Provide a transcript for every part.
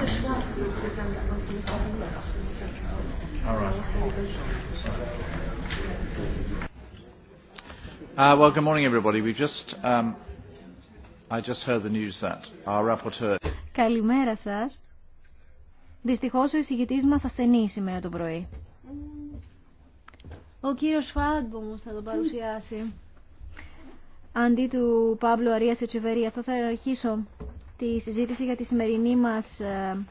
Uh, well, good morning, everybody. We just, um, I just heard the news that our rapporteur. Καλημέρα σας. Δυστυχώς ο εισηγητής μας ασθενεί σήμερα το πρωί. Ο κύριος Φάντ όμως θα το παρουσιάσει. Αντί του Παύλου Αρίας Ετσεβερία, θα να αρχίσω τη συζήτηση για τη σημερινή μας ε,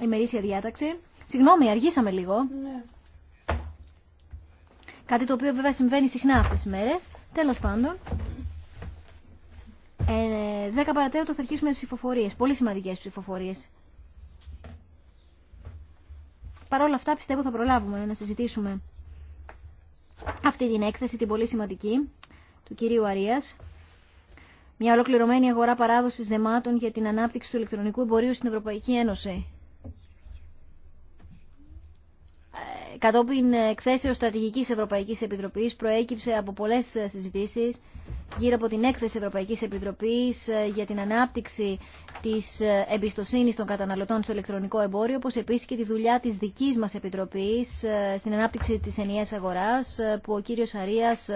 ημερήσια διάταξη. Συγγνώμη, αργήσαμε λίγο. Ναι. Κάτι το οποίο βέβαια συμβαίνει συχνά αυτέ τι μέρες. Τέλος πάντων, ε, 10 θα αρχίσουμε τις ψηφοφορίες. Πολύ σημαντικές ψηφοφορίες. Παρ' όλα αυτά πιστεύω θα προλάβουμε να συζητήσουμε αυτή την έκθεση, την πολύ σημαντική, του κυρίου Αρίας μια ολοκληρωμένη αγορά παράδοσης δεμάτων για την ανάπτυξη του ηλεκτρονικού εμπορίου στην Ευρωπαϊκή Ένωση. Ε, κατόπιν εκθέσεως στρατηγικής Ευρωπαϊκής Επιτροπής προέκυψε από πολλές ε, συζητήσεις γύρω από την έκθεση Ευρωπαϊκής Επιτροπής ε, για την ανάπτυξη της εμπιστοσύνης των καταναλωτών στο ηλεκτρονικό εμπόριο, όπως επίσης και τη δουλειά της δικής μας Επιτροπής στην ανάπτυξη της ενιαίας αγοράς, που ο κύριος Αρίας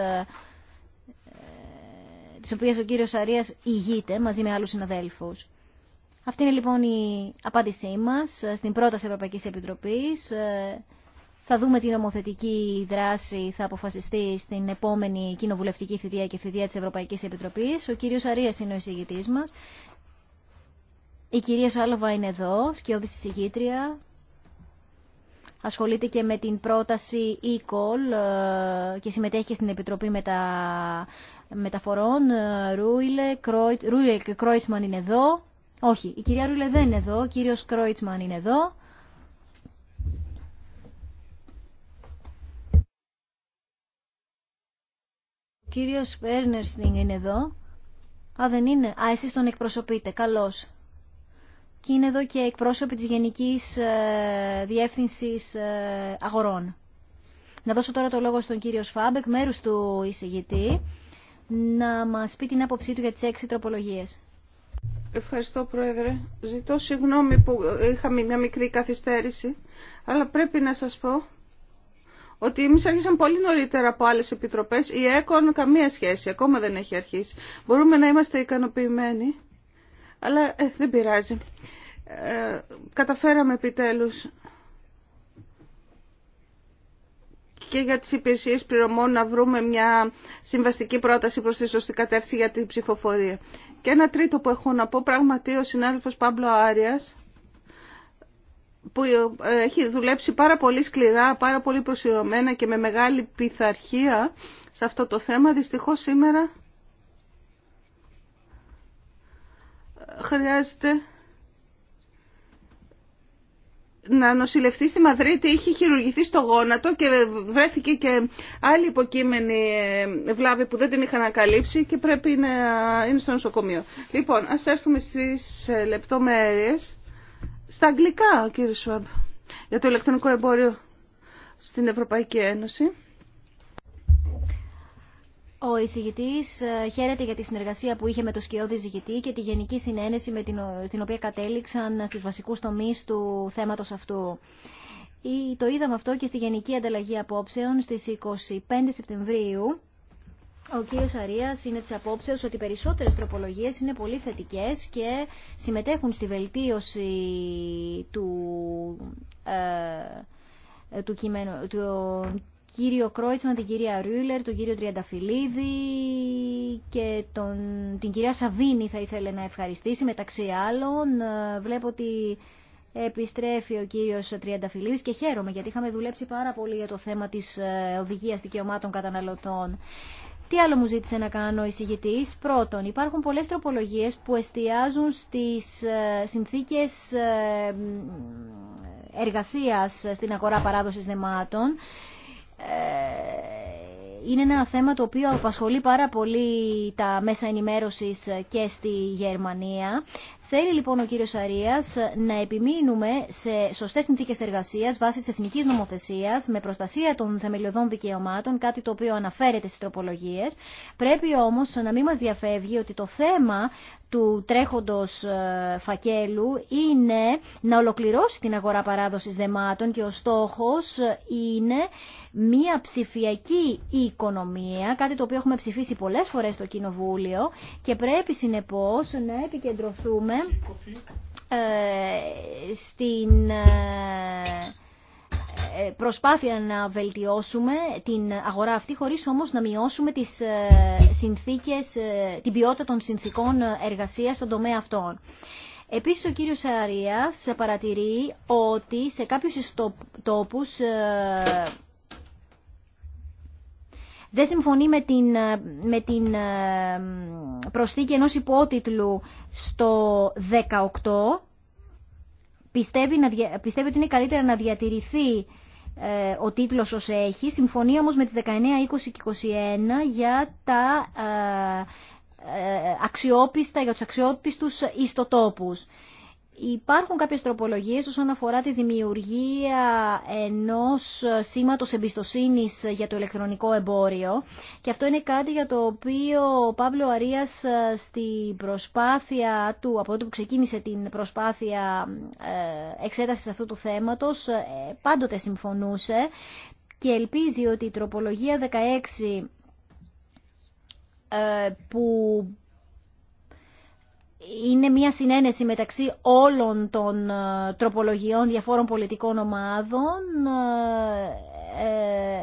τη οποία ο κύριος Αρίας ηγείται μαζί με άλλους συναδέλφους. Αυτή είναι λοιπόν η απάντησή μας στην πρόταση Ευρωπαϊκής Επιτροπής. Ε, θα δούμε τι νομοθετική δράση θα αποφασιστεί στην επόμενη κοινοβουλευτική θητεία και θητεία της Ευρωπαϊκής Επιτροπής. Ο κύριος Αρίας είναι ο εισηγητής μας. Η κυρία Σάλοβα είναι εδώ, σκιώδης εισηγήτρια. Ασχολείται και με την πρόταση e-call ε, και συμμετέχει και στην Επιτροπή με τα μεταφορών. Ε, Ρούιλε και Κρόιτσμαν είναι εδώ. Όχι, η κυρία Ρούιλε δεν είναι εδώ. Ο κύριος Κρόιτσμαν είναι εδώ. Ο κύριος Πέρνερστινγκ είναι εδώ. Α, δεν είναι. Α, εσείς τον εκπροσωπείτε. Καλώς. Και είναι εδώ και εκπρόσωποι της Γενικής ε, Διεύθυνσης ε, Αγορών. Να δώσω τώρα το λόγο στον κύριο Σφάμπεκ, μέρους του εισηγητή να μας πει την άποψή του για τις έξι τροπολογίες. Ευχαριστώ Πρόεδρε. Ζητώ συγγνώμη που είχαμε μια μικρή καθυστέρηση, αλλά πρέπει να σας πω ότι εμείς άρχισαν πολύ νωρίτερα από άλλες επιτροπές. Η ΕΚΟΝ καμία σχέση, ακόμα δεν έχει αρχίσει. Μπορούμε να είμαστε ικανοποιημένοι, αλλά ε, δεν πειράζει. Ε, καταφέραμε επιτέλους και για τις υπηρεσίες πληρωμών να βρούμε μια συμβαστική πρόταση προς τη σωστή κατεύθυνση για την ψηφοφορία. Και ένα τρίτο που έχω να πω, πραγματι ο συνάδελφος Παμπλο Άριας, που ε, έχει δουλέψει πάρα πολύ σκληρά, πάρα πολύ προσυρωμένα και με μεγάλη πειθαρχία σε αυτό το θέμα, δυστυχώς σήμερα χρειάζεται να νοσηλευτεί στη Μαδρίτη, είχε χειρουργηθεί στο γόνατο και βρέθηκε και άλλη υποκείμενη ε, βλάβη που δεν την είχαν ανακαλύψει και πρέπει να είναι στο νοσοκομείο. Λοιπόν, ας έρθουμε στις ε, λεπτομέρειες. Στα αγγλικά, κύριε Σουάμπ, για το ηλεκτρονικό εμπόριο στην Ευρωπαϊκή Ένωση. Ο εισηγητή ε, χαίρεται για τη συνεργασία που είχε με το σκιώδη εισηγητή και τη γενική συνένεση με την, στην οποία κατέληξαν ε, στις βασικούς τομείς του θέματος αυτού. Το είδαμε αυτό και στη Γενική Ανταλλαγή Απόψεων στις 25 Σεπτεμβρίου. Ο κύριος Αρίας είναι της απόψεως ότι περισσότερες τροπολογίες είναι πολύ θετικές και συμμετέχουν στη βελτίωση του, ε, ε του κειμένου, του, κύριο Κρόιτσμαν, την κυρία Ρούλερ, τον κύριο Τριανταφυλλίδη και τον, την κυρία Σαβίνη θα ήθελε να ευχαριστήσει μεταξύ άλλων. Ε, βλέπω ότι επιστρέφει ο κύριος Τριανταφυλλίδης και χαίρομαι γιατί είχαμε δουλέψει πάρα πολύ για το θέμα της ε, οδηγίας δικαιωμάτων καταναλωτών. Τι άλλο μου ζήτησε να κάνω ο Πρώτον, υπάρχουν πολλές τροπολογίες που εστιάζουν στις ε, συνθήκες εργασίας στην αγορά παράδοσης δεμάτων ε, είναι ένα θέμα το οποίο απασχολεί πάρα πολύ τα μέσα ενημέρωσης και στη Γερμανία. Θέλει λοιπόν ο κύριος Αρίας να επιμείνουμε σε σωστές συνθήκες εργασίας βάσει της εθνικής νομοθεσίας με προστασία των θεμελιωδών δικαιωμάτων, κάτι το οποίο αναφέρεται στις τροπολογίες. Πρέπει όμως να μην μας διαφεύγει ότι το θέμα του τρέχοντος ε, φακέλου είναι να ολοκληρώσει την αγορά παράδοσης δεμάτων και ο στόχος είναι μία ψηφιακή οικονομία, κάτι το οποίο έχουμε ψηφίσει πολλές φορές στο Κοινοβούλιο και πρέπει συνεπώς να επικεντρωθούμε ε, στην ε, ε, προσπάθεια να βελτιώσουμε την αγορά αυτή χωρίς όμως να μειώσουμε τις συνθήκες, την ποιότητα των συνθήκων εργασίας στον τομέα αυτών. Επίσης ο κύριος Αρίας παρατηρεί ότι σε κάποιους τόπους δεν συμφωνεί με την, ε, με την ε, προσθήκη ενός υπότιτλου στο 18. Πιστεύει, να, πιστεύει ότι είναι καλύτερα να διατηρηθεί ε, ο τίτλος ως έχει. Συμφωνεί όμως με τις 19, 20 και 21 για τα αξιόπιστα, για τους αξιόπιστους ιστοτόπους. Υπάρχουν κάποιες τροπολογίες όσον αφορά τη δημιουργία ενός σήματος εμπιστοσύνης για το ηλεκτρονικό εμπόριο και αυτό είναι κάτι για το οποίο ο Παύλο Αρίας ε, στη προσπάθεια του, από τότε που ξεκίνησε την προσπάθεια ε, εξέτασης αυτού του θέματος, ε, πάντοτε συμφωνούσε και ελπίζει ότι η τροπολογία 16 που είναι μια συνένεση μεταξύ όλων των ε, τροπολογιών διαφόρων πολιτικών ομάδων ε, ε,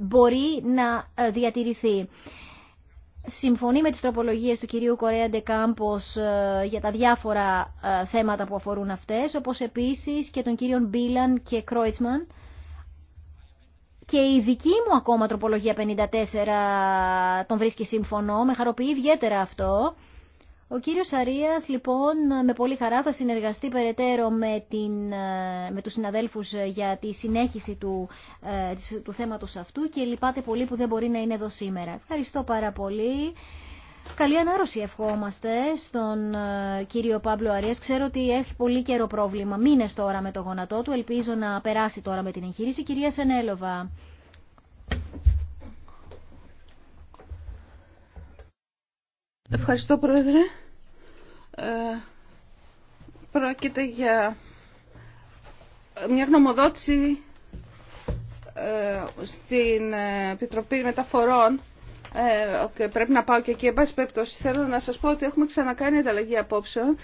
μπορεί να διατηρηθεί. Συμφωνεί με τις τροπολογίες του κυρίου Κορέα Ντεκάμπος για τα διάφορα θέματα που αφορούν αυτές, όπως επίσης και των κύριων Μπίλαν και Κρόιτσμαν. Και η δική μου ακόμα τροπολογία 54 τον βρίσκει σύμφωνο, με χαροποιεί ιδιαίτερα αυτό. Ο κύριος Αρίας λοιπόν με πολύ χαρά θα συνεργαστεί περαιτέρω με, την, ε, με τους συναδέλφους ε, για τη συνέχιση του, ε, του θέματος αυτού και λυπάται πολύ που δεν μπορεί να είναι εδώ σήμερα. Ευχαριστώ πάρα πολύ. Καλή ανάρρωση ευχόμαστε στον κύριο Παύλο Αρίας. Ξέρω ότι έχει πολύ καιρό πρόβλημα, μήνες τώρα με το γονατό του. Ελπίζω να περάσει τώρα με την εγχείρηση. Κυρία Σενέλοβα. Ευχαριστώ, Πρόεδρε. Ε, πρόκειται για μια γνωμοδότηση ε, στην ε, Επιτροπή Μεταφορών ε, και πρέπει να πάω και εκεί. Εν πάση θέλω να σα πω ότι έχουμε ξανακάνει ανταλλαγή απόψεων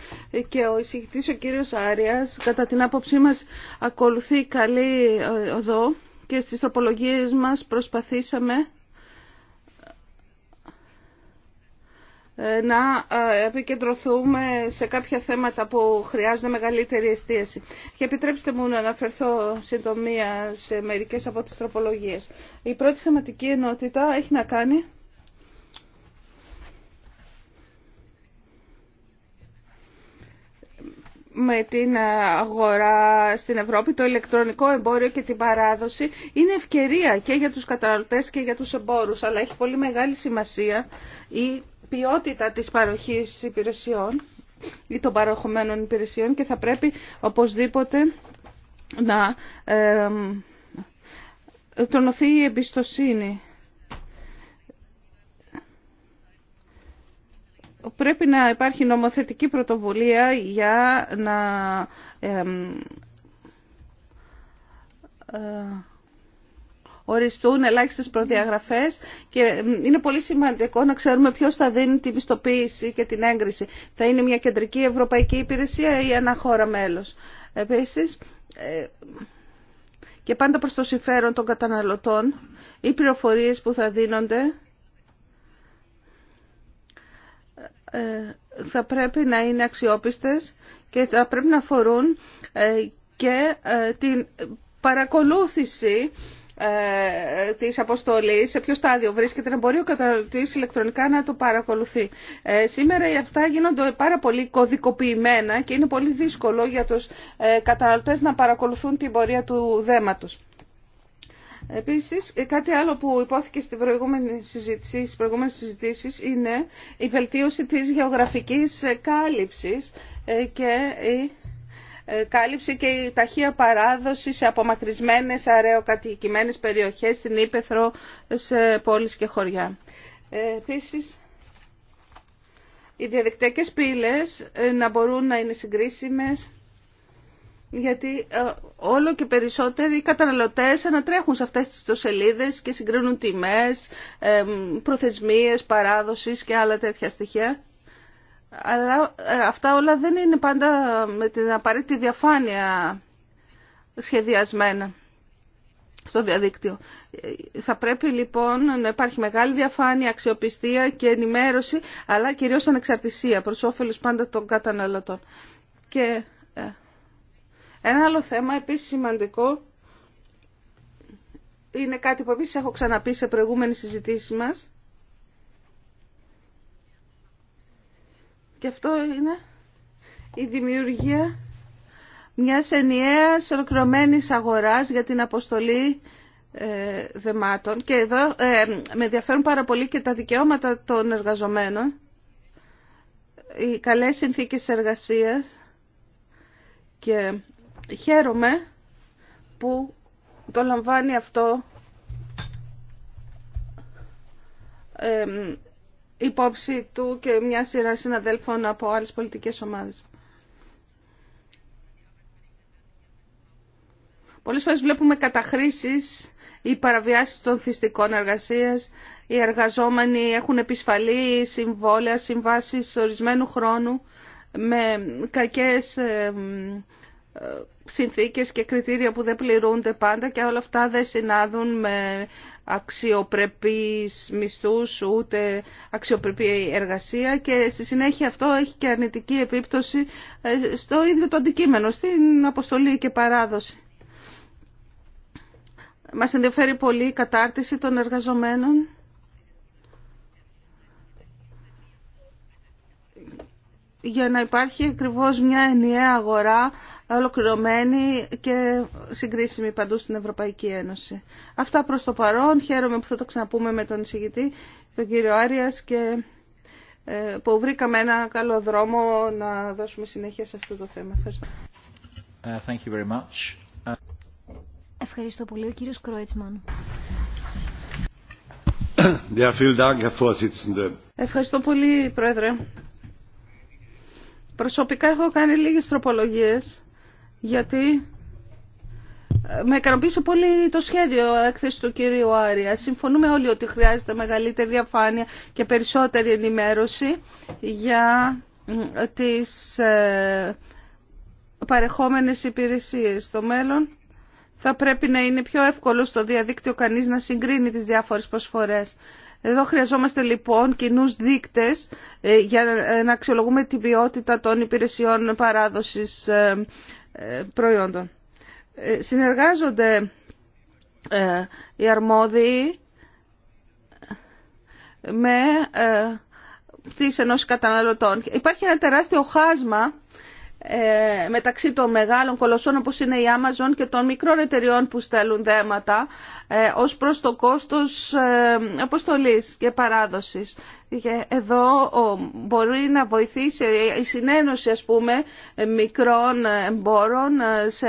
και ο εισηγητή, ο κύριο Άρια, κατά την άποψή μα, ακολουθεί καλή ε, οδό και στι τροπολογίε μα προσπαθήσαμε Ε, να ε, επικεντρωθούμε σε κάποια θέματα που χρειάζονται μεγαλύτερη εστίαση. Και επιτρέψτε μου να αναφερθώ συντομία σε μερικές από τις τροπολογίες. Η πρώτη θεματική ενότητα έχει να κάνει με την αγορά στην Ευρώπη, το ηλεκτρονικό εμπόριο και την παράδοση είναι ευκαιρία και για τους καταναλωτές και για τους εμπόρους, αλλά έχει πολύ μεγάλη σημασία η ποιότητα της παροχής υπηρεσιών ή των παροχωμένων υπηρεσιών και θα πρέπει οπωσδήποτε να ε, τονωθεί η εμπιστοσύνη. Πρέπει να υπάρχει νομοθετική πρωτοβουλία για να ε, οριστούν ελάχιστες προδιαγραφές και είναι πολύ σημαντικό να ξέρουμε ποιος θα δίνει την πιστοποίηση και την έγκριση. Θα είναι μια κεντρική ευρωπαϊκή υπηρεσία ή ένα χώρα μέλος. Επίσης, ε, και πάντα προς το συμφέρον των καταναλωτών, οι πληροφορίες που θα δίνονται ε, θα πρέπει να είναι αξιόπιστες και θα πρέπει να αφορούν ε, και την παρακολούθηση ε, τη αποστολής, σε ποιο στάδιο βρίσκεται, να μπορεί ο καταναλωτή ηλεκτρονικά να το παρακολουθεί. Ε, σήμερα αυτά γίνονται πάρα πολύ κωδικοποιημένα και είναι πολύ δύσκολο για τους ε, καταναλωτέ να παρακολουθούν την πορεία του δέματο. Επίσης, κάτι άλλο που υπόθηκε στην προηγούμενη συζήτηση, στις προηγούμενες συζητήσεις είναι η βελτίωση της γεωγραφικής κάλυψης και η ε, κάλυψε και η ταχεία παράδοση σε απομακρυσμένες αραιοκατοικημένες περιοχές στην Ήπεθρο, σε πόλεις και χωριά. Ε, επίσης, οι διαδικτυακές πύλες ε, να μπορούν να είναι συγκρίσιμες γιατί όλο και περισσότεροι καταναλωτές ανατρέχουν σε αυτές τις ιστοσελίδες και συγκρίνουν τιμές, προθεσμίες, παράδοσης και άλλα τέτοια στοιχεία. Αλλά ε, αυτά όλα δεν είναι πάντα με την απαραίτητη διαφάνεια σχεδιασμένα στο διαδίκτυο. Θα πρέπει λοιπόν να υπάρχει μεγάλη διαφάνεια, αξιοπιστία και ενημέρωση, αλλά κυρίως ανεξαρτησία προς όφελος πάντα των καταναλωτών. Και ε, ένα άλλο θέμα επίσης σημαντικό είναι κάτι που επίσης έχω ξαναπεί σε προηγούμενες συζητήσεις μας. Και αυτό είναι η δημιουργία μιας ενιαίας ολοκληρωμένης αγοράς για την αποστολή ε, δεμάτων. Και εδώ ε, με ενδιαφέρουν πάρα πολύ και τα δικαιώματα των εργαζομένων, οι καλές συνθήκες εργασίας και χαίρομαι που το λαμβάνει αυτό ε, υπόψη του και μια σειρά συναδέλφων από άλλες πολιτικές ομάδες. Πολλές φορές βλέπουμε καταχρήσεις ή παραβιάσεις των θυστικών εργασίας. Οι εργαζόμενοι έχουν επισφαλή συμβόλαια, συμβάσεις ορισμένου χρόνου με κακές συνθήκες και κριτήρια που δεν πληρούνται πάντα και όλα αυτά δεν συνάδουν με αξιοπρεπείς μισθούς ούτε αξιοπρεπή εργασία και στη συνέχεια αυτό έχει και αρνητική επίπτωση ε, στο ίδιο το αντικείμενο, στην αποστολή και παράδοση. Μας ενδιαφέρει πολύ η κατάρτιση των εργαζομένων. για να υπάρχει ακριβώ μια ενιαία αγορά ολοκληρωμένη και συγκρίσιμη παντού στην Ευρωπαϊκή Ένωση. Αυτά προς το παρόν. Χαίρομαι που θα το ξαναπούμε με τον εισηγητή, τον κύριο Άριας και ε, που βρήκαμε ένα καλό δρόμο να δώσουμε συνέχεια σε αυτό το θέμα. Ευχαριστώ. Ε, thank you very much. Ε, Ευχαριστώ πολύ. Ο κύριος Κρόιτσμαν. Ευχαριστώ πολύ, Πρόεδρε. Προσωπικά έχω κάνει λίγες τροπολογίες γιατί ε, με ικανοποίησε πολύ το σχέδιο έκθεση του κύριου Άρια. Συμφωνούμε όλοι ότι χρειάζεται μεγαλύτερη διαφάνεια και περισσότερη ενημέρωση για τις ε, παρεχόμενες υπηρεσίες στο μέλλον. Θα πρέπει να είναι πιο εύκολο στο διαδίκτυο κανείς να συγκρίνει τις διάφορες προσφορές. Εδώ χρειαζόμαστε λοιπόν κοινού δείκτες ε, για να αξιολογούμε την ποιότητα των υπηρεσιών παράδοσης ε, προϊόντων. Ε, συνεργάζονται ε, οι αρμόδιοι με τις ενός καταναλωτών. Υπάρχει ένα τεράστιο χάσμα ε, μεταξύ των μεγάλων κολοσσών όπως είναι η Amazon και των μικρών εταιριών που στέλνουν δέματα ε, ως προς το κόστος ε, αποστολής και παράδοσης. Εδώ μπορεί να βοηθήσει η συνένωση ας πούμε μικρών εμπόρων σε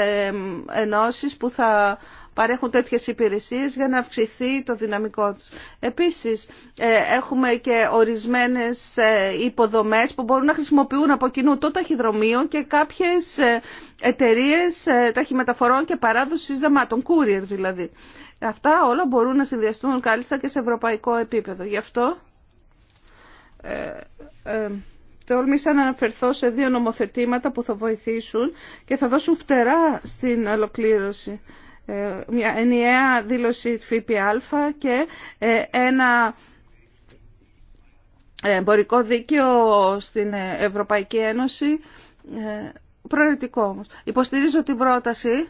ενώσεις που θα παρέχουν τέτοιες υπηρεσίες για να αυξηθεί το δυναμικό τους. Επίσης, ε, έχουμε και ορισμένες ε, υποδομές που μπορούν να χρησιμοποιούν από κοινού το ταχυδρομείο και κάποιες ε, εταιρείες ταχυμεταφορών και παράδοσης δεμάτων, courier δηλαδή. Αυτά όλα μπορούν να συνδυαστούν κάλλιστα και σε ευρωπαϊκό επίπεδο. Γι' αυτό ε, τόλμησα να αναφερθώ σε δύο νομοθετήματα που θα βοηθήσουν και θα δώσουν φτερά στην ολοκλήρωση ε, μια ενιαία δήλωση ΦΠΑ και ε, ένα ε, εμπορικό δίκαιο στην Ευρωπαϊκή Ένωση προαιρετικό όμως. Υποστηρίζω την πρόταση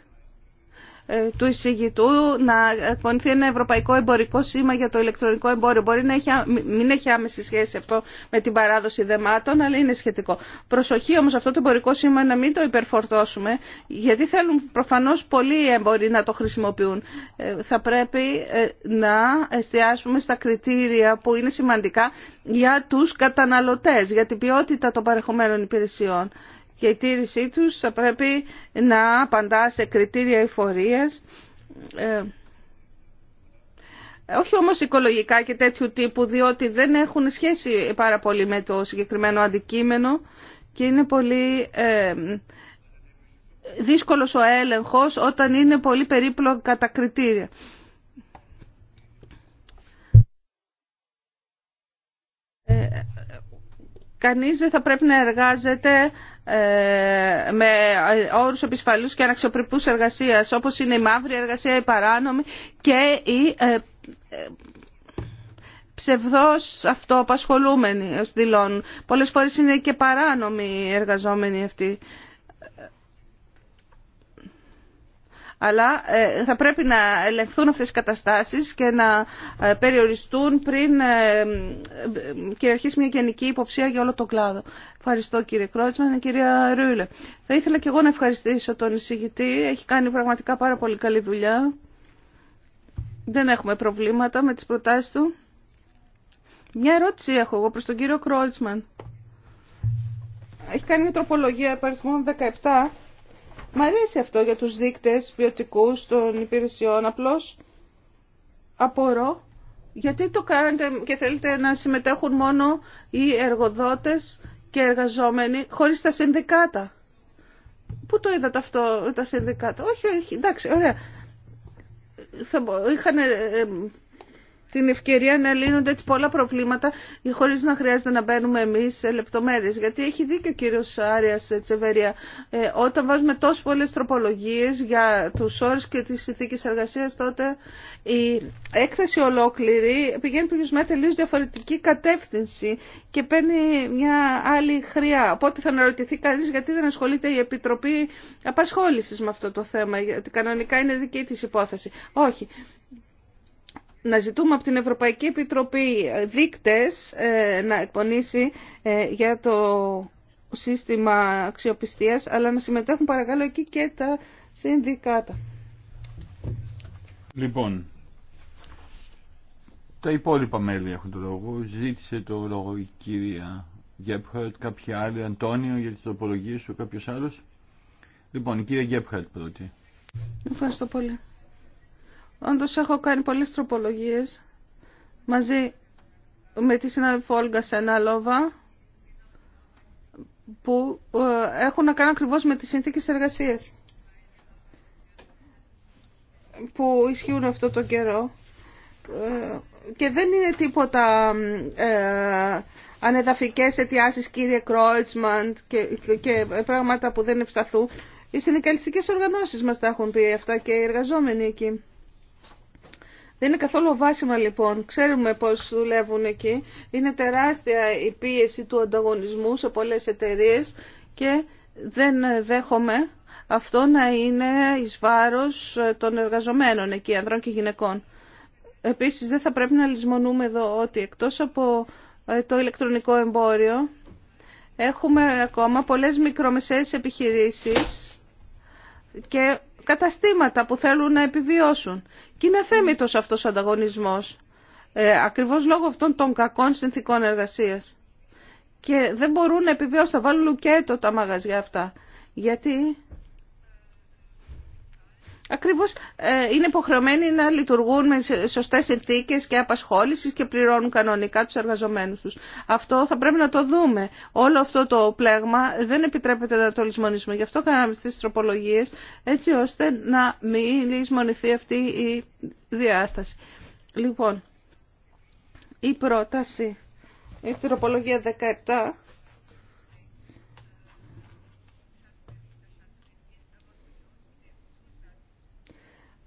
ε, του εισηγητού να εκπονηθεί ένα ευρωπαϊκό εμπορικό σήμα για το ηλεκτρονικό εμπόριο. Μπορεί να έχει, μην έχει άμεση σχέση αυτό με την παράδοση δεμάτων, αλλά είναι σχετικό. Προσοχή όμως αυτό το εμπορικό σήμα να μην το υπερφορτώσουμε, γιατί θέλουν προφανώς πολλοί εμποροί να το χρησιμοποιούν. Ε, θα πρέπει ε, να εστιάσουμε στα κριτήρια που είναι σημαντικά για του καταναλωτέ, για την ποιότητα των παρεχομένων υπηρεσιών και η τήρησή τους θα πρέπει να απαντά σε κριτήρια εφορίας, ε, όχι όμως οικολογικά και τέτοιου τύπου, διότι δεν έχουν σχέση πάρα πολύ με το συγκεκριμένο αντικείμενο και είναι πολύ ε, δύσκολος ο έλεγχος όταν είναι πολύ περίπλοκα τα κριτήρια. Ε, κανείς δεν θα πρέπει να εργάζεται ε, με όρους επισφαλούς και αναξιοπρεπούς εργασίας όπως είναι η μαύρη εργασία, η παράνομη και η ε, ε, ψευδός αυτοαπασχολούμενοι δηλώνουν. Πολλές φορές είναι και παράνομοι οι εργαζόμενοι αυτοί. αλλά ε, θα πρέπει να ελεγχθούν αυτές οι καταστάσεις και να ε, περιοριστούν πριν ε, κυριαρχήσει μια γενική υποψία για όλο τον κλάδο. Ευχαριστώ κύριε Κρότσμαν, κυρία Ρούλε. Θα ήθελα και εγώ να ευχαριστήσω τον εισηγητή. Έχει κάνει πραγματικά πάρα πολύ καλή δουλειά. Δεν έχουμε προβλήματα με τις προτάσεις του. Μια ερώτηση έχω εγώ προς τον κύριο Κρότσμαν. Έχει κάνει μια τροπολογία παριθμών 17 Μ' αρέσει αυτό για τους δείκτες ποιοτικού των υπηρεσιών, απλώς απορώ. Γιατί το κάνετε και θέλετε να συμμετέχουν μόνο οι εργοδότες και εργαζόμενοι χωρίς τα συνδικάτα. Πού το είδατε αυτό τα συνδικάτα. Όχι, όχι, εντάξει, ωραία την ευκαιρία να λύνονται έτσι πολλά προβλήματα ε, χωρίς να χρειάζεται να μπαίνουμε εμείς σε λεπτομέρειες. Γιατί έχει δίκιο ο κύριος Άριας Τσεβερία. Ε, όταν βάζουμε τόσο πολλές τροπολογίες για τους όρους και τις συνθήκες εργασίας τότε η έκθεση ολόκληρη πηγαίνει προς μια τελείω διαφορετική κατεύθυνση και παίρνει μια άλλη χρειά. Οπότε θα αναρωτηθεί κανείς γιατί δεν ασχολείται η Επιτροπή Απασχόλησης με αυτό το θέμα, γιατί κανονικά είναι δική τη υπόθεση. Όχι να ζητούμε από την Ευρωπαϊκή Επιτροπή ε, δείκτες ε, να εκπονήσει ε, για το σύστημα αξιοπιστίας, αλλά να συμμετέχουν παρακαλώ εκεί και τα συνδικάτα. Λοιπόν, τα υπόλοιπα μέλη έχουν το λόγο. Ζήτησε το λόγο η κυρία Γκέπχαρτ, κάποια άλλη. Αντώνιο για τις τροπολογίες σου, κάποιος άλλος. Λοιπόν, η κυρία Γκέπχαρτ πρώτη. Ευχαριστώ πολύ. Όντως έχω κάνει πολλές τροπολογίες μαζί με τη συνάδελφο Όλγα Σενάλοβα που ε, έχουν να κάνουν ακριβώς με τις συνθήκες εργασίας που ισχύουν αυτό το καιρό ε, και δεν είναι τίποτα ε, ανεδαφικές αιτιάσεις κύριε Κρόιτσμαντ και, και πράγματα που δεν ευσταθούν. Οι συνδικαλιστικές οργανώσεις μας τα έχουν πει αυτά και οι εργαζόμενοι εκεί. Δεν είναι καθόλου βάσιμα λοιπόν. Ξέρουμε πώς δουλεύουν εκεί. Είναι τεράστια η πίεση του ανταγωνισμού σε πολλές εταιρείε και δεν δέχομαι αυτό να είναι εις βάρος ε, των εργαζομένων εκεί, ανδρών και γυναικών. Επίσης δεν θα πρέπει να λησμονούμε εδώ ότι εκτός από ε, το ηλεκτρονικό εμπόριο έχουμε ακόμα πολλές μικρομεσαίες επιχειρήσεις και καταστήματα που θέλουν να επιβιώσουν. Και είναι θέμητος αυτός ο ανταγωνισμός, ε, ακριβώς λόγω αυτών των κακών συνθήκων εργασίας. Και δεν μπορούν να επιβιώσουν, θα βάλουν λουκέτο τα μαγαζιά αυτά, γιατί ακριβώς ε, είναι υποχρεωμένοι να λειτουργούν με σωστές συνθήκες και απασχόλησης και πληρώνουν κανονικά τους εργαζομένους τους. Αυτό θα πρέπει να το δούμε. Όλο αυτό το πλέγμα δεν επιτρέπεται να το λησμονίσουμε. Γι' αυτό κάναμε τις τροπολογίες έτσι ώστε να μην λησμονηθεί αυτή η διάσταση. Λοιπόν, η πρόταση, η τροπολογία 17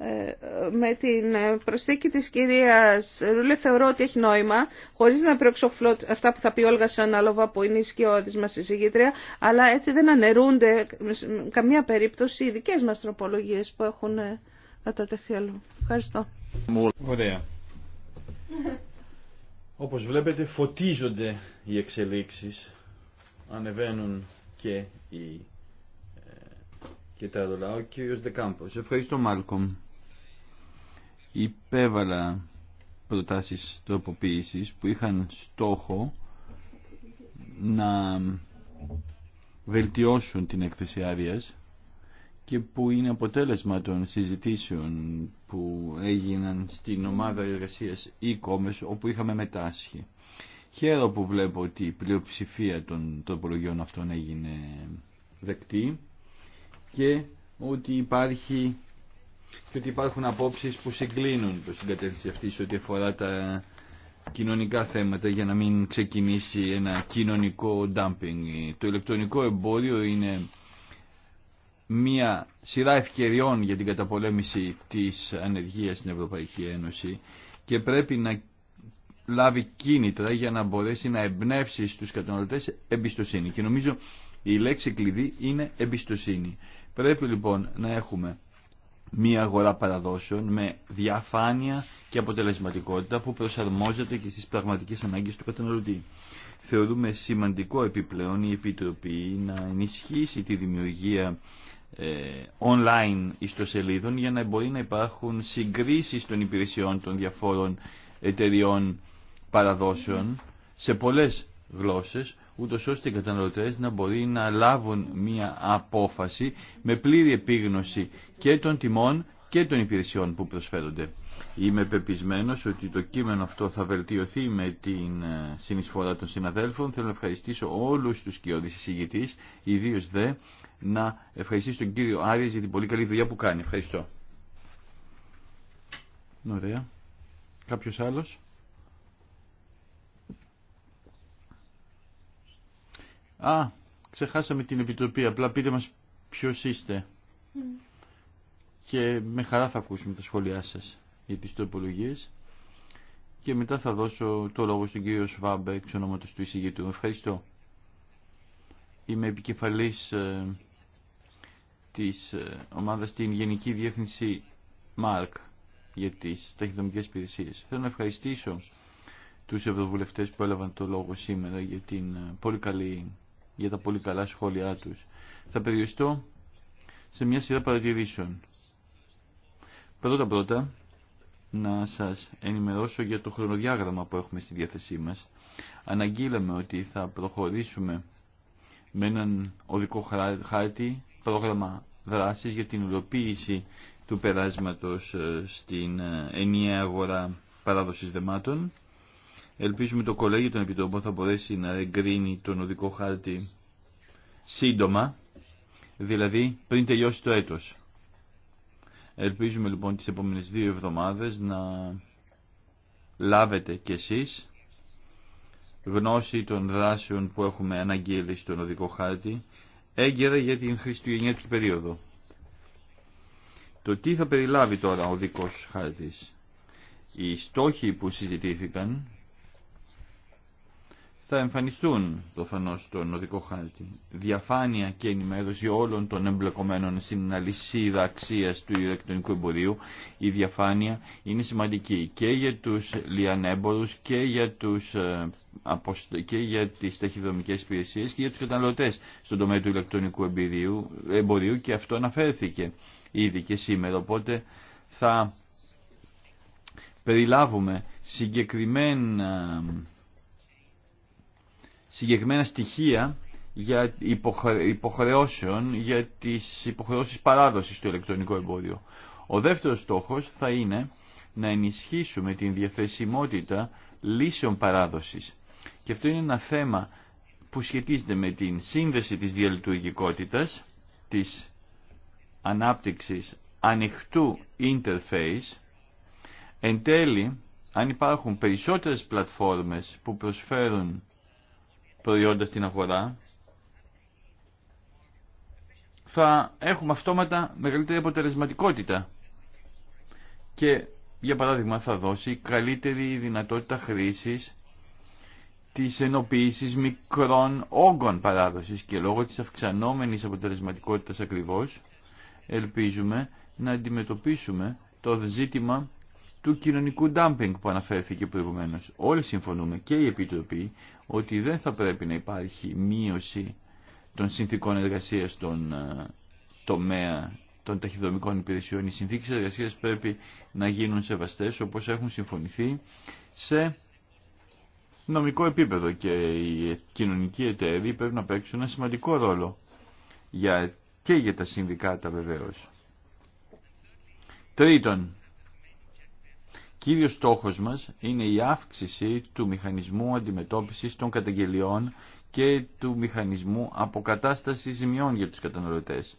Ε, με την ε, προσθήκη της κυρίας Ρούλε θεωρώ ότι έχει νόημα, χωρίς να προεξοφλώ αυτά που θα πει Όλγα Σανάλοβα που είναι η σκιώδης μας εισηγήτρια, αλλά έτσι δεν αναιρούνται καμία περίπτωση οι δικές μας τροπολογίες που έχουν ε, κατατεθεί αλλού. Ευχαριστώ. Ωραία. Όπως βλέπετε φωτίζονται οι εξελίξεις, ανεβαίνουν και οι και τα Ο Δεκάμπος. Ευχαριστώ Μάλκομ υπέβαλα προτάσεις τροποποίησης που είχαν στόχο να βελτιώσουν την έκθεση και που είναι αποτέλεσμα των συζητήσεων που έγιναν στην ομάδα εργασίας e-commerce όπου είχαμε μετάσχει. Χαίρομαι που βλέπω ότι η πλειοψηφία των τροπολογιών αυτών έγινε δεκτή και ότι υπάρχει και ότι υπάρχουν απόψεις που συγκλίνουν προ την κατεύθυνση αυτή σε ό,τι αφορά τα κοινωνικά θέματα για να μην ξεκινήσει ένα κοινωνικό dumping. Το ηλεκτρονικό εμπόριο είναι μια σειρά ευκαιριών για την καταπολέμηση της ανεργίας στην Ευρωπαϊκή Ένωση και πρέπει να λάβει κίνητρα για να μπορέσει να εμπνεύσει στους καταναλωτές εμπιστοσύνη. Και νομίζω η λέξη κλειδί είναι εμπιστοσύνη. Πρέπει λοιπόν να έχουμε μια αγορά παραδόσεων με διαφάνεια και αποτελεσματικότητα που προσαρμόζεται και στις πραγματικές ανάγκες του καταναλωτή. Θεωρούμε σημαντικό επιπλέον η Επιτροπή να ενισχύσει τη δημιουργία ε, online ιστοσελίδων για να μπορεί να υπάρχουν συγκρίσεις των υπηρεσιών των διαφόρων εταιριών παραδόσεων σε πολλές γλώσσες ούτως ώστε οι καταναλωτές να μπορεί να λάβουν μία απόφαση με πλήρη επίγνωση και των τιμών και των υπηρεσιών που προσφέρονται. Είμαι πεπισμένος ότι το κείμενο αυτό θα βελτιωθεί με την ε, συνεισφορά των συναδέλφων. Θέλω να ευχαριστήσω όλους τους κοιόδης εισηγητής, ιδίως δε, να ευχαριστήσω τον κύριο Άρης για την πολύ καλή δουλειά που κάνει. Ευχαριστώ. Ωραία. Κάποιος άλλος. Α, ξεχάσαμε την Επιτροπή, απλά πείτε μας ποιος είστε. Και με χαρά θα ακούσουμε τα σχόλιά σας για τις τοπολογίες Και μετά θα δώσω το λόγο στον κύριο Σβάμπε, εξ ονόματος του εισηγητού. Ευχαριστώ. Είμαι επικεφαλής ε, της ε, ομάδας στην Γενική Διεύθυνση ΜΑΡΚ για τις ταχυδρομικές υπηρεσίε. Θέλω να ευχαριστήσω τους ευρωβουλευτές που έλαβαν το λόγο σήμερα για την ε, πολύ καλή για τα πολύ καλά σχόλιά τους. Θα περιοριστώ σε μια σειρά παρατηρήσεων. Πρώτα πρώτα να σας ενημερώσω για το χρονοδιάγραμμα που έχουμε στη διάθεσή μας. Αναγγείλαμε ότι θα προχωρήσουμε με έναν οδικό χάρτη, πρόγραμμα δράσης για την υλοποίηση του περάσματος ε, στην ε, ενιαία αγορά παράδοσης δεμάτων. Ελπίζουμε το κολέγιο των επιτροπών θα μπορέσει να εγκρίνει τον οδικό χάρτη σύντομα, δηλαδή πριν τελειώσει το έτος. Ελπίζουμε λοιπόν τις επόμενες δύο εβδομάδες να λάβετε κι εσείς γνώση των δράσεων που έχουμε αναγγείλει στον οδικό χάρτη έγκαιρα για την χριστουγεννιάτικη περίοδο. Το τι θα περιλάβει τώρα ο Οδικός χάρτης. Οι στόχοι που συζητήθηκαν θα εμφανιστούν προφανώ στον οδικό χάρτη. Διαφάνεια και ενημέρωση όλων των εμπλεκομένων στην αλυσίδα αξία του ηλεκτρονικού εμπορίου. Η διαφάνεια είναι σημαντική και για του λιανέμπορου και για, τους, ε, και για τις ταχυδρομικέ υπηρεσίε και για του καταναλωτέ στον τομέα του ηλεκτρονικού εμπορίου, και αυτό αναφέρθηκε ήδη και σήμερα. Οπότε θα περιλάβουμε συγκεκριμένα συγκεκριμένα στοιχεία για υποχρεώσεων, για τις υποχρεώσεις παράδοσης του ηλεκτρονικού εμπόδιο. Ο δεύτερος στόχος θα είναι να ενισχύσουμε την διαθεσιμότητα λύσεων παράδοσης. Και αυτό είναι ένα θέμα που σχετίζεται με την σύνδεση της διαλειτουργικότητας, της ανάπτυξης ανοιχτού interface. Εν τέλει, αν υπάρχουν περισσότερες πλατφόρμες που προσφέρουν προϊόντα στην αγορά, θα έχουμε αυτόματα μεγαλύτερη αποτελεσματικότητα. Και, για παράδειγμα, θα δώσει καλύτερη δυνατότητα χρήσης της ενοποίησης μικρών όγκων παράδοσης και λόγω της αυξανόμενης αποτελεσματικότητας ακριβώς, ελπίζουμε να αντιμετωπίσουμε το ζήτημα του κοινωνικού ντάμπινγκ που αναφέρθηκε προηγουμένως. Όλοι συμφωνούμε και η Επιτροπή ότι δεν θα πρέπει να υπάρχει μείωση των συνθήκων εργασίας των ε, τομέα των ταχυδρομικών υπηρεσιών. Οι συνθήκες εργασίας πρέπει να γίνουν σεβαστές όπως έχουν συμφωνηθεί σε νομικό επίπεδο και οι κοινωνικοί εταίροι πρέπει να παίξουν ένα σημαντικό ρόλο για, και για τα συνδικάτα βεβαίως. Τρίτον, Κύριος στόχος μας είναι η αύξηση του μηχανισμού αντιμετώπισης των καταγγελιών και του μηχανισμού αποκατάστασης ζημιών για τους καταναλωτές.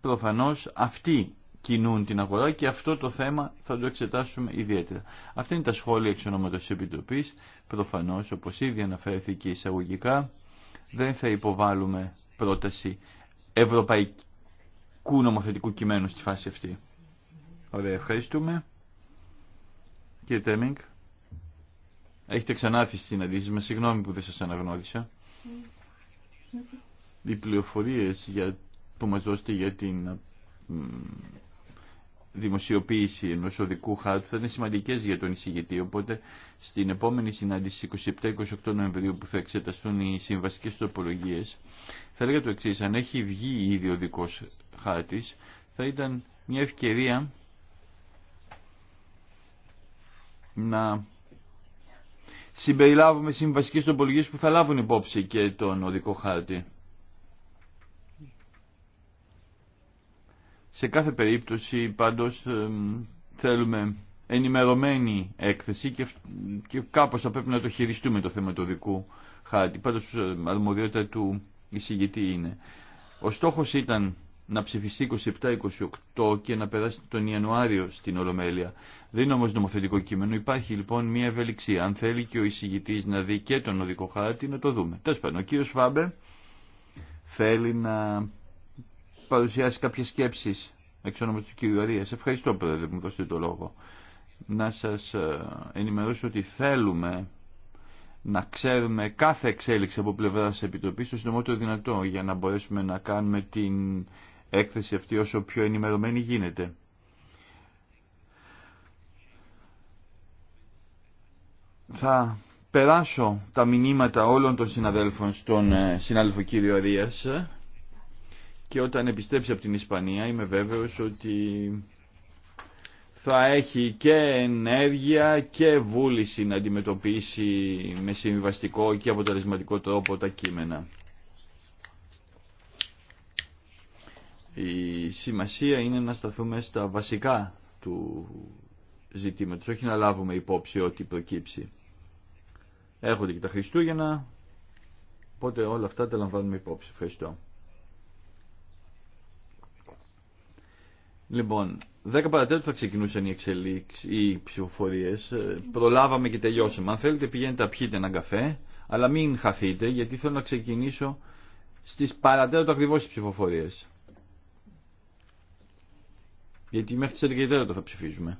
Προφανώς αυτοί κινούν την αγορά και αυτό το θέμα θα το εξετάσουμε ιδιαίτερα. Αυτά είναι τα σχόλια εξ ονόματος Επιτροπής. Προφανώς, όπως ήδη αναφέρθηκε εισαγωγικά, δεν θα υποβάλουμε πρόταση ευρωπαϊκού νομοθετικού κειμένου στη φάση αυτή. Ωραία, ευχαριστούμε. Κύριε Τέμινγκ, έχετε ξανά αφήσει συναντήσεις με συγγνώμη που δεν σας αναγνώρισα. Οι πληροφορίε που μας δώσετε για την δημοσιοποίηση ενό οδικού χάρτου θα είναι σημαντικέ για τον εισηγητή. Οπότε στην επόμενη συνάντηση 27-28 Νοεμβρίου που θα εξεταστούν οι συμβασικέ τροπολογίε, θα έλεγα το εξή: Αν έχει βγει ήδη ο οδικό χάρτη, θα ήταν μια ευκαιρία να συμπεριλάβουμε συμβασικές τοπολογίες που θα λάβουν υπόψη και τον οδικό χάρτη. Σε κάθε περίπτωση πάντως θέλουμε ενημερωμένη έκθεση και, και κάπως θα πρέπει να το χειριστούμε το θέμα του οδικού χάρτη. Πάντως αρμοδιότητα του εισηγητή είναι. Ο στόχος ήταν να ψηφιστεί 27-28 και να περάσει τον Ιανουάριο στην Ολομέλεια. Δεν είναι όμως νομοθετικό κείμενο. Υπάρχει λοιπόν μια ευελιξία. Αν θέλει και ο εισηγητής να δει και τον οδικό χάρτη να το δούμε. Τέλος πάντων, ο κύριο Φάμπε θέλει να παρουσιάσει κάποιες σκέψεις εξ όνομα του κύριου Αρίας. Ευχαριστώ πρόεδρε που μου δώσετε το λόγο. Να σας ε, ενημερώσω ότι θέλουμε να ξέρουμε κάθε εξέλιξη από πλευρά Επιτροπή στο συντομότερο δυνατό για να μπορέσουμε να κάνουμε την έκθεση αυτή όσο πιο ενημερωμένη γίνεται. Θα περάσω τα μηνύματα όλων των συναδέλφων στον ε, συνάδελφο κύριο Αρίας και όταν επιστρέψει από την Ισπανία είμαι βέβαιος ότι θα έχει και ενέργεια και βούληση να αντιμετωπίσει με συμβιβαστικό και αποτελεσματικό τρόπο τα κείμενα. Η σημασία είναι να σταθούμε στα βασικά του ζητήματος, όχι να λάβουμε υπόψη ό,τι προκύψει. Έρχονται και τα Χριστούγεννα, οπότε όλα αυτά τα λαμβάνουμε υπόψη. Ευχαριστώ. Λοιπόν, 10 παρατέτω θα ξεκινούσαν οι εξελίξει, οι ψηφοφορίε. Ε, προλάβαμε και τελειώσαμε. Αν θέλετε, πηγαίνετε να πιείτε έναν καφέ, αλλά μην χαθείτε, γιατί θέλω να ξεκινήσω στι παρατέτω ακριβώ τι ψηφοφορίε. Γιατί μέχρι τις 11 το θα ψηφίζουμε.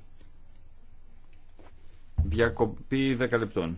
Διακοπή 10 λεπτών.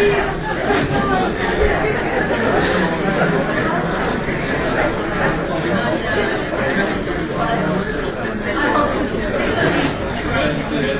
Υπότιτλοι AUTHORWAVE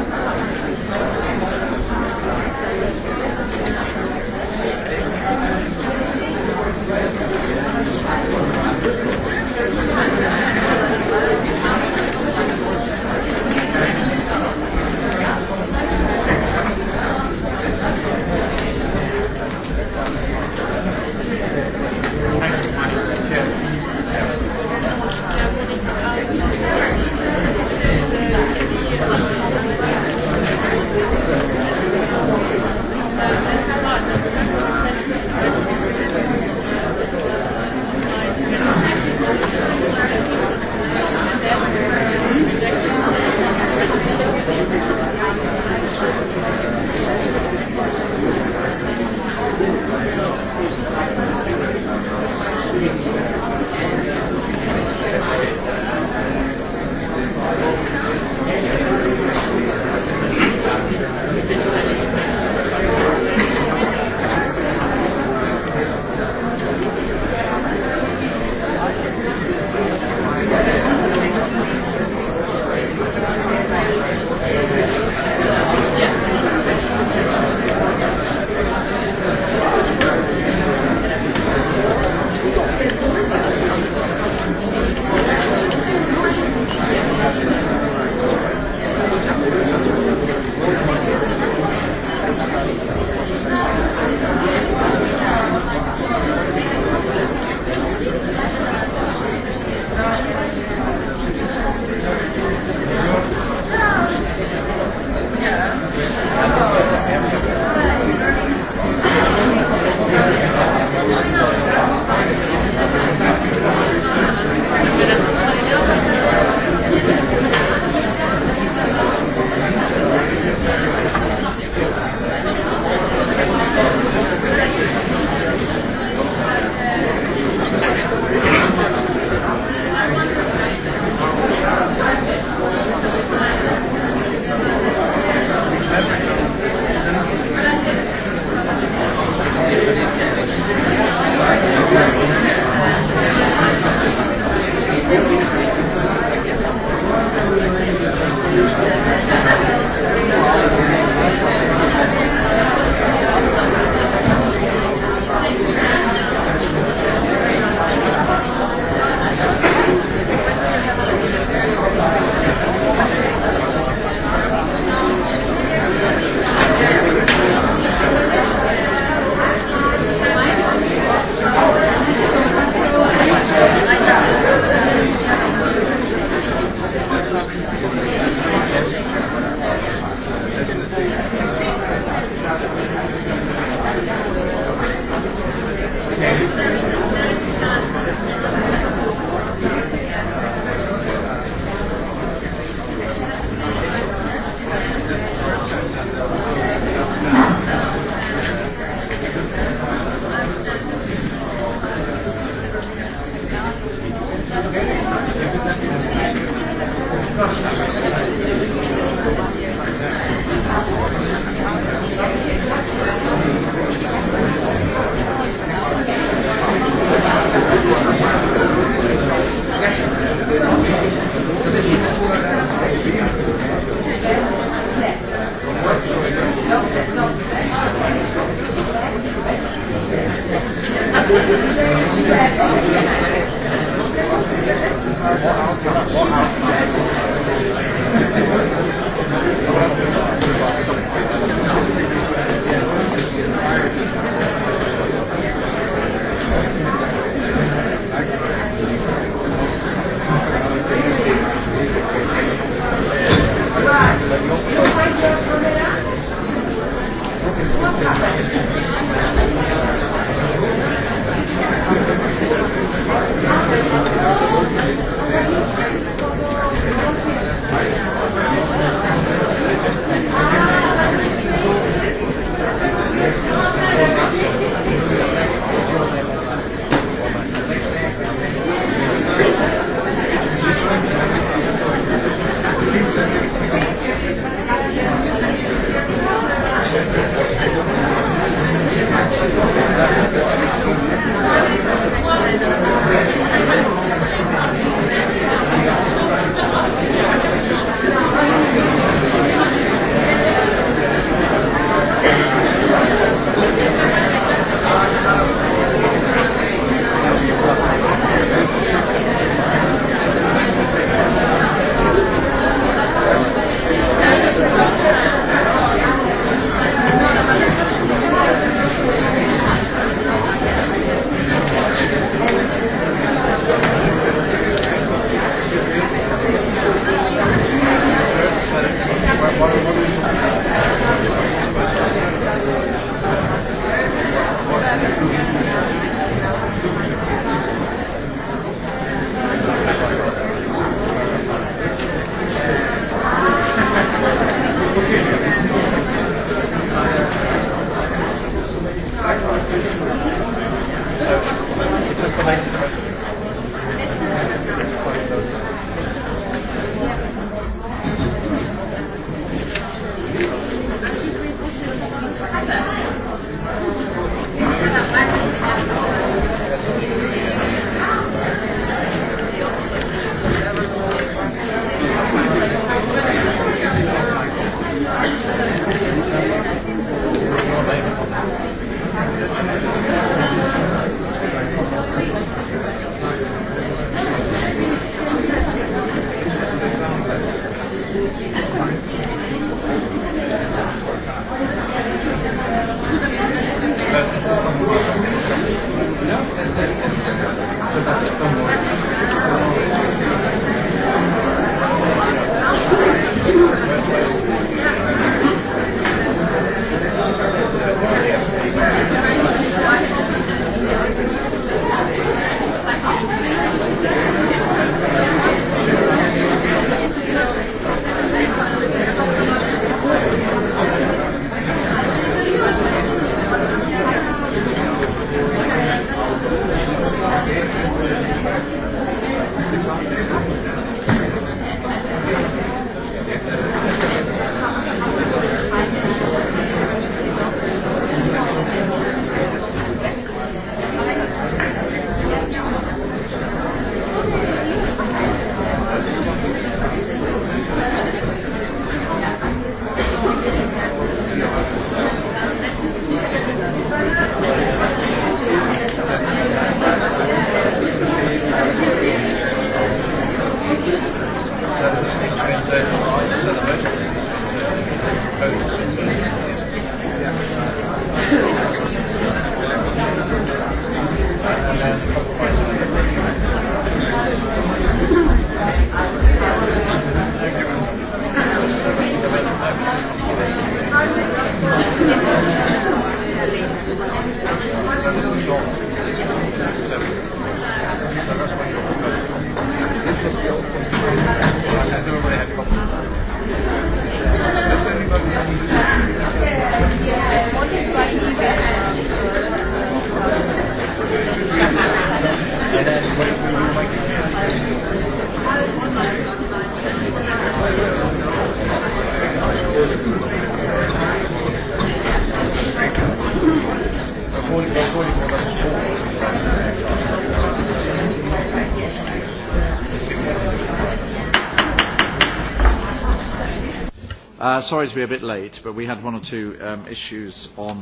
Uh, sorry a bit late, but we had one or two um, issues on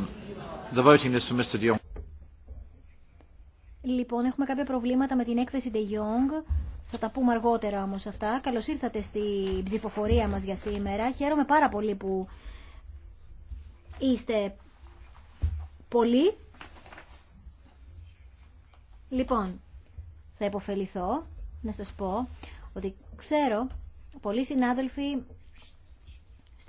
the voting list for Mr. Λοιπόν, έχουμε κάποια προβλήματα με την έκθεση De Jong. Θα τα πούμε αργότερα όμως αυτά. Καλώς ήρθατε στη ψηφοφορία μας για σήμερα. Χαίρομαι πάρα πολύ που είστε πολλοί. Λοιπόν, θα υποφεληθώ να σας πω ότι ξέρω πολλοί συνάδελφοι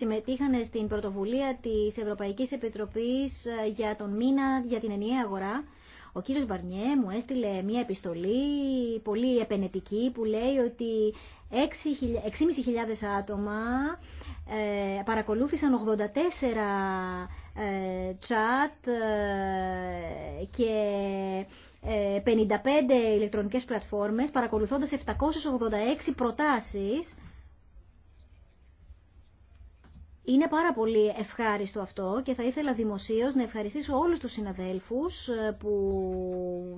συμμετείχαν στην πρωτοβουλία της Ευρωπαϊκής Επιτροπής ε, για τον μήνα για την ενιαία αγορά. Ο κύριος Μπαρνιέ μου έστειλε μια επιστολή πολύ επενετική που λέει ότι 6.500 άτομα ε, παρακολούθησαν 84 ε, chat και 55 ηλεκτρονικές πλατφόρμες παρακολουθώντας 786 προτάσεις είναι πάρα πολύ ευχάριστο αυτό και θα ήθελα δημοσίως να ευχαριστήσω όλους τους συναδέλφους ε, που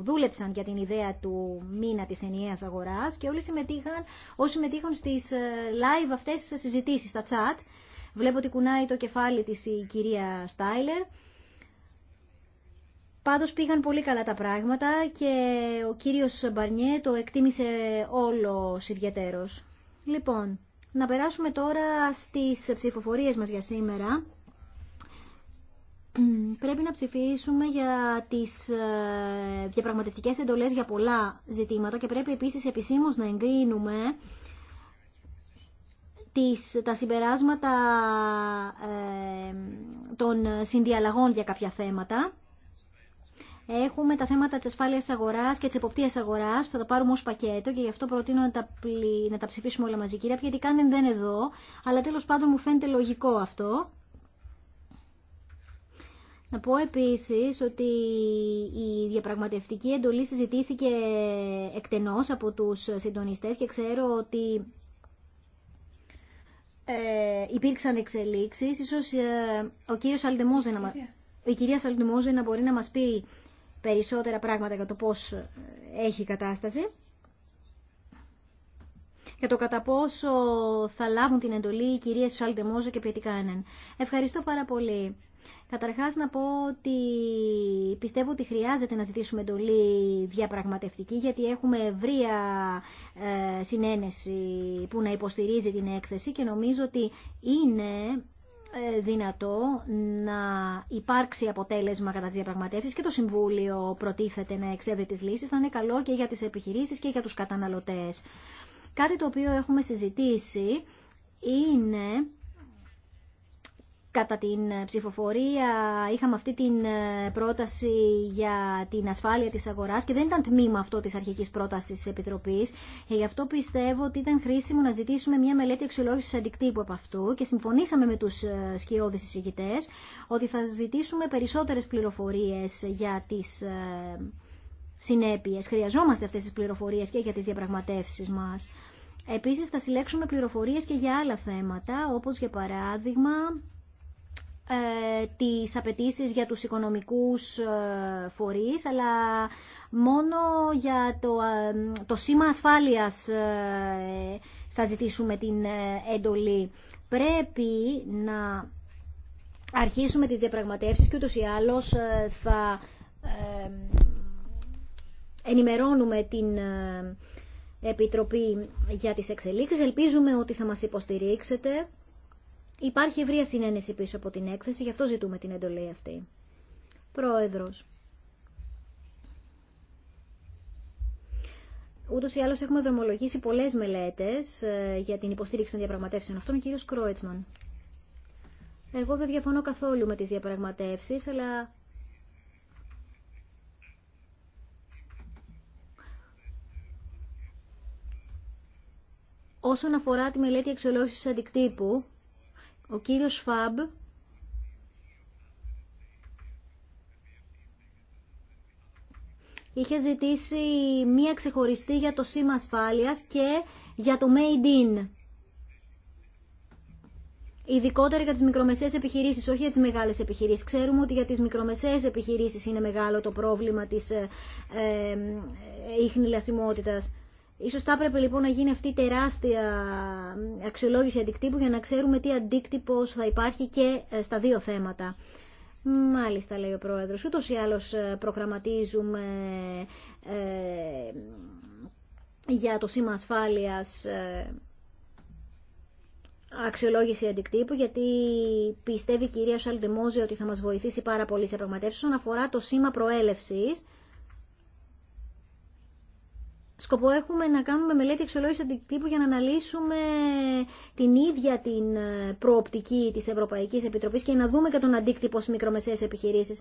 δούλεψαν για την ιδέα του μήνα της ενιαίας αγοράς και όλοι συμμετείχαν, όσοι συμμετείχαν στις ε, live αυτές τις συζητήσεις στα chat. Βλέπω ότι κουνάει το κεφάλι της η κυρία Στάιλερ. Πάντως πήγαν πολύ καλά τα πράγματα και ο κύριος Μπαρνιέ το εκτίμησε όλο ιδιαίτερος. Λοιπόν, να περάσουμε τώρα στις ψηφοφορίες μας για σήμερα. Πρέπει να ψηφίσουμε για τις ε, διαπραγματευτικές εντολές για πολλά ζητήματα και πρέπει επίσης επισήμως να εγκρίνουμε τις, τα συμπεράσματα ε, των συνδιαλλαγών για κάποια θέματα. Έχουμε τα θέματα τη ασφάλεια αγοράς και τη εποπτεία αγοράς που θα τα πάρουμε ως πακέτο και γι' αυτό προτείνω να τα, τα ψηφίσουμε όλα μαζί. Κυρία κάνουν δεν εδώ, αλλά τέλος πάντων μου φαίνεται λογικό αυτό. Να πω επίσης ότι η διαπραγματευτική εντολή συζητήθηκε εκτενώς από τους συντονιστές και ξέρω ότι ε, υπήρξαν εξελίξεις. Ίσως ε, ο κύριος να, η κυρία Σαλντεμόζε να μπορεί να μας πει περισσότερα πράγματα για το πώς ε, έχει η κατάσταση. Για το κατά πόσο θα λάβουν την εντολή οι κυρίες Σάλτεμόζο και Πιετικάνεν. Ευχαριστώ πάρα πολύ. Καταρχάς να πω ότι πιστεύω ότι χρειάζεται να ζητήσουμε εντολή διαπραγματευτική γιατί έχουμε ευρεία ε, συνένεση που να υποστηρίζει την έκθεση και νομίζω ότι είναι ε, δυνατό να υπάρξει αποτέλεσμα κατά τις διαπραγματεύσεις και το Συμβούλιο προτίθεται να εξέδει τις λύσεις, θα είναι καλό και για τις επιχειρήσεις και για τους καταναλωτές. Κάτι το οποίο έχουμε συζητήσει είναι Κατά την ε, ψηφοφορία είχαμε αυτή την ε, πρόταση για την ασφάλεια της αγοράς και δεν ήταν τμήμα αυτό της αρχικής πρότασης της Επιτροπής. Ε, γι' αυτό πιστεύω ότι ήταν χρήσιμο να ζητήσουμε μια μελέτη αξιολόγησης αντικτύπου από αυτού και συμφωνήσαμε με τους σκιώδεις εισηγητές ότι θα ζητήσουμε περισσότερες πληροφορίες για τις συνέπειες. Χρειαζόμαστε αυτές τις πληροφορίες και για τις διαπραγματεύσεις μας. Επίσης θα συλλέξουμε πληροφορίες και για άλλα θέματα, όπως για παράδειγμα ε, τις απαιτήσει για τους οικονομικούς ε, φορείς, αλλά μόνο για το, ε, το σήμα ασφάλειας θα ζητήσουμε την εντολή. Πρέπει να αρχίσουμε τις διαπραγματεύσεις και ούτως ή άλλως θα ενημερώνουμε την Επιτροπή για τις εξελίξεις. Ελπίζουμε ότι θα μας υποστηρίξετε. Υπάρχει ευρεία συνένεση πίσω από την έκθεση, γι' αυτό ζητούμε την εντολή αυτή. Πρόεδρος. Ούτω ή άλλω έχουμε δρομολογήσει πολλέ μελέτε ε, για την υποστήριξη των διαπραγματεύσεων αυτών, κύριο Κρόιτσμαν. Εγώ δεν διαφωνώ καθόλου με τι διαπραγματεύσει, αλλά. Όσον αφορά τη μελέτη αξιολόγηση αντικτύπου, ο κύριος Φαμπ είχε ζητήσει μία ξεχωριστή για το σήμα ασφάλειας και για το Made in. Ειδικότερα για τις μικρομεσαίες επιχειρήσεις, όχι για τις μεγάλες επιχειρήσεις. Ξέρουμε ότι για τις μικρομεσαίες επιχειρήσεις είναι μεγάλο το πρόβλημα της ε, ε, ε Ίσως θα έπρεπε λοιπόν να γίνει αυτή η τεράστια αξιολόγηση αντικτύπου για να ξέρουμε τι αντίκτυπος θα υπάρχει και ε, στα δύο θέματα. Μάλιστα, λέει ο Πρόεδρος. Ούτως ή άλλως ε, προγραμματίζουμε ε, για το σήμα ασφάλειας ε, αξιολόγηση αντικτύπου, γιατί πιστεύει η κυρία Σαλντεμόζη ότι θα μας βοηθήσει πάρα πολύ σε πραγματεύσεις όσον αφορά το σήμα προέλευσης. Σκοπό έχουμε να κάνουμε μελέτη αξιολόγηση αντικτύπου για να αναλύσουμε την ίδια την ε, προοπτική τη Ευρωπαϊκή Επιτροπής και να δούμε και τον αντίκτυπο στις μικρομεσαίες επιχειρήσει.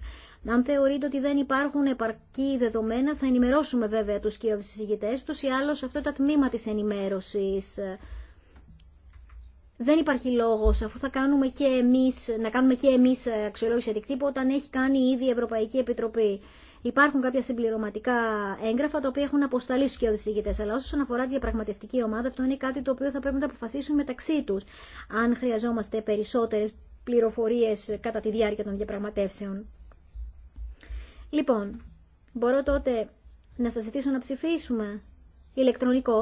Αν θεωρείτε ότι δεν υπάρχουν επαρκή δεδομένα, θα ενημερώσουμε βέβαια του και τους συζητητές τους ή άλλως αυτό το τμήμα της ενημέρωσης. Δεν υπάρχει λόγος, αφού θα κάνουμε και εμείς, να κάνουμε και εμείς ε, αξιολόγηση αντικτύπου όταν έχει κάνει ήδη η αλλω αυτο το τμημα τη ενημέρωση. δεν υπαρχει λόγο, αφου θα κανουμε και εμει Επιτροπή. Υπάρχουν κάποια συμπληρωματικά έγγραφα τα οποία έχουν αποσταλεί στου κοιόδη Αλλά όσον αφορά τη διαπραγματευτική ομάδα, αυτό είναι κάτι το οποίο θα πρέπει να αποφασίσουν μεταξύ του. Αν χρειαζόμαστε περισσότερε πληροφορίε κατά τη διάρκεια των διαπραγματεύσεων. Λοιπόν, μπορώ τότε να σα ζητήσω να ψηφίσουμε ηλεκτρονικώ.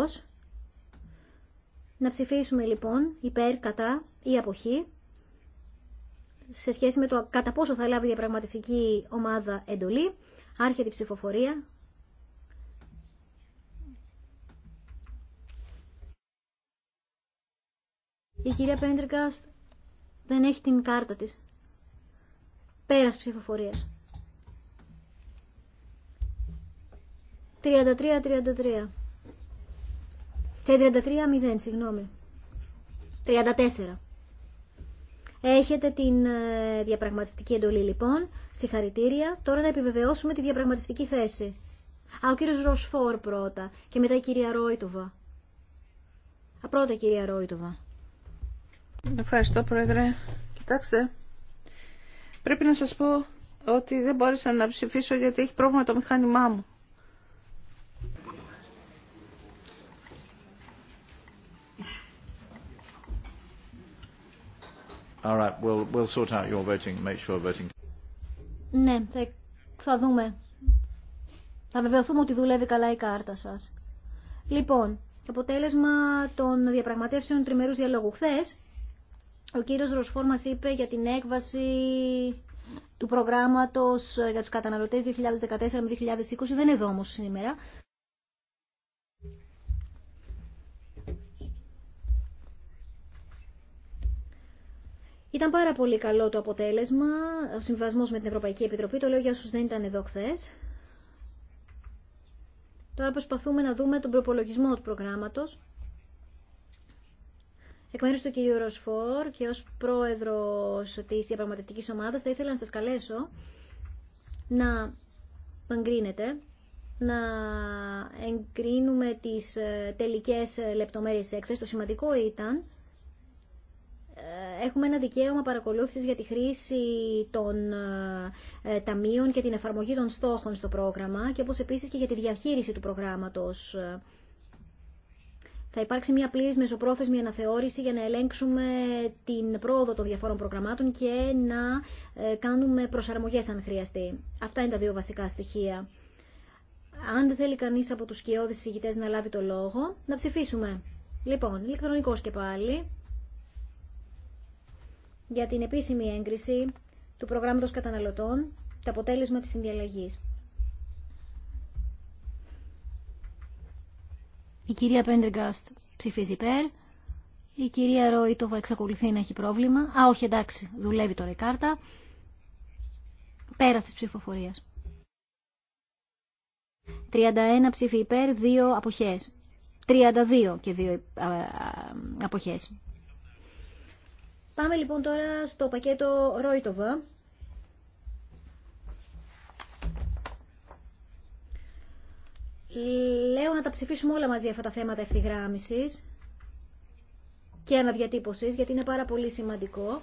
Να ψηφίσουμε λοιπόν υπέρ, κατά ή αποχή σε σχέση με το κατά πόσο θα λάβει η διαπραγματευτική ομάδα εντολή. Άρχεται η ψηφοφορία. Η κυρία Πέντρικαστ δεν έχει την κάρτα της. Πέρας ψηφοφορίας. 33-33. 33-0, ε, συγγνώμη. 34. Έχετε την ε, διαπραγματευτική εντολή λοιπόν. Συγχαρητήρια. Τώρα να επιβεβαιώσουμε τη διαπραγματευτική θέση. Α, ο κύριος Ροσφόρ πρώτα και μετά η κυρία Ρόιτοβα. Α, πρώτα η κυρία Ρόιτοβα. Ευχαριστώ Πρόεδρε. Κοιτάξτε, πρέπει να σας πω ότι δεν μπόρεσα να ψηφίσω γιατί έχει πρόβλημα το μηχάνημά μου. Ναι, θα δούμε. Θα βεβαιωθούμε ότι δουλεύει καλά η κάρτα σας. Λοιπόν, το αποτέλεσμα των διαπραγματεύσεων τριμερούς διαλόγου. Χθε, ο κύριος Ροσφόρ μας είπε για την έκβαση του προγράμματος για τους καταναλωτές 2014 2020. Δεν είναι εδώ όμως σήμερα. Ήταν πάρα πολύ καλό το αποτέλεσμα, ο συμβασμός με την Ευρωπαϊκή Επιτροπή, το λέω για όσου δεν ήταν εδώ χθε. Τώρα προσπαθούμε να δούμε τον προπολογισμό του προγράμματος. Εκ μέρου του κ. Ροσφόρ και ως πρόεδρος της διαπραγματευτική ομάδας θα ήθελα να σας καλέσω να εγκρίνετε, να εγκρίνουμε τις τελικές λεπτομέρειες έκθεσης. Το σημαντικό ήταν ε, έχουμε ένα δικαίωμα παρακολούθησης για τη χρήση των ε, ταμείων και την εφαρμογή των στόχων στο πρόγραμμα και όπως επίσης και για τη διαχείριση του προγράμματος. Θα υπάρξει μια πλήρης μεσοπρόθεσμη αναθεώρηση για να ελέγξουμε την πρόοδο των διαφόρων προγραμμάτων και να ε, κάνουμε προσαρμογές αν χρειαστεί. Αυτά είναι τα δύο βασικά στοιχεία. Αν δεν θέλει κανείς από τους σκιώδεις να λάβει το λόγο, να ψηφίσουμε. Λοιπόν, ηλεκτρονικός και πάλι για την επίσημη έγκριση του προγράμματος καταναλωτών, το αποτέλεσμα της συνδιαλλαγής. Η κυρία Πέντεγκαστ ψηφίζει υπέρ. Η κυρία Ροϊτόβα εξακολουθεί να έχει πρόβλημα. Α, όχι, εντάξει, δουλεύει τώρα η κάρτα. Πέρα της ψηφοφορίας. 31 ψήφοι υπέρ, 2 αποχές. 32 και 2 αποχές. Πάμε λοιπόν τώρα στο πακέτο Ρόιτοβα. Λέω να τα ψηφίσουμε όλα μαζί αυτά τα θέματα ευθυγράμμισης και αναδιατύπωσης, γιατί είναι πάρα πολύ σημαντικό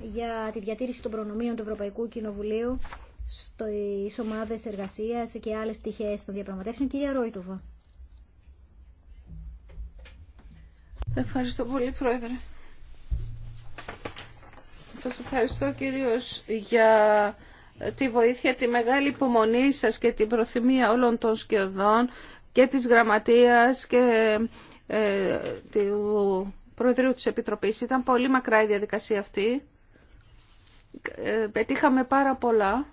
για τη διατήρηση των προνομίων του Ευρωπαϊκού Κοινοβουλίου στις ομάδες εργασίας και άλλες πτυχές των διαπραγματεύσεων. Κυρία Ρόιτοβα. Ευχαριστώ πολύ, Πρόεδρε. Σας ευχαριστώ κυρίως για τη βοήθεια, τη μεγάλη υπομονή σας και την προθυμία όλων των σκιωδών και της γραμματείας και ε, του Προεδρείου της Επιτροπής. Ήταν πολύ μακρά η διαδικασία αυτή. Ε, πετύχαμε πάρα πολλά.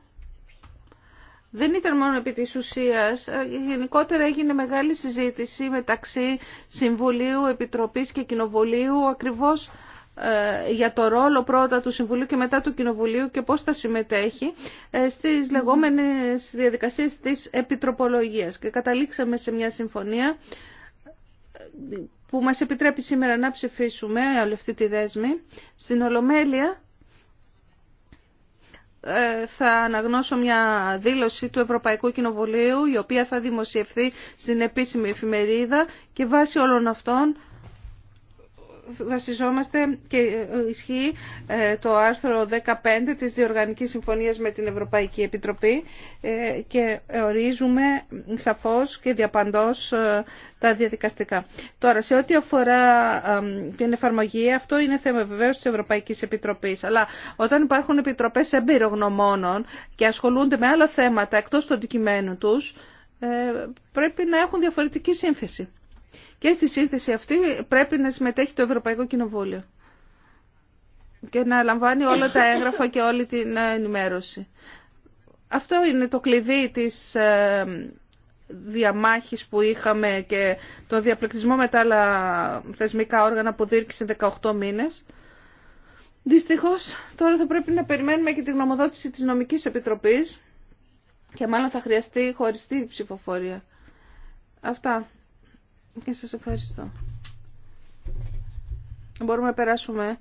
Δεν ήταν μόνο επί της ουσίας. Ε, γενικότερα έγινε μεγάλη συζήτηση μεταξύ Συμβουλίου, Επιτροπής και Κοινοβουλίου ακριβώς ε, για το ρόλο πρώτα του Συμβουλίου και μετά του Κοινοβουλίου και πώς θα συμμετέχει ε, στις λεγόμενες διαδικασίες της επιτροπολογίας. Και καταλήξαμε σε μια συμφωνία ε, που μας επιτρέπει σήμερα να ψηφίσουμε όλη αυτή τη δέσμη. Στην Ολομέλεια θα αναγνώσω μια δήλωση του Ευρωπαϊκού Κοινοβουλίου η οποία θα δημοσιευθεί στην επίσημη εφημερίδα και βάσει όλων αυτών βασιζόμαστε και ισχύει ε, το άρθρο 15 της Διοργανικής Συμφωνίας με την Ευρωπαϊκή Επιτροπή ε, και ορίζουμε σαφώς και διαπαντός ε, τα διαδικαστικά. Τώρα, σε ό,τι αφορά την εφαρμογή, αυτό είναι θέμα βεβαίω της Ευρωπαϊκής Επιτροπής. Αλλά όταν υπάρχουν επιτροπές εμπειρογνωμόνων και ασχολούνται με άλλα θέματα εκτός του αντικειμένου τους, πρέπει να έχουν διαφορετική σύνθεση και στη σύνθεση αυτή πρέπει να συμμετέχει το Ευρωπαϊκό Κοινοβούλιο και να λαμβάνει όλα τα έγγραφα και όλη την ε, ενημέρωση. Αυτό είναι το κλειδί της ε, διαμάχης που είχαμε και το διαπληκτισμό με τα άλλα θεσμικά όργανα που δίρκησε 18 μήνες. Δυστυχώς τώρα θα πρέπει να περιμένουμε και τη γνωμοδότηση της νομικής επιτροπής και μάλλον θα χρειαστεί χωριστή ψηφοφορία. Αυτά και σας ευχαριστώ. Μπορούμε να περάσουμε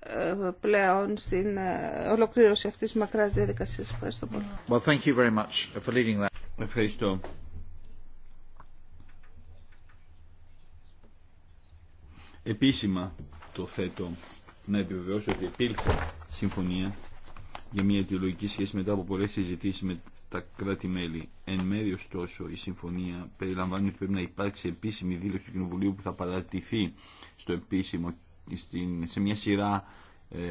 ε, πλέον στην ε, ολοκλήρωση αυτής της μακράς διαδικασίας. Ευχαριστώ πολύ. Well, thank you very much for leading that. Ευχαριστώ. Επίσημα το θέτω να επιβεβαιώσω ότι επήλθε συμφωνία για μια αιτιολογική σχέση μετά από πολλές συζητήσεις με τα κράτη-μέλη. Εν μέρει ωστόσο η συμφωνία περιλαμβάνει ότι πρέπει να υπάρξει επίσημη δήλωση του Κοινοβουλίου που θα παρατηθεί στο επίσημο, σε μια σειρά ε,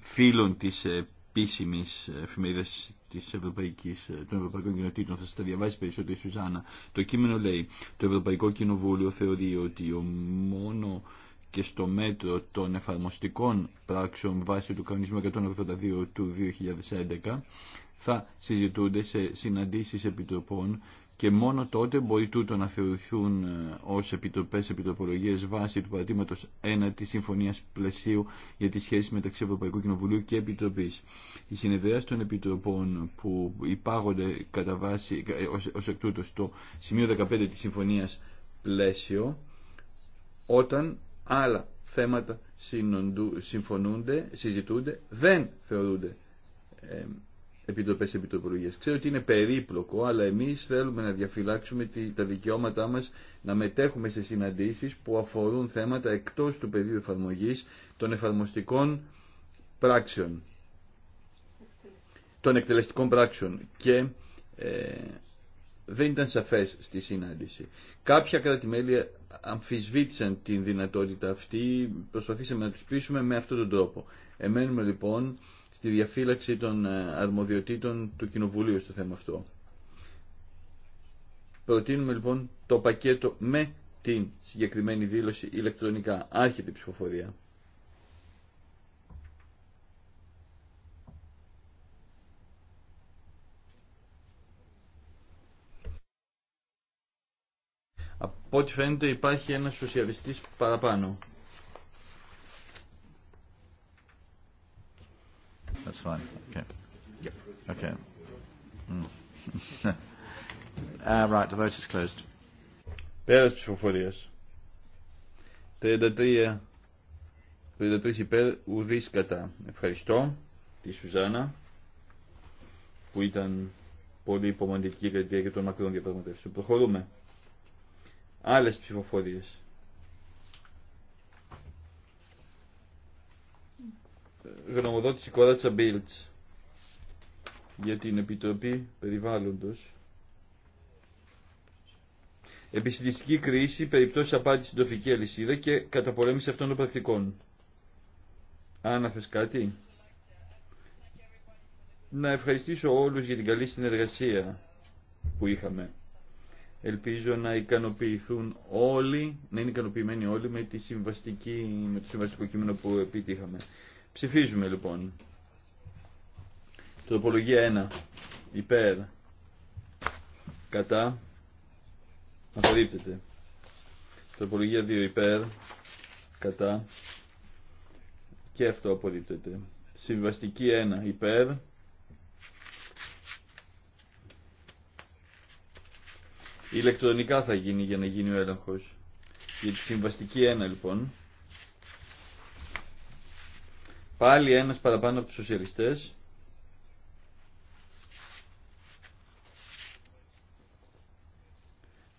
φίλων της επίσημης εφημερίδας της Ευρωπαϊκής, των Ευρωπαϊκών Κοινοτήτων. Θα σας τα διαβάσει περισσότερο η Σουζάνα. Το κείμενο λέει «Το Ευρωπαϊκό Κοινοβούλιο θεωρεί ότι ο μόνο και στο μέτρο των εφαρμοστικών πράξεων βάσει του κανονισμού 182 του 2011 θα συζητούνται σε συναντήσεις επιτροπών και μόνο τότε μπορεί τούτο να θεωρηθούν ε, ως επιτροπές επιτροπολογίες βάσει του παρατήματος 1 της Συμφωνίας Πλαισίου για τις σχέσεις μεταξύ Ευρωπαϊκού Κοινοβουλίου και Επιτροπής. Οι συνεδριάσεις των επιτροπών που υπάγονται κατά βάση, ε, ως, ως εκ τούτο στο σημείο 15 της Συμφωνίας Πλαίσιο όταν άλλα θέματα συμφωνούνται, συζητούνται, δεν θεωρούνται ε, επιτροπές επιτροπολογίας. Ξέρω ότι είναι περίπλοκο, αλλά εμείς θέλουμε να διαφυλάξουμε τα δικαιώματά μας να μετέχουμε σε συναντήσεις που αφορούν θέματα εκτός του πεδίου εφαρμογής των εφαρμοστικών πράξεων, των εκτελεστικών πράξεων και ε, δεν ήταν σαφές στη συνάντηση. Κάποια κράτη-μέλη αμφισβήτησαν την δυνατότητα αυτή, προσπαθήσαμε να τους πείσουμε με αυτόν τον τρόπο. Εμένουμε λοιπόν στη διαφύλαξη των ε, αρμοδιοτήτων του Κοινοβουλίου στο θέμα αυτό. Προτείνουμε λοιπόν το πακέτο με την συγκεκριμένη δήλωση ηλεκτρονικά. Άρχεται ψηφοφορία. Από ό,τι φαίνεται υπάρχει ένας σοσιαλιστής παραπάνω. That's fine. Okay. Yep. Okay. Mm. uh, Right, the vote is closed. Πέρας ψηφοφορίας. 33, 33 υπέρ, ουδής κατά. Ευχαριστώ τη Σουζάνα που ήταν πολύ υπομονητική για τη διάρκεια των μακρών διαπραγματεύσεων. Προχωρούμε. Άλλες ψηφοφορίες. γνωμοδότηση Κόρατσα Μπίλτς για την Επιτροπή Περιβάλλοντος. Επιστημιστική κρίση, περιπτώσει απάντηση στην τροφική αλυσίδα και καταπολέμηση αυτών των πρακτικών. Άννα, κάτι? Να ευχαριστήσω όλους για την καλή συνεργασία που είχαμε. Ελπίζω να ικανοποιηθούν όλοι, να είναι ικανοποιημένοι όλοι με, τη συμβαστική, με το συμβαστικό κείμενο που επιτύχαμε. Ψηφίζουμε λοιπόν. Τροπολογία 1. Υπέρ. Κατά. Απορρίπτεται. Τροπολογία 2. Υπέρ. Κατά. Και αυτό απορρίπτεται. Συμβαστική 1. Υπέρ. Ηλεκτρονικά θα γίνει για να γίνει ο έλεγχος. Για τη συμβαστική 1 λοιπόν. Πάλι ένας παραπάνω από τους σοσιαλιστές.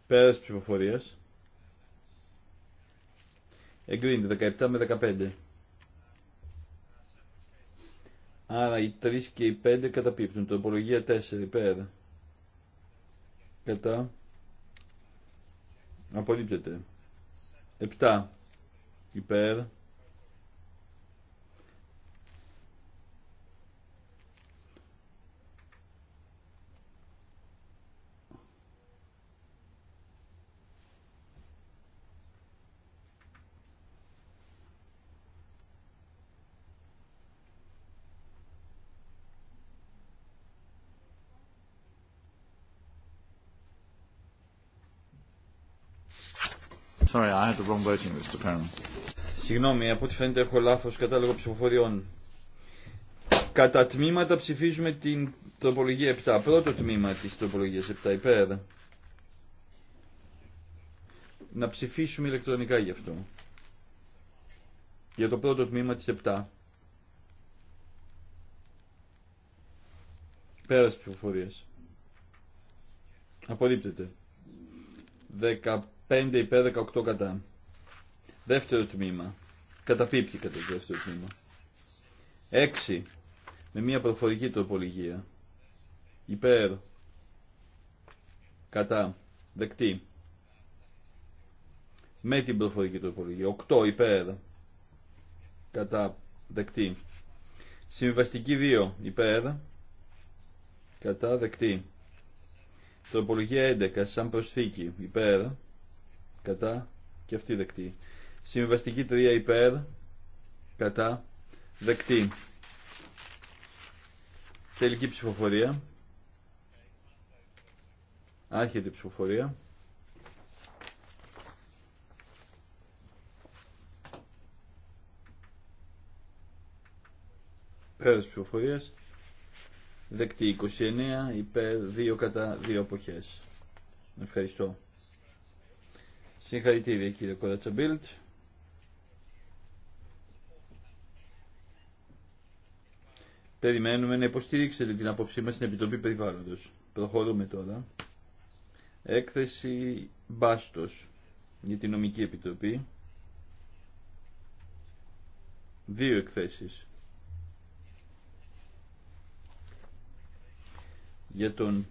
Πέρας ψηφοφορίας. Εγκρίνεται 17 με 15. Άρα οι 3 και οι 5 καταπίπτουν. απολογία 4 υπέρ. Κατά. Απολύπτεται. 7 υπέρ. Sorry, I had the wrong voting list, apparently. Συγγνώμη, από ό,τι φαίνεται έχω λάθος κατάλογο ψηφοφοριών. Κατά τμήματα ψηφίζουμε την τροπολογία 7. Πρώτο τμήμα της τροπολογίας 7 υπέρ. Να ψηφίσουμε ηλεκτρονικά γι' αυτό. Για το πρώτο τμήμα της 7. Πέρας ψηφοφορίας. Απορρίπτεται. 15 5 υπέρ 18 κατά. Δεύτερο τμήμα. Καταπίπτει το δεύτερο τμήμα. 6. Με μια προφορική τροπολογία. Υπέρ. Κατά. Δεκτή. Με την προφορική τροπολογία. 8 υπέρ. Κατά. Δεκτή. Συμβαστική 2 υπέρ. Κατά. Δεκτή. Τροπολογία 11 σαν προσθήκη. Υπέρ κατά και αυτή δεκτή. Συμβαστική 3 υπέρ κατά δεκτή. Τελική ψηφοφορία. Άρχεται η ψηφοφορία. Πέρας ψηφοφορίας. Δεκτή 29 υπέρ 2 κατά 2 εποχές. Ευχαριστώ. Συγχαρητήρια κύριε Κορατσαμπίλτ. Περιμένουμε να υποστηρίξετε την απόψή μας στην Επιτροπή Περιβάλλοντος. Προχωρούμε τώρα. Έκθεση Μπάστος για την Νομική Επιτροπή. Δύο εκθέσεις. Για τον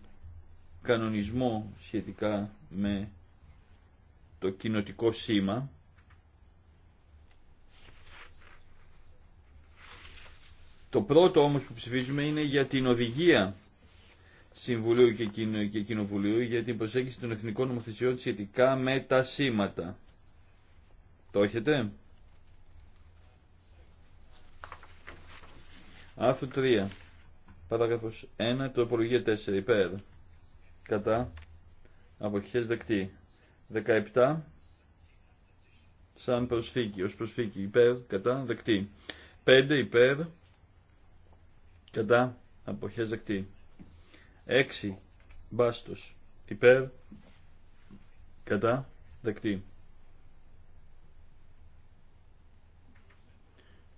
κανονισμό σχετικά με το κοινοτικό σήμα Το πρώτο όμως που ψηφίζουμε είναι για την οδηγία Συμβουλίου και Κοινοβουλίου για την προσέγγιση των εθνικών νομοθεσιών σχετικά με τα σήματα. Το έχετε? Άρθρο 3. Παράγραφος 1. Τροπολογία 4. Υπέρ. Κατά. Αποχές δεκτή. 17 σαν προσθήκη, ως προσθήκη υπέρ, κατά, δεκτή. 5 υπέρ, κατά, αποχές δεκτή. 6 μπάστος, υπέρ, κατά, δεκτή.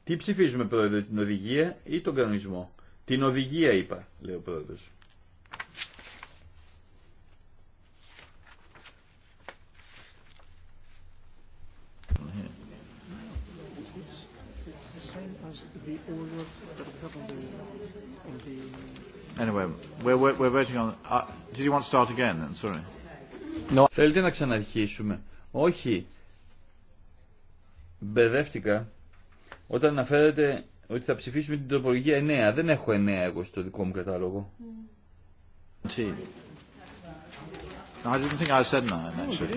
Τι ψηφίζουμε πρόεδρε, την οδηγία ή τον κανονισμό. Την οδηγία είπα, λέει ο πρόεδρος. on... Uh, did you want to start again? Sorry. No. Θέλετε να ξαναρχίσουμε. Όχι. Μπερδεύτηκα. Όταν αναφέρετε ότι θα ψηφίσουμε την τροπολογία 9. Δεν έχω 9 εγώ στο δικό μου κατάλογο. Mm. I didn't think I said nine, actually.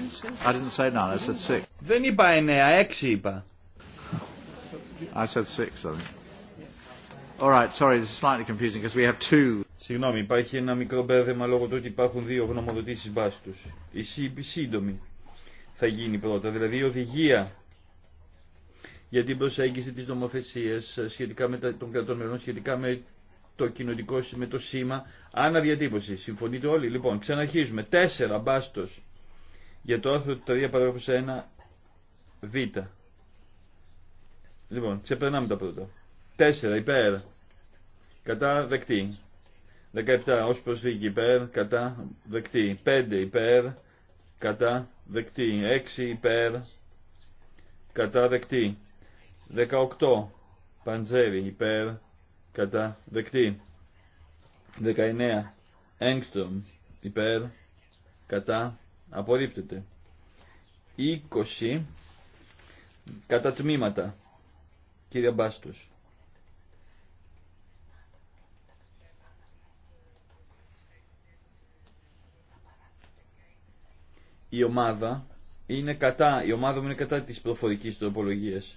I didn't say nine, I said six. Δεν είπα εννέα, έξι είπα. I said six, I think. All right, sorry, this is slightly confusing because we have two. Συγγνώμη, υπάρχει ένα μικρό μπέρδεμα λόγω του ότι υπάρχουν δύο γνωμοδοτήσει μπάστους. Η σύντομη θα γίνει πρώτα, δηλαδή η οδηγία για την προσέγγιση της νομοθεσία σχετικά με τον σχετικά με το κοινωνικό με το σήμα, αναδιατύπωση. Συμφωνείτε όλοι. Λοιπόν, ξαναρχίζουμε. Τέσσερα μπάστος για το άρθρο 3 παράγραφος 1 β. Λοιπόν, ξεπερνάμε τα πρώτα. Τέσσερα υπέρ. Κατά δεκτή. 17 ως προσθήκη υπέρ, κατά, δεκτή. 5 υπέρ, κατά, δεκτή. 6 υπέρ, κατά, δεκτή. 18 παντζέρι υπέρ, κατά, δεκτή. 19 έγκστρομ υπέρ, κατά, απορρίπτεται. 20 κατά τμήματα, κύριε Μπάστος. η ομάδα είναι κατά, η ομάδα μου είναι κατά της προφορικής τροπολογίας.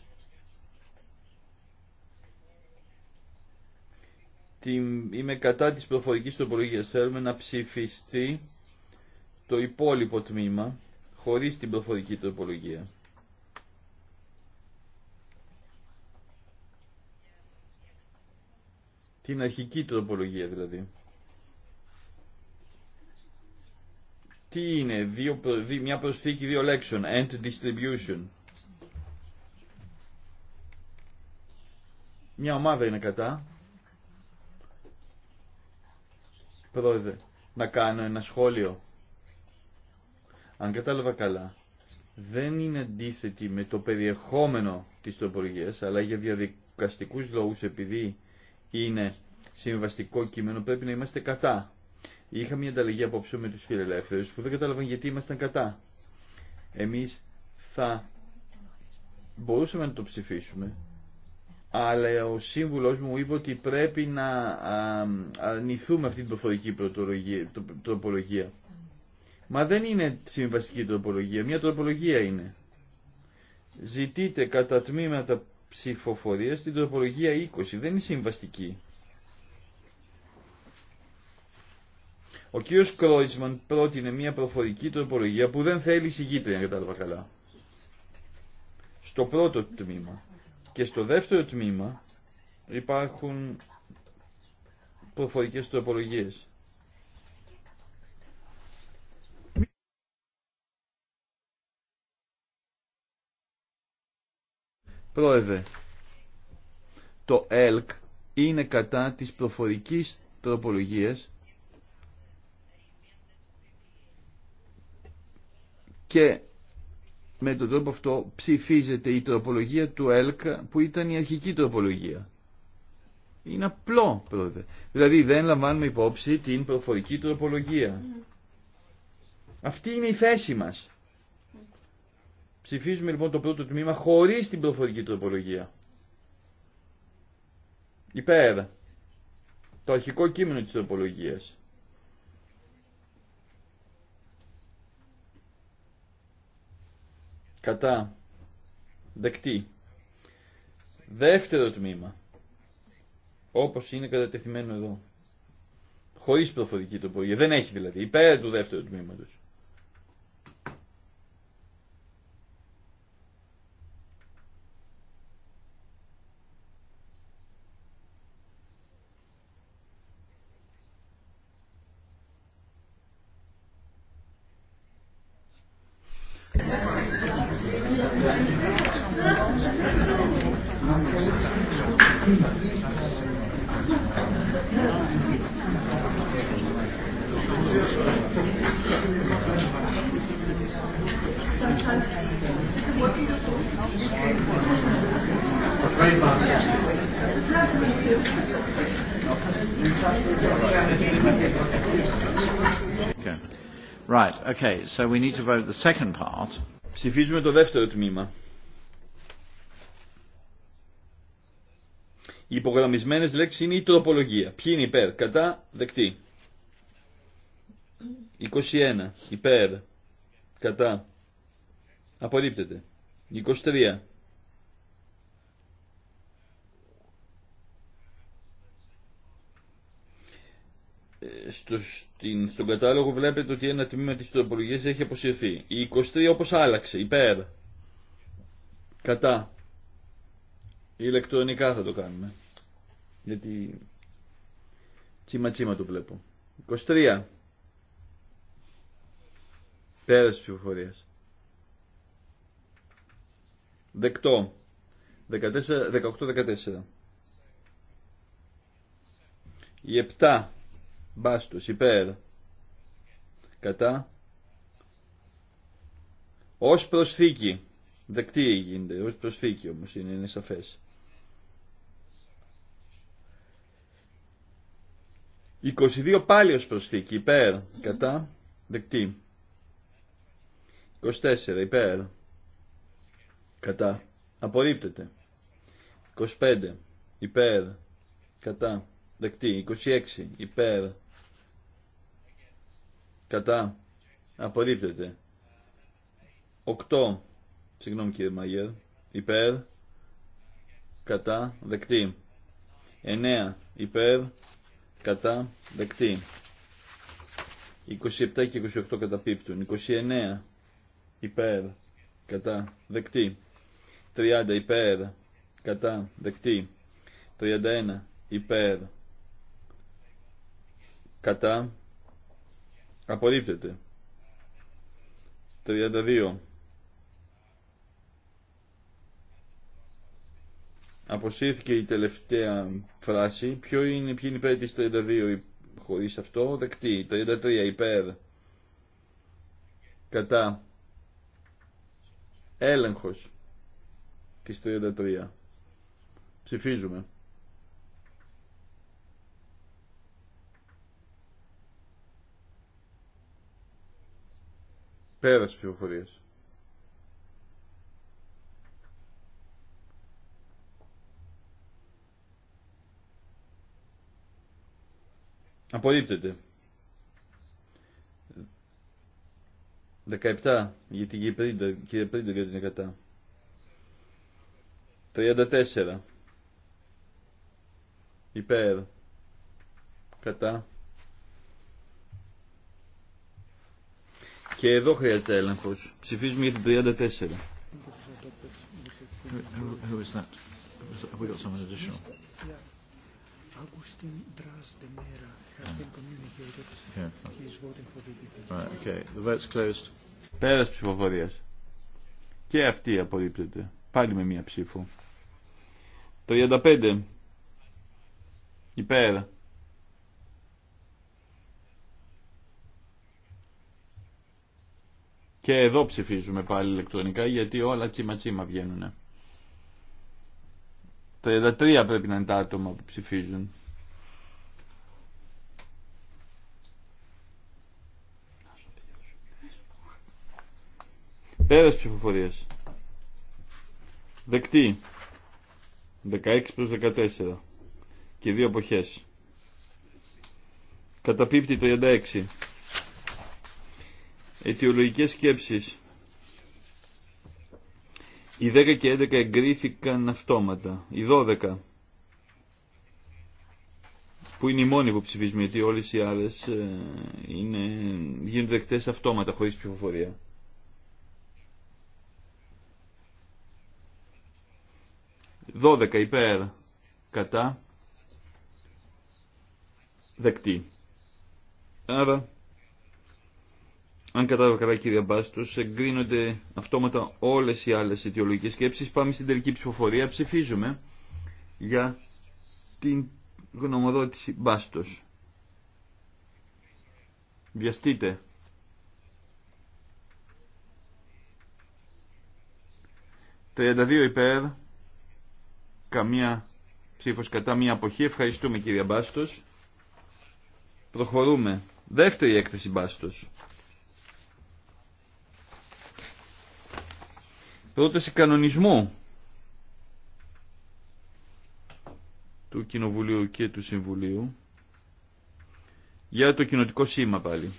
είμαι κατά της προφορικής τροπολογίας. Θέλουμε να ψηφιστεί το υπόλοιπο τμήμα χωρίς την προφορική τροπολογία. Την αρχική τροπολογία δηλαδή. Τι είναι, μια προσθήκη δύο λέξεων, and distribution. Μια ομάδα είναι κατά. Πρόεδρε, να κάνω ένα σχόλιο. Αν κατάλαβα καλά, δεν είναι αντίθετη με το περιεχόμενο της τροπολογίας, αλλά για διαδικαστικούς λόγους, επειδή είναι συμβαστικό κείμενο, πρέπει να είμαστε κατά. Είχα μια ανταλλαγή απόψε με τους φιλελεύθερους που δεν κατάλαβαν γιατί ήμασταν κατά. Εμείς θα μπορούσαμε να το ψηφίσουμε, αλλά ο σύμβουλος μου είπε ότι πρέπει να αρνηθούμε αυτή την προφορική τροπολογία. Μα δεν είναι συμβαστική τροπολογία, μια τροπολογία είναι. Ζητείτε κατά τμήματα ψηφοφορία στην τροπολογία 20, δεν είναι συμβαστική. Ο κύριος Κρόιτσμαν πρότεινε μια προφορική τροπολογία που δεν θέλει συγκίτρια, αν κατάλαβα καλά. Στο πρώτο τμήμα. Και στο δεύτερο τμήμα υπάρχουν προφορικές τροπολογίες. Πρόεδρε, το ΕΛΚ είναι κατά της προφορικής τροπολογίας Και με τον τρόπο αυτό ψηφίζεται η τροπολογία του ΕΛΚΑ που ήταν η αρχική τροπολογία. Είναι απλό, πρόεδρε. Δηλαδή δεν λαμβάνουμε υπόψη την προφορική τροπολογία. Αυτή είναι η θέση μας. Ψηφίζουμε λοιπόν το πρώτο τμήμα χωρίς την προφορική τροπολογία. Υπέρ. Το αρχικό κείμενο της τροπολογίας. κατά δεκτή. Δεύτερο τμήμα, όπως είναι κατατεθειμένο εδώ, χωρίς προφορική τοπολογία, δεν έχει δηλαδή, υπέρ του δεύτερου τμήματος. So we need to vote the second part. Ψηφίζουμε το δεύτερο τμήμα. Οι υπογραμμισμένε λέξει είναι η τροπολογία. Ποιοι είναι υπέρ, κατά, δεκτή. 21. Υπέρ, κατά, απορρίπτεται. 23. στο, στην, στον κατάλογο βλέπετε ότι ένα τμήμα της τροπολογίας έχει αποσυρθεί. Η 23 όπως άλλαξε, υπέρ, κατά. Ηλεκτρονικά θα το κάνουμε. Γιατί τσίμα τσίμα το βλέπω. 23. Πέρας της ψηφοφορίας. Δεκτό. 18-14. Η 7 Μπάστος υπέρ κατά ως προσθήκη δεκτή γίνεται ως προσθήκη όμως είναι, είναι σαφές 22 πάλι ως προσθήκη υπέρ κατά δεκτή 24 υπέρ κατά απορρίπτεται 25 υπέρ κατά δεκτή 26 υπέρ κατά απορρίπτεται. 8 συγγνώμη κύριε Μάγερ. υπέρ κατά δεκτή. 9 υπέρ κατά δεκτή. 27 και 28 καταπίπτουν. 29 υπέρ κατά δεκτή. 30 υπέρ κατά δεκτή. 31 υπέρ κατά Απορρίπτεται. 32. Αποσύρθηκε η τελευταία φράση. Ποιο είναι, ποιοι είναι υπέρ της 32 χωρίς αυτό. Δεκτή. 33 υπέρ. Κατά. Έλεγχος της 33. Ψηφίζουμε. στις πληροφορίες. Απορρίπτεται. 17 για την κύριε και κύριε Πρίντο για την εκατά. 34 υπέρ κατά Και εδώ χρειάζεται έλεγχος. Ψηφίζουμε για την 34. Who is that? we got someone additional? Agustin Dras de Mera has been communicated. Yeah. He is voting for the Right, okay. The vote's closed. Πέρας ψηφοφορίας. Και αυτή απορρίπτεται. Πάλι με μία ψήφο. Το 35. Υπέρ. Και εδώ ψηφίζουμε πάλι ηλεκτρονικά γιατί όλα τσίμα τσίμα βγαίνουν. 33 πρέπει να είναι τα άτομα που ψηφίζουν. Πέρας ψηφοφορίας. Δεκτή. 16 προς 14. Και δύο εποχές. Καταπίπτει 36. Αιτιολογικές σκέψεις. Οι 10 και 11 εγκρίθηκαν αυτόματα. Οι 12 που είναι οι μόνοι υποψηφισμοί, γιατί όλες οι άλλες ε, είναι, γίνονται δεκτές αυτόματα, χωρίς ψηφοφορία. 12 υπέρ κατά δεκτή. Άρα αν κατάλαβα καλά κύριε Μπάστος, εγκρίνονται αυτόματα όλες οι άλλες αιτιολογικές σκέψει. Πάμε στην τελική ψηφοφορία, ψηφίζουμε για την γνωμοδότηση Μπάστο. Βιαστείτε. «32 υπέρ, καμία ψήφος κατά μία αποχή. Ευχαριστούμε κύριε Μπάστος. Προχωρούμε. Δεύτερη έκθεση Μπάστος. πρόταση κανονισμού του Κοινοβουλίου και του Συμβουλίου για το κοινοτικό σήμα πάλι.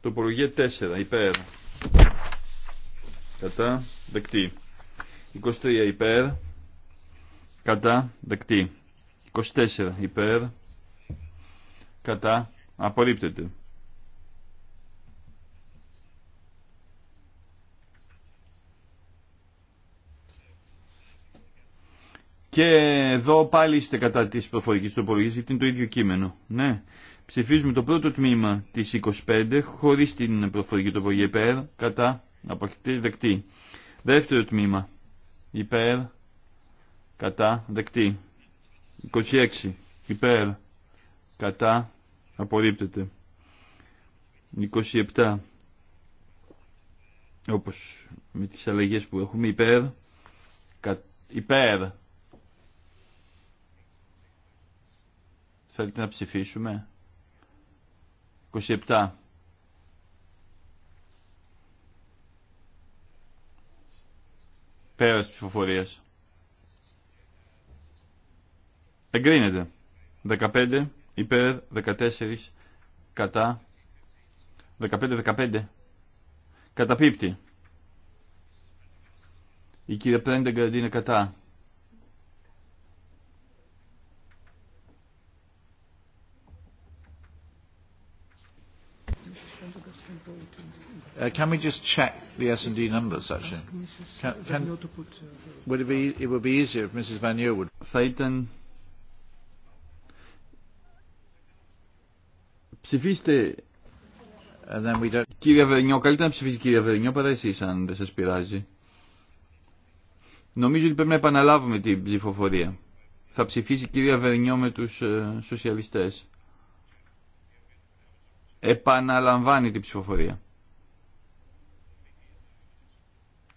Τοπολογία 4, υπέρ. Κατά, δεκτή. 23, υπέρ. Κατά, δεκτή. 24, υπέρ. Κατά, απορρίπτεται. Και εδώ πάλι είστε κατά της προφορικής τροπολογίας γιατί είναι το ίδιο κείμενο. Ναι. Ψηφίζουμε το πρώτο τμήμα της 25 χωρίς την προφορική τροπολογία υπέρ κατά αποχαιρετή δεκτή. Δεύτερο τμήμα υπέρ κατά δεκτή. 26 υπέρ κατά απορρίπτεται. 27 όπως με τις αλλαγές που έχουμε υπέρ, κατά. υπέρ Θέλετε να ψηφίσουμε. 27. Πέρας ψηφοφορίας. Εγκρίνεται. 15 υπέρ, 14 κατά. 15-15. Καταπίπτει. Η κυρία Πρέντεγκαρντ είναι κατά. Θα uh, ήταν... Uh, Ψηφίστε, And then we κύριε Βερνιό, καλύτερα να ψηφίσει κύριε Βερνιό παρά εσείς αν δεν σας πειράζει. Νομίζω ότι πρέπει να επαναλάβουμε την ψηφοφορία. Θα ψηφίσει η κυρία Βερνιό με τους ε, σοσιαλιστές. Επαναλαμβάνει την ψηφοφορία.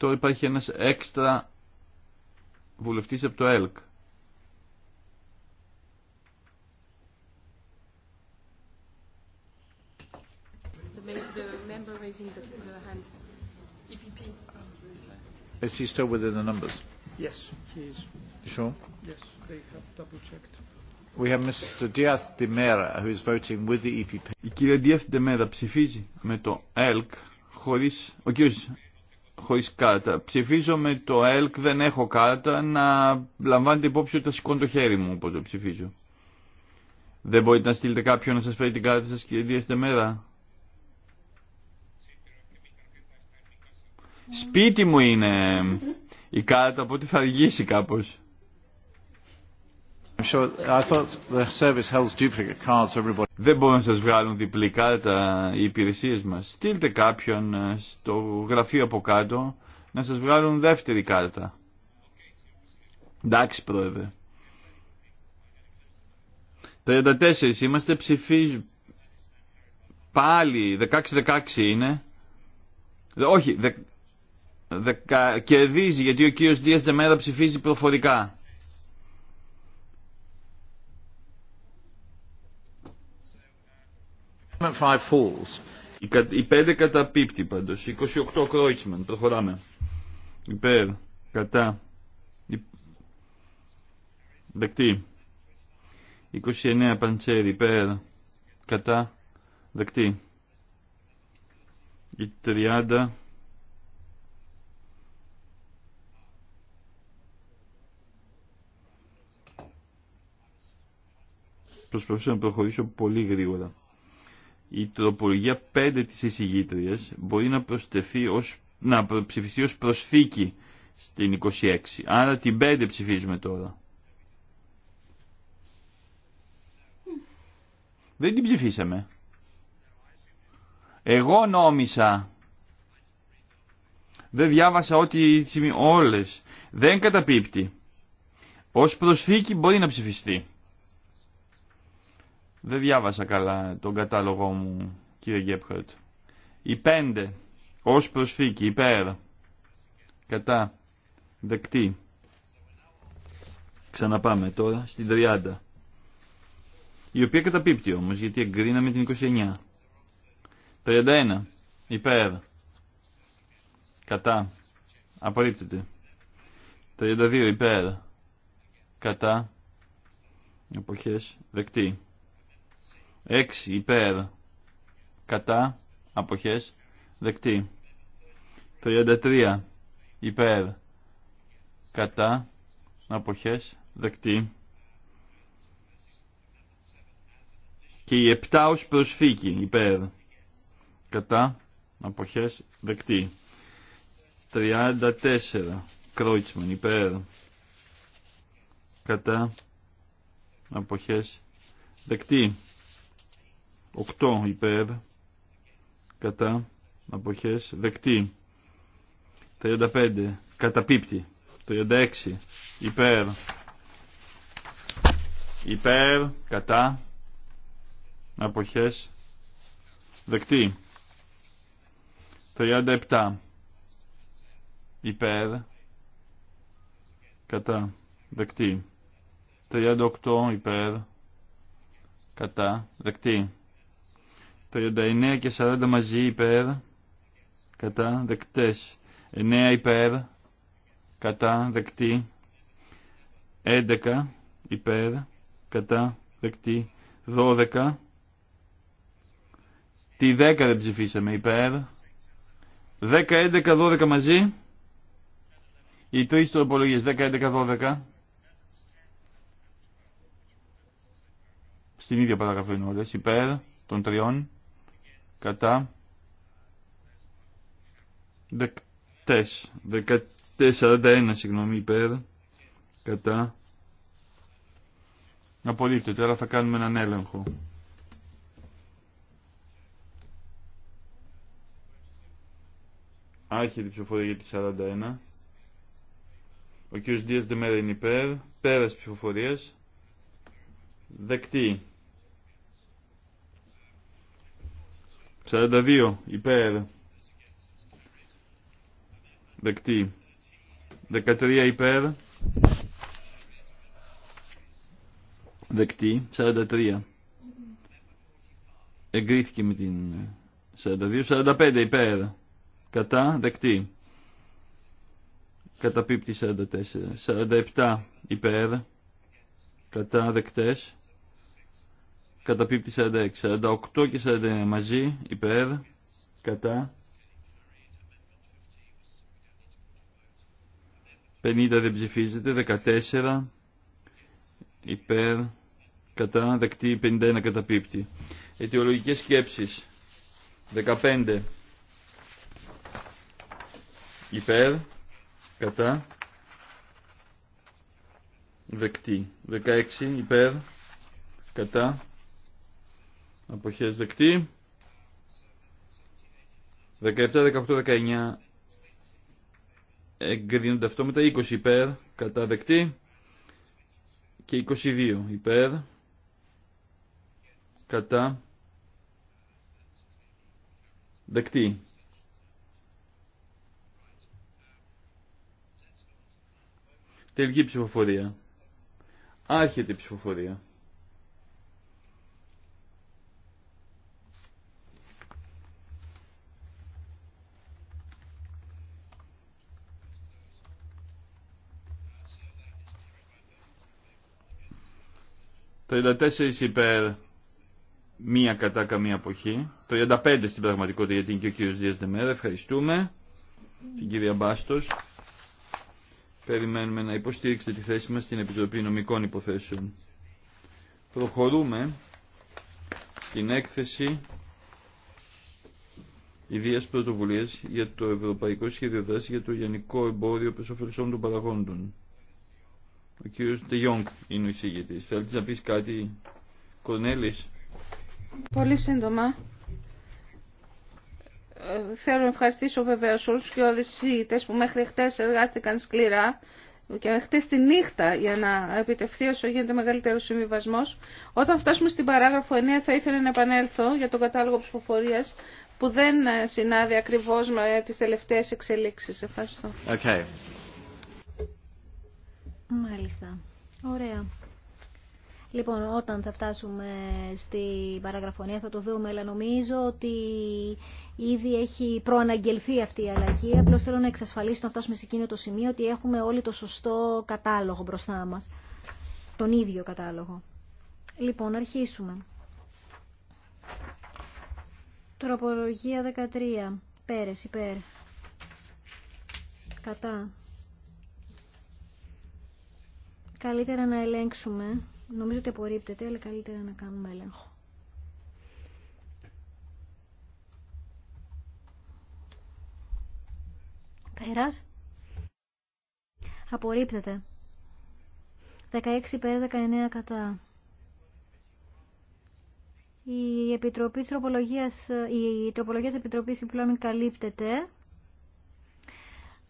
αυτό υπάρχει ένας έξτρα βουλευτής από το ΕΛΚ. Is he still within the numbers? Yes, he is. You sure? Yes, they have double checked. We have Mr. Diaz de Mera, who is voting with the EPP. Η κυρία Diaz de Mera ψηφίζει με το ΕΛΚ χωρίς... Ο κύριος χωρίς κάρτα. Ψηφίζω με το ΕΛΚ, δεν έχω κάρτα, να λαμβάνετε υπόψη ότι θα σηκώνω το χέρι μου όποτε ψηφίζω. Δεν μπορείτε να στείλετε κάποιον να σας φέρει την κάρτα σας και διέστε μέρα. Σπίτι μου είναι η κάρτα, οπότε θα αργήσει κάπως. Δεν μπορούν να σας βγάλουν διπλή κάρτα οι υπηρεσίες μας. Στείλτε κάποιον ε, στο γραφείο από κάτω να σας βγάλουν δεύτερη κάρτα. Εντάξει πρόεδρε. 34 είμαστε ψηφίζ... Πάλι 16-16 είναι. Όχι, δε... Δε... κερδίζει γιατί ο κύριος Δίας Δεμέρα ψηφίζει προφορικά. Οι falls. Η, η καταπίπτει πάντως. 28 Κρόιτσμαν. Προχωράμε. Υπέρ. Κατά. Δεκτή. 29 Παντσέρι. Υπέρ. Κατά. Δεκτή. Η 30. Προσπαθούσα να προχωρήσω πολύ γρήγορα η τροπολογία 5 της εισηγήτριας μπορεί να ως, να ψηφιστεί ως προσφύκη στην 26. Άρα την 5 ψηφίζουμε τώρα. Δεν την ψηφίσαμε. Εγώ νόμισα. Δεν διάβασα ό,τι όλες. Δεν καταπίπτει. Ως προσφύκη μπορεί να ψηφιστεί. Δεν διάβασα καλά τον κατάλογό μου, κύριε Γκέπχαρτ. Η πέντε, ως προσφύκη, υπέρ, κατά, δεκτή. Ξαναπάμε τώρα στην 30. Η οποία καταπίπτει όμως, γιατί εγκρίναμε την 29. 31. Υπέρ. Κατά. Απορρίπτεται. 32. Υπέρ. Κατά. Εποχές. Δεκτή. 6 υπέρ κατά αποχές δεκτή 33 υπέρ κατά αποχές δεκτή και η 7 ως προσφύκη υπέρ κατά αποχές δεκτή 34 Κρόιτσμαν υπέρ κατά αποχές δεκτή 8 υπέρ κατά αποχές δεκτή 35 καταπίπτη, 36 υπέρ υπέρ κατά αποχές δεκτή 37 υπέρ κατά δεκτή 38 υπέρ κατά δεκτή 39 και 40 μαζί υπέρ, κατά, δεκτές. 9 υπέρ, κατά, δεκτή. 11 υπέρ, κατά, δεκτή. 12. Τη 10 δεν ψηφίσαμε υπέρ. 10, 11, 12 μαζί. Οι τρεις τροπολογίες 10, 11, 12. Στην ίδια παραγραφή είναι όλες. Υπέρ των τριών κατά δεκτές 41 συγγνώμη υπέρ κατά απολύπτεται Τώρα θα κάνουμε έναν έλεγχο άρχεται η ψηφοφορία για τη 41 ο κ. Δίας Δεμέρα είναι υπέρ πέρας ψηφοφορίας δεκτή 42 υπέρ. Δεκτή. 13 υπέρ. Δεκτή. 43. Εγκρίθηκε με την 42. Ε, 45 υπέρ. Κατά. Δεκτή. πίπτη 44. 47 υπέρ. Κατά. Δεκτές καταπίπτει 46. 48 και 49 μαζί, υπέρ, κατά. 50 δεν ψηφίζεται, 14 υπέρ, κατά, δεκτή 51 πίπτη. Αιτιολογικές σκέψεις, 15 υπέρ, κατά, δεκτή, 16 υπέρ, κατά, Αποχές δεκτή. 17, 18, 19 εγκρίνονται αυτό μετά 20 υπέρ κατά δεκτή και 22 υπέρ κατά δεκτή. Τελική ψηφοφορία. Άρχεται η ψηφοφορία. 34 υπέρ, μία κατά καμία αποχή. 35 στην πραγματικότητα γιατί είναι και ο κύριος Δίας Δεμέρα. Ευχαριστούμε την κυρία Μπάστος. Περιμένουμε να υποστήριξετε τη θέση μας στην Επιτροπή Νομικών Υποθέσεων. Προχωρούμε στην έκθεση ιδίας πρωτοβουλίας για το Ευρωπαϊκό Σχέδιο Δράση για το Γενικό Εμπόριο Πεσοφερσών των Παραγόντων. Ο κύριος Ντεγιόγκ είναι ο εισηγητή. Θέλει να πει κάτι, Κορνέλης. Πολύ σύντομα. Ε, θέλω να ευχαριστήσω βεβαίω όλου και οδησίτες που μέχρι χτε εργάστηκαν σκληρά και μέχρι τη νύχτα για να επιτευχθεί όσο γίνεται μεγαλύτερο συμβιβασμό. Όταν φτάσουμε στην παράγραφο 9 θα ήθελα να επανέλθω για τον κατάλογο ψηφοφορία που δεν συνάδει ακριβώ με τι τελευταίε εξελίξει. Ευχαριστώ. Okay. Μάλιστα. Ωραία. Λοιπόν, όταν θα φτάσουμε στην παραγραφωνία θα το δούμε, αλλά νομίζω ότι ήδη έχει προαναγγελθεί αυτή η αλλαγή. Απλώ θέλω να εξασφαλίσω να φτάσουμε σε εκείνο το σημείο ότι έχουμε όλοι το σωστό κατάλογο μπροστά μας. Τον ίδιο κατάλογο. Λοιπόν, αρχίσουμε. Τροπολογία 13. Πέρες, υπέρ. Κατά. Καλύτερα να ελέγξουμε. Νομίζω ότι απορρίπτεται, αλλά καλύτερα να κάνουμε έλεγχο. Πέρας. Απορρίπτεται. 16 υπέρ 19 κατά. Η, επιτροπή τροπολογίας, η τροπολογία της Επιτροπής Διπλώμη καλύπτεται.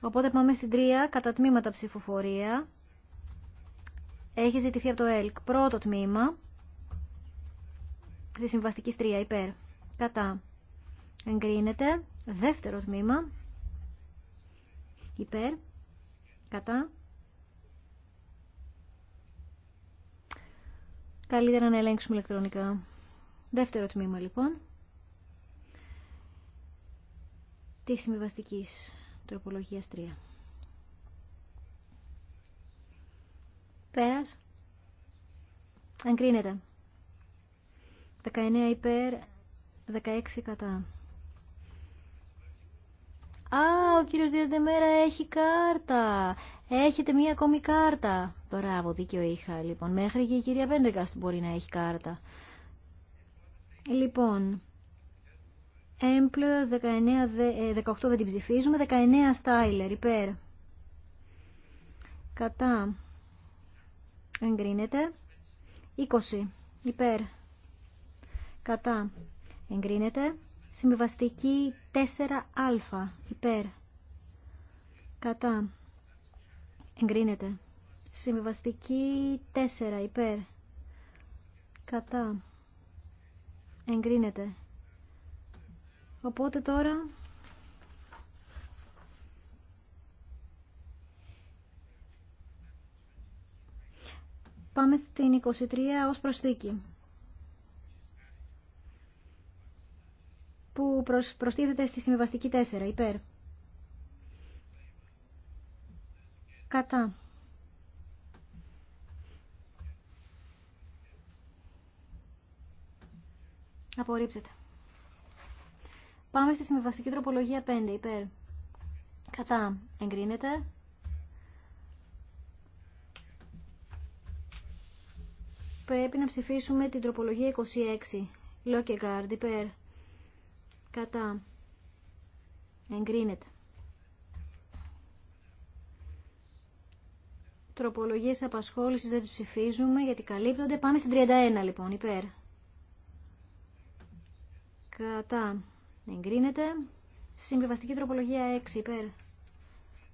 Οπότε πάμε στην 3, κατά τμήματα ψηφοφορία. Έχει ζητηθεί από το ΕΛΚ. Πρώτο τμήμα τη συμβαστική 3 υπέρ. Κατά. Εγκρίνεται. Δεύτερο τμήμα. Υπέρ. Κατά. Καλύτερα να ελέγξουμε ηλεκτρονικά. Δεύτερο τμήμα λοιπόν. Τη συμβαστική τροπολογία 3. Πέρας. Εγκρίνεται. 19 υπέρ, 16 κατά. Α, ο κύριος Δίας Δεμέρα έχει κάρτα. Έχετε μία ακόμη κάρτα. Μπράβο, δίκιο είχα. Λοιπόν, μέχρι και η κυρία Πέντεκαστ μπορεί να έχει κάρτα. Λοιπόν, έμπλεο, 19, 18 δεν την ψηφίζουμε, 19 στάιλερ, υπέρ. Κατά εγκρίνεται. 20 υπέρ κατά εγκρίνεται. Συμβιβαστική 4α υπέρ κατά εγκρίνεται. Συμβιβαστική 4 υπέρ κατά εγκρίνεται. Οπότε τώρα Πάμε στην 23 ως προσθήκη. Που προστίθεται στη συμβιβαστική 4, υπέρ. Κατά. Απορρίπτεται. Πάμε στη συμβιβαστική τροπολογία 5, υπέρ. Κατά. Εγκρίνεται. πρέπει να ψηφίσουμε την τροπολογία 26. Λόκεγκαρντ, υπέρ. Κατά. Εγκρίνεται. Τροπολογίε απασχόληση δεν τι ψηφίζουμε γιατί καλύπτονται. Πάμε στην 31 λοιπόν, υπέρ. Κατά. Εγκρίνεται. Συμβιβαστική τροπολογία 6, υπέρ.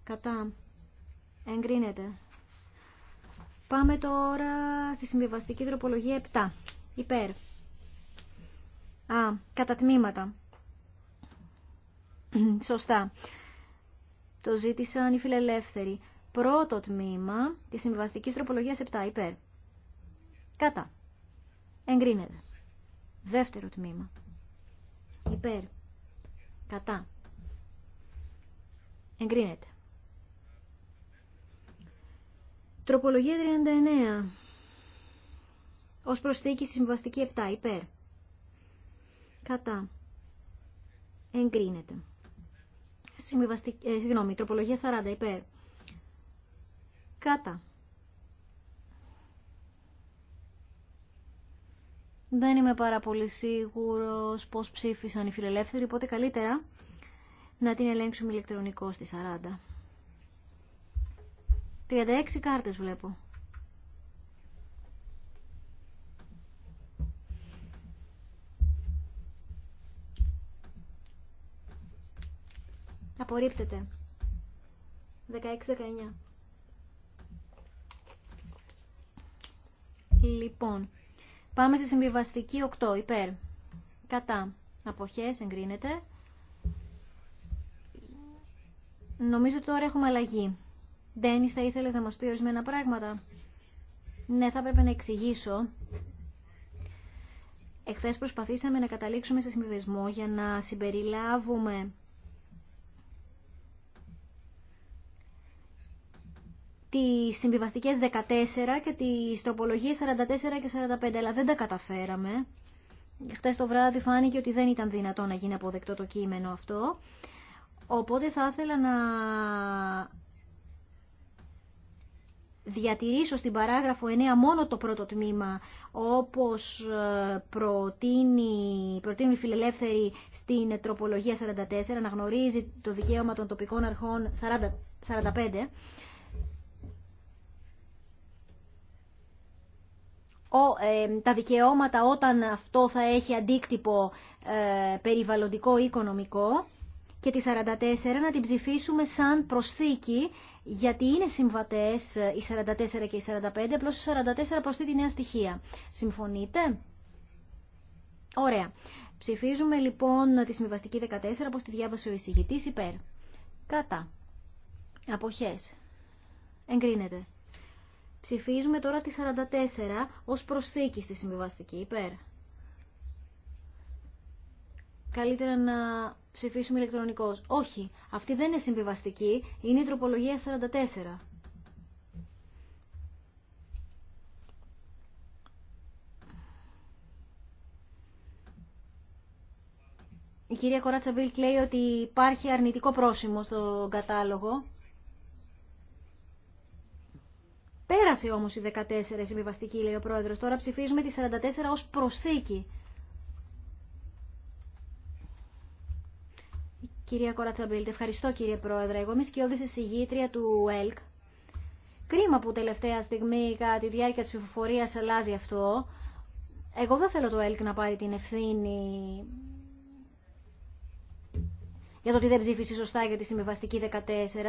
Κατά. Εγκρίνεται. Πάμε τώρα στη συμβιβαστική τροπολογία 7. Υπέρ. Α, κατά τμήματα. Σωστά. Το ζήτησαν οι φιλελεύθεροι. Πρώτο τμήμα της συμβιβαστικής τροπολογίας 7. Υπέρ. Κατά. Εγκρίνεται. Δεύτερο τμήμα. Υπέρ. Κατά. Εγκρίνεται. Τροπολογία 39. Ως προσθήκη στη συμβαστική 7. Υπέρ. Κατά. Εγκρίνεται. Συμβαστική, ε, συγγνώμη, τροπολογία 40. Υπέρ. Κατά. Δεν είμαι πάρα πολύ σίγουρος πώς ψήφισαν οι φιλελεύθεροι, οπότε καλύτερα να την ελέγξουμε ηλεκτρονικό στη 40. 36 κάρτες βλέπω. Απορρίπτεται. 16-19. Λοιπόν, πάμε στη συμβιβαστική 8, υπέρ. Κατά. Αποχές, εγκρίνεται. Νομίζω τώρα έχουμε αλλαγή. Ντένις, θα ήθελες να μας πει ορισμένα πράγματα. Ναι, θα πρέπει να εξηγήσω. Εχθές προσπαθήσαμε να καταλήξουμε σε συμβιβασμό για να συμπεριλάβουμε τι συμβιβαστικές 14 και τι τροπολογίες 44 και 45, αλλά δεν τα καταφέραμε. Χθε το βράδυ φάνηκε ότι δεν ήταν δυνατό να γίνει αποδεκτό το κείμενο αυτό. Οπότε θα ήθελα να διατηρήσω στην παράγραφο 9 μόνο το πρώτο τμήμα όπως ε, προτείνει, προτείνει η φιλελεύθερη στην τροπολογία 44 να γνωρίζει το δικαίωμα των τοπικών αρχών 40, 45 τα δικαιώματα όταν αυτό θα έχει αντίκτυπο ε, περιβαλλοντικό ή οικονομικό και τη 44 να την ψηφίσουμε σαν προσθήκη, γιατί είναι συμβατές οι 44 και οι 45, απλώς η 44 προσθέτει νέα στοιχεία. Συμφωνείτε? Ωραία. Ψηφίζουμε λοιπόν τη συμβαστική 14, όπως τη διάβασε ο εισηγητής, υπέρ. Κατά. Αποχές. Εγκρίνεται. Ψηφίζουμε τώρα τη 44 ως προσθήκη στη συμβιβαστική υπέρ. Καλύτερα να ψηφίσουμε ηλεκτρονικώς. Όχι, αυτή δεν είναι συμβιβαστική, είναι η τροπολογία 44. Η κυρία Κοράτσα Βίλτ λέει ότι υπάρχει αρνητικό πρόσημο στο κατάλογο. Πέρασε όμως η 14 συμβιβαστική, λέει ο πρόεδρος. Τώρα ψηφίζουμε τη 44 ως προσθήκη. Κυρία Κορατσαμπίλτ, ευχαριστώ κύριε Πρόεδρε. Εγώ είμαι σκιώδης εισηγήτρια του ΕΛΚ. Κρίμα που τελευταία στιγμή κατά τη διάρκεια τη ψηφοφορία αλλάζει αυτό. Εγώ δεν θέλω το ΕΛΚ να πάρει την ευθύνη για το ότι δεν ψήφισε σωστά για τη συμβιβαστική 14.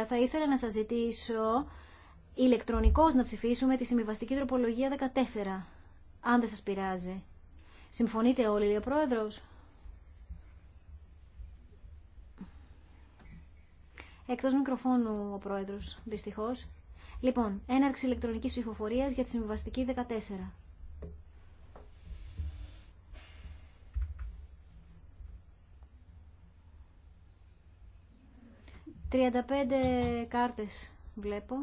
Θα ήθελα να σας ζητήσω ηλεκτρονικώς να ψηφίσουμε τη συμβιβαστική τροπολογία 14, αν δεν σας πειράζει. Συμφωνείτε όλοι, ο Εκτό μικροφώνου ο πρόεδρος, Δυστυχώ. Λοιπόν, έναρξη ηλεκτρονικής ψηφοφορίας για τη συμβιβαστική 14. 35 κάρτες βλέπω.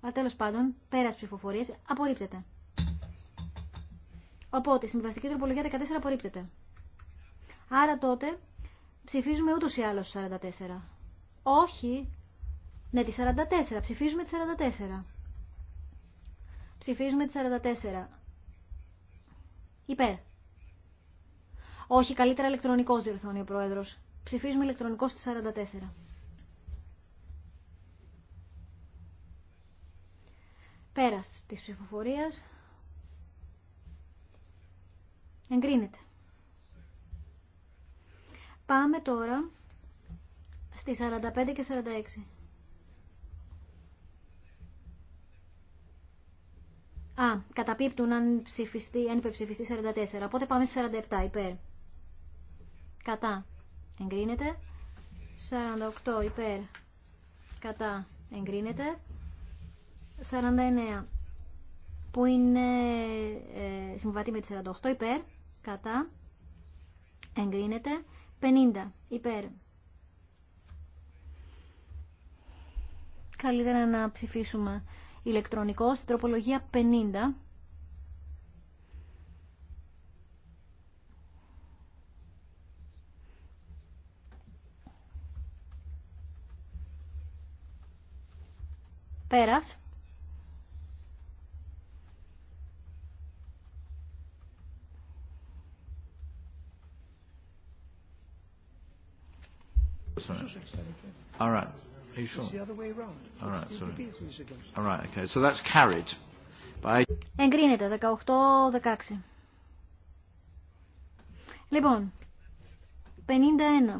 Αλλά τέλος πάντων, πέρας ψηφοφορία, απορρίπτεται. Οπότε, συμβαστική τροπολογία 14 απορρίπτεται. Άρα τότε ψηφίζουμε ούτως ή άλλως 44. Όχι. Ναι, τη 44. Ψηφίζουμε τη 44. Ψηφίζουμε τη 44. Υπέρ. Όχι, καλύτερα ηλεκτρονικός διορθώνει ο Πρόεδρος. Ψηφίζουμε ηλεκτρονικός τη 44. Πέρας της ψηφοφορίας. Εγκρίνεται. Πάμε τώρα Στη 45 και 46. Α, καταπίπτουν αν, ψηφιστεί, αν υπερψηφιστεί 44. Οπότε πάμε στη 47, υπέρ. Κατά. Εγκρίνεται. 48, υπέρ. Κατά. Εγκρίνεται. 49, που είναι ε, συμβατή με τη 48, υπέρ. Κατά. Εγκρίνεται. 50, υπέρ. Καλύτερα να ψηφίσουμε ηλεκτρονικό στην τροπολογία 50. Πέρας. All right. Are you sure? It's the Εγκρίνεται 18-16. Λοιπόν, 51.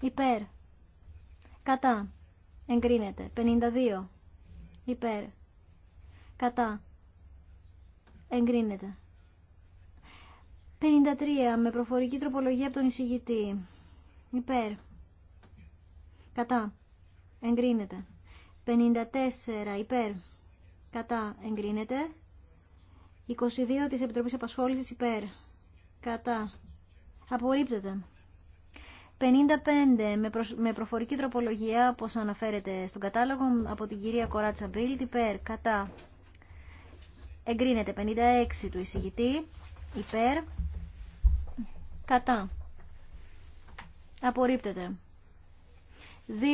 Υπέρ. Κατά. Εγκρίνεται. 52. Υπέρ. Κατά. Εγκρίνεται. 53. Με προφορική τροπολογία από τον εισηγητή. Υπέρ κατά, εγκρίνεται. 54 υπέρ, κατά, εγκρίνεται. 22 της Επιτροπής Απασχόλησης υπέρ, κατά, απορρίπτεται. 55 με, με προφορική τροπολογία, όπως αναφέρεται στον κατάλογο, από την κυρία Κοράτσα Μπίλτ, υπέρ, κατά, εγκρίνεται. 56 του εισηγητή, υπέρ, κατά, απορρίπτεται.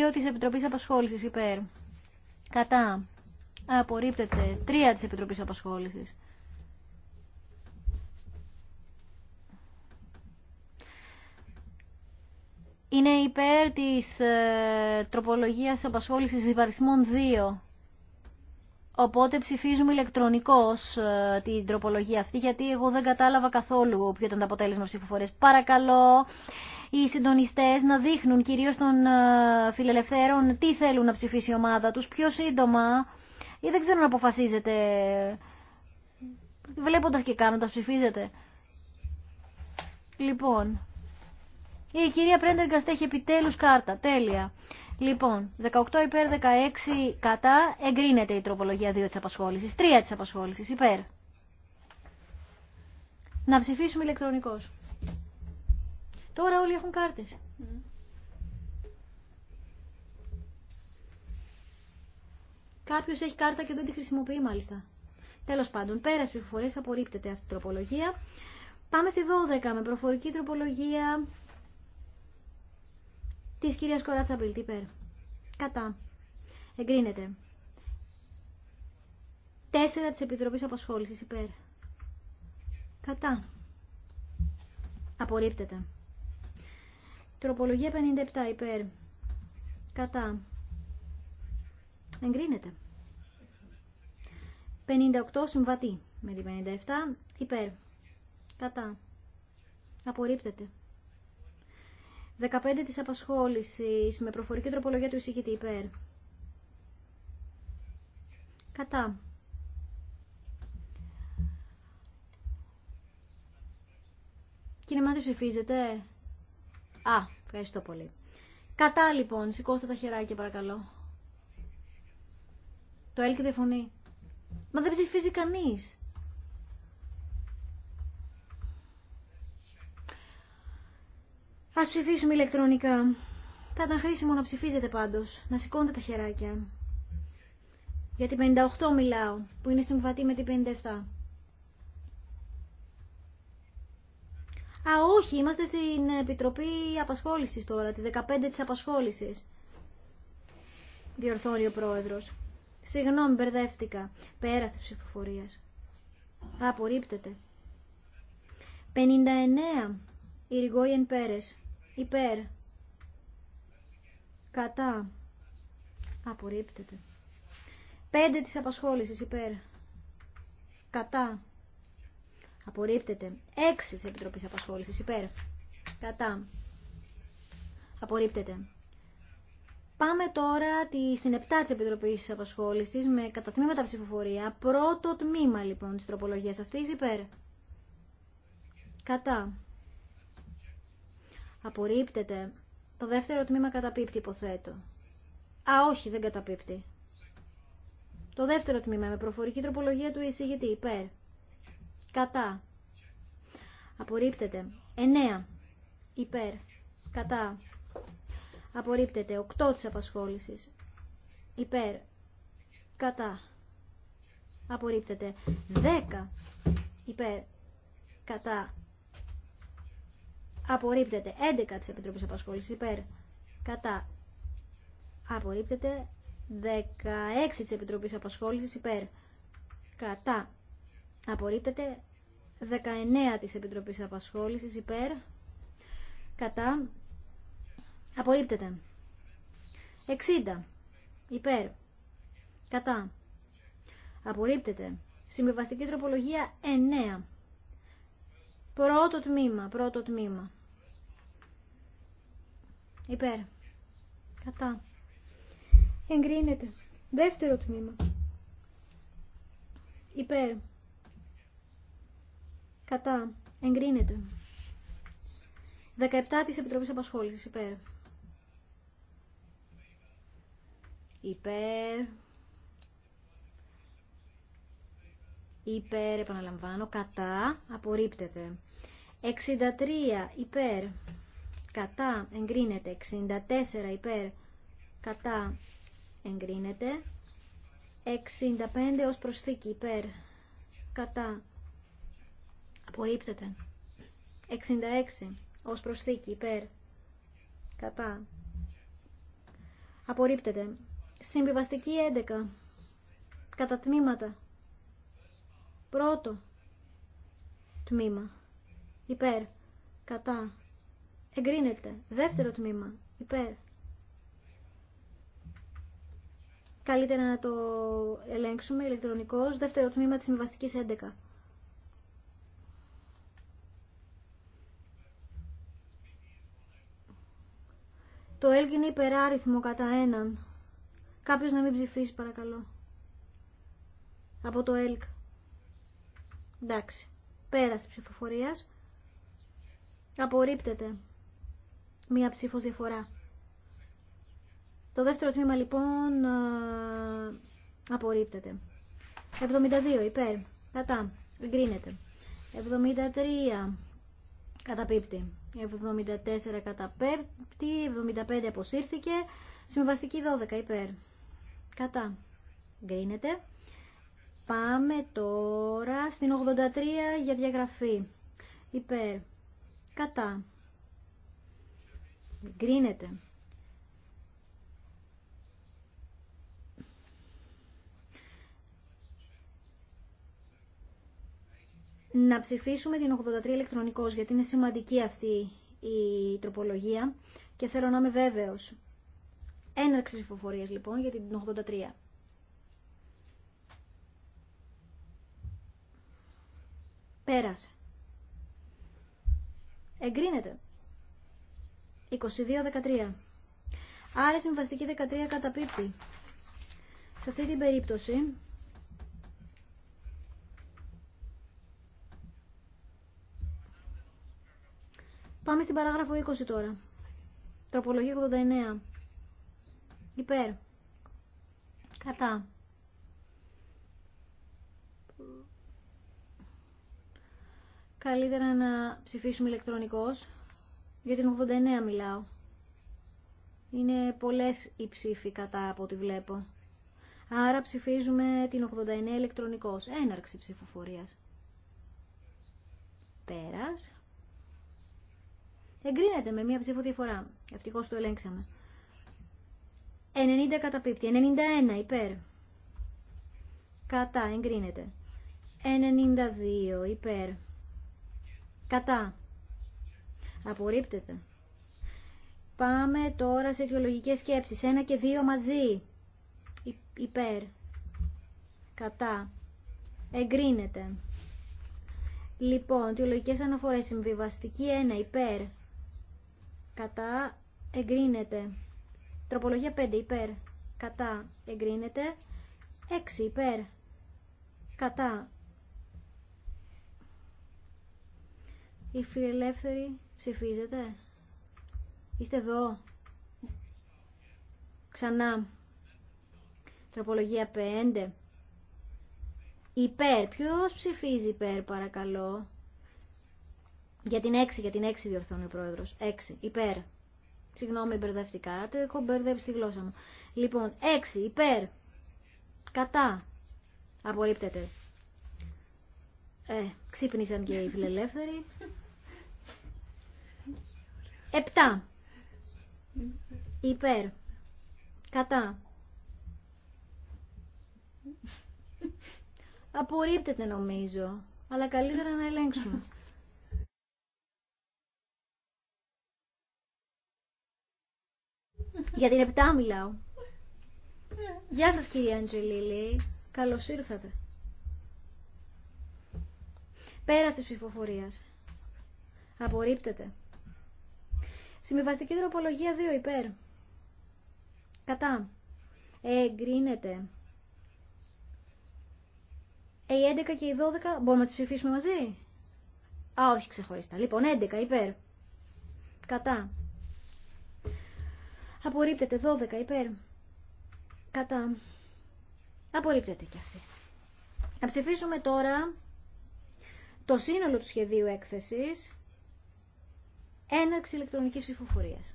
2 της Επιτροπής Απασχόλησης υπέρ. Κατά. Απορρίπτεται. τρία της Επιτροπής Απασχόλησης. Είναι υπέρ της ε, τροπολογίας απασχόλησης υπαριθμών 2. Οπότε ψηφίζουμε ηλεκτρονικώς ε, την τροπολογία αυτή, γιατί εγώ δεν κατάλαβα καθόλου ποιο ήταν το αποτέλεσμα ψηφοφορίας. Παρακαλώ, οι συντονιστές να δείχνουν κυρίως των ε, φιλελευθέρων τι θέλουν να ψηφίσει η ομάδα τους πιο σύντομα ή δεν ξέρω να αποφασίζετε βλέποντας και κάνοντας ψηφίζετε. Λοιπόν, η κυρία Πρέντεργκαστ έχει επιτέλους κάρτα, τέλεια. Λοιπόν, 18 υπέρ, 16 κατά, εγκρίνεται η κυρια πρεντεργκα εχει επιτελους καρτα τελεια λοιπον 18 υπερ 16 κατα εγκρινεται η τροπολογια 2 της απασχόλησης, 3 της απασχόλησης, υπέρ. Να ψηφίσουμε ηλεκτρονικώς. Τώρα όλοι έχουν κάρτε. Mm. Κάποιος έχει κάρτα και δεν τη χρησιμοποιεί μάλιστα. Τέλο πάντων, πέρας πληροφορίε, απορρίπτεται αυτή η τροπολογία. Πάμε στη 12 με προφορική τροπολογία τη κυρία Κοράτσα Μπιλτ, υπέρ. Κατά. Εγκρίνεται. 4 τη επιτροπή Απασχόληση. υπέρ. Κατά. Απορρίπτεται. Τροπολογία 57 υπέρ. Κατά. Εγκρίνεται. 58 συμβατή με την 57 υπέρ. Κατά. Απορρίπτεται. 15 της απασχόλησης με προφορική τροπολογία του εισηγητή υπέρ. Κατά. Κύριε Μάτε ψηφίζετε. Α, ευχαριστώ πολύ. Κατά λοιπόν, σηκώστε τα χεράκια παρακαλώ. Το έλκει φωνή. Μα δεν ψηφίζει κανείς. Ας ψηφίσουμε ηλεκτρονικά. Θα ήταν χρήσιμο να ψηφίζετε πάντως, να σηκώνετε τα χεράκια. Για την 58 μιλάω, που είναι συμβατή με την 57. Α, όχι, είμαστε στην Επιτροπή Απασχόλησης τώρα, τη 15 της Απασχόλησης. Διορθώνει ο Πρόεδρος. Συγγνώμη, μπερδεύτηκα. Πέρα τη ψηφοφορία. Απορρίπτεται. 59. ριγοιεν Πέρες. Υπέρ. Κατά. Απορρίπτεται. 5 της απασχόλησης. Υπέρ. Κατά. Απορρίπτεται. έξι τη Επιτροπής Απασχόλησης. Υπέρ. Κατά. Απορρίπτεται. Πάμε τώρα στην 7 τη επιτροπή απασχόληση με κατατμήματα ψηφοφορία. Πρώτο τμήμα λοιπόν της τροπολογίας αυτής. Υπέρ. Κατά. Απορρίπτεται. Το δεύτερο τμήμα καταπίπτει υποθέτω. Α, όχι, δεν καταπίπτει. Το δεύτερο τμήμα με προφορική τροπολογία του εισηγητή υπέρ κατά, απορρίπτεται. 9 υπέρ, κατά, απορρίπτεται. 8 τη απασχόληση υπέρ, κατά, απορρίπτεται. 10 υπέρ, κατά, απορρίπτεται. 11 τη επιτροπή απασχόληση υπέρ, κατά, απορρίπτεται. 16 τη επιτροπή απασχόληση υπέρ, κατά, απορρίπτεται 19 της Επιτροπής Απασχόλησης υπέρ κατά απορρίπτεται 60 υπέρ κατά απορρίπτεται συμβιβαστική τροπολογία 9 πρώτο τμήμα πρώτο τμήμα υπέρ κατά εγκρίνεται δεύτερο τμήμα υπέρ Κατά. Εγκρίνεται. 17 της Επιτροπής Απασχόλησης. Υπέρ. Υπέρ. Υπέρ, επαναλαμβάνω, κατά, απορρίπτεται. 63 υπέρ, κατά, εγκρίνεται. 64 υπέρ, κατά, εγκρίνεται. 65 ως προσθήκη υπέρ, κατά, Απορρίπτεται. 66. Ως προσθήκη. Υπέρ. Κατά. Απορρίπτεται. Συμβιβαστική 11. Κατά τμήματα. Πρώτο. Τμήμα. Υπέρ. Κατά. Εγκρίνεται. Δεύτερο τμήμα. Υπέρ. Καλύτερα να το ελέγξουμε ηλεκτρονικώς. Δεύτερο τμήμα της συμβιβαστικής 11. Το ΕΛΚ είναι υπεράριθμο κατά έναν. Κάποιος να μην ψηφίσει παρακαλώ. Από το ΕΛΚ. Εντάξει. Πέρασε ψηφοφορίας. Απορρίπτεται. Μία ψήφος διαφορά. Το δεύτερο τμήμα λοιπόν απορρίπτεται. 72 υπέρ. Κατά. Εγκρίνεται. 73 καταπίπτει. 74 κατά πέπτη, 75 αποσύρθηκε, συμβαστική 12 υπέρ. Κατά. Γκρίνεται. Πάμε τώρα στην 83 για διαγραφή. Υπέρ. Κατά. Γκρίνεται. να ψηφίσουμε την 83 ηλεκτρονικός, γιατί είναι σημαντική αυτή η τροπολογία και θέλω να είμαι βέβαιος. Έναρξη ψηφοφορίας λοιπόν για την 83. Πέρασε. Εγκρίνεται. 22-13. Άρα συμβαστική 13 καταπίπτει. Σε αυτή την περίπτωση Πάμε στην παράγραφο 20 τώρα. Τροπολογία 89. Υπέρ. Κατά. Καλύτερα να ψηφίσουμε ηλεκτρονικός, Για την 89 μιλάω. Είναι πολλές οι ψήφοι κατά από ό,τι βλέπω. Άρα ψηφίζουμε την 89 ηλεκτρονικός. Έναρξη ψηφοφορίας. Πέρας. Εγκρίνεται με μία ψήφο διαφορά. Ευτυχώ το ελέγξαμε. 90 πίπτη. 91 υπέρ. Κατά. Εγκρίνεται. 92 υπέρ. Κατά. Απορρίπτεται. Πάμε τώρα σε αιτιολογικέ σκέψεις. Ένα και δύο μαζί. Υπέρ. Κατά. Εγκρίνεται. Λοιπόν, αιτιολογικές αναφορές. Συμβιβαστική 1 υπέρ κατά εγκρίνεται. Τροπολογία 5 υπέρ κατά εγκρίνεται. 6 υπέρ κατά η φιλελεύθερη ψηφίζεται. Είστε εδώ. Ξανά. Τροπολογία 5. Υπέρ. Ποιος ψηφίζει υπέρ παρακαλώ. Για την 6, για την 6 διορθώνει ο πρόεδρο. 6, υπέρ. Συγγνώμη, μπερδευτικά. Το έχω μπερδεύσει τη γλώσσα μου. Λοιπόν, 6, υπέρ. Κατά. Απορρίπτεται. Ε, ξύπνησαν και οι φιλελεύθεροι. 7. Υπέρ. Κατά. Απορρίπτεται νομίζω. Αλλά καλύτερα να ελέγξουμε. Για την επτά μιλάω. Γεια σας κυρία Αντζελίλη. Καλώς ήρθατε. Πέρα της ψηφοφορίας. Απορρίπτεται. Συμβιβαστική τροπολογία 2 υπέρ. Κατά. Εγκρίνεται. Οι ε, 11 και οι 12 μπορούμε να τις ψηφίσουμε μαζί. Α, όχι ξεχωριστά. Λοιπόν, 11 υπέρ. Κατά. Απορρίπτεται 12 υπέρ. Κατά. Απορρίπτεται και αυτή. Να ψηφίσουμε τώρα το σύνολο του σχεδίου έκθεσης έναρξη ηλεκτρονικής ψηφοφορίας.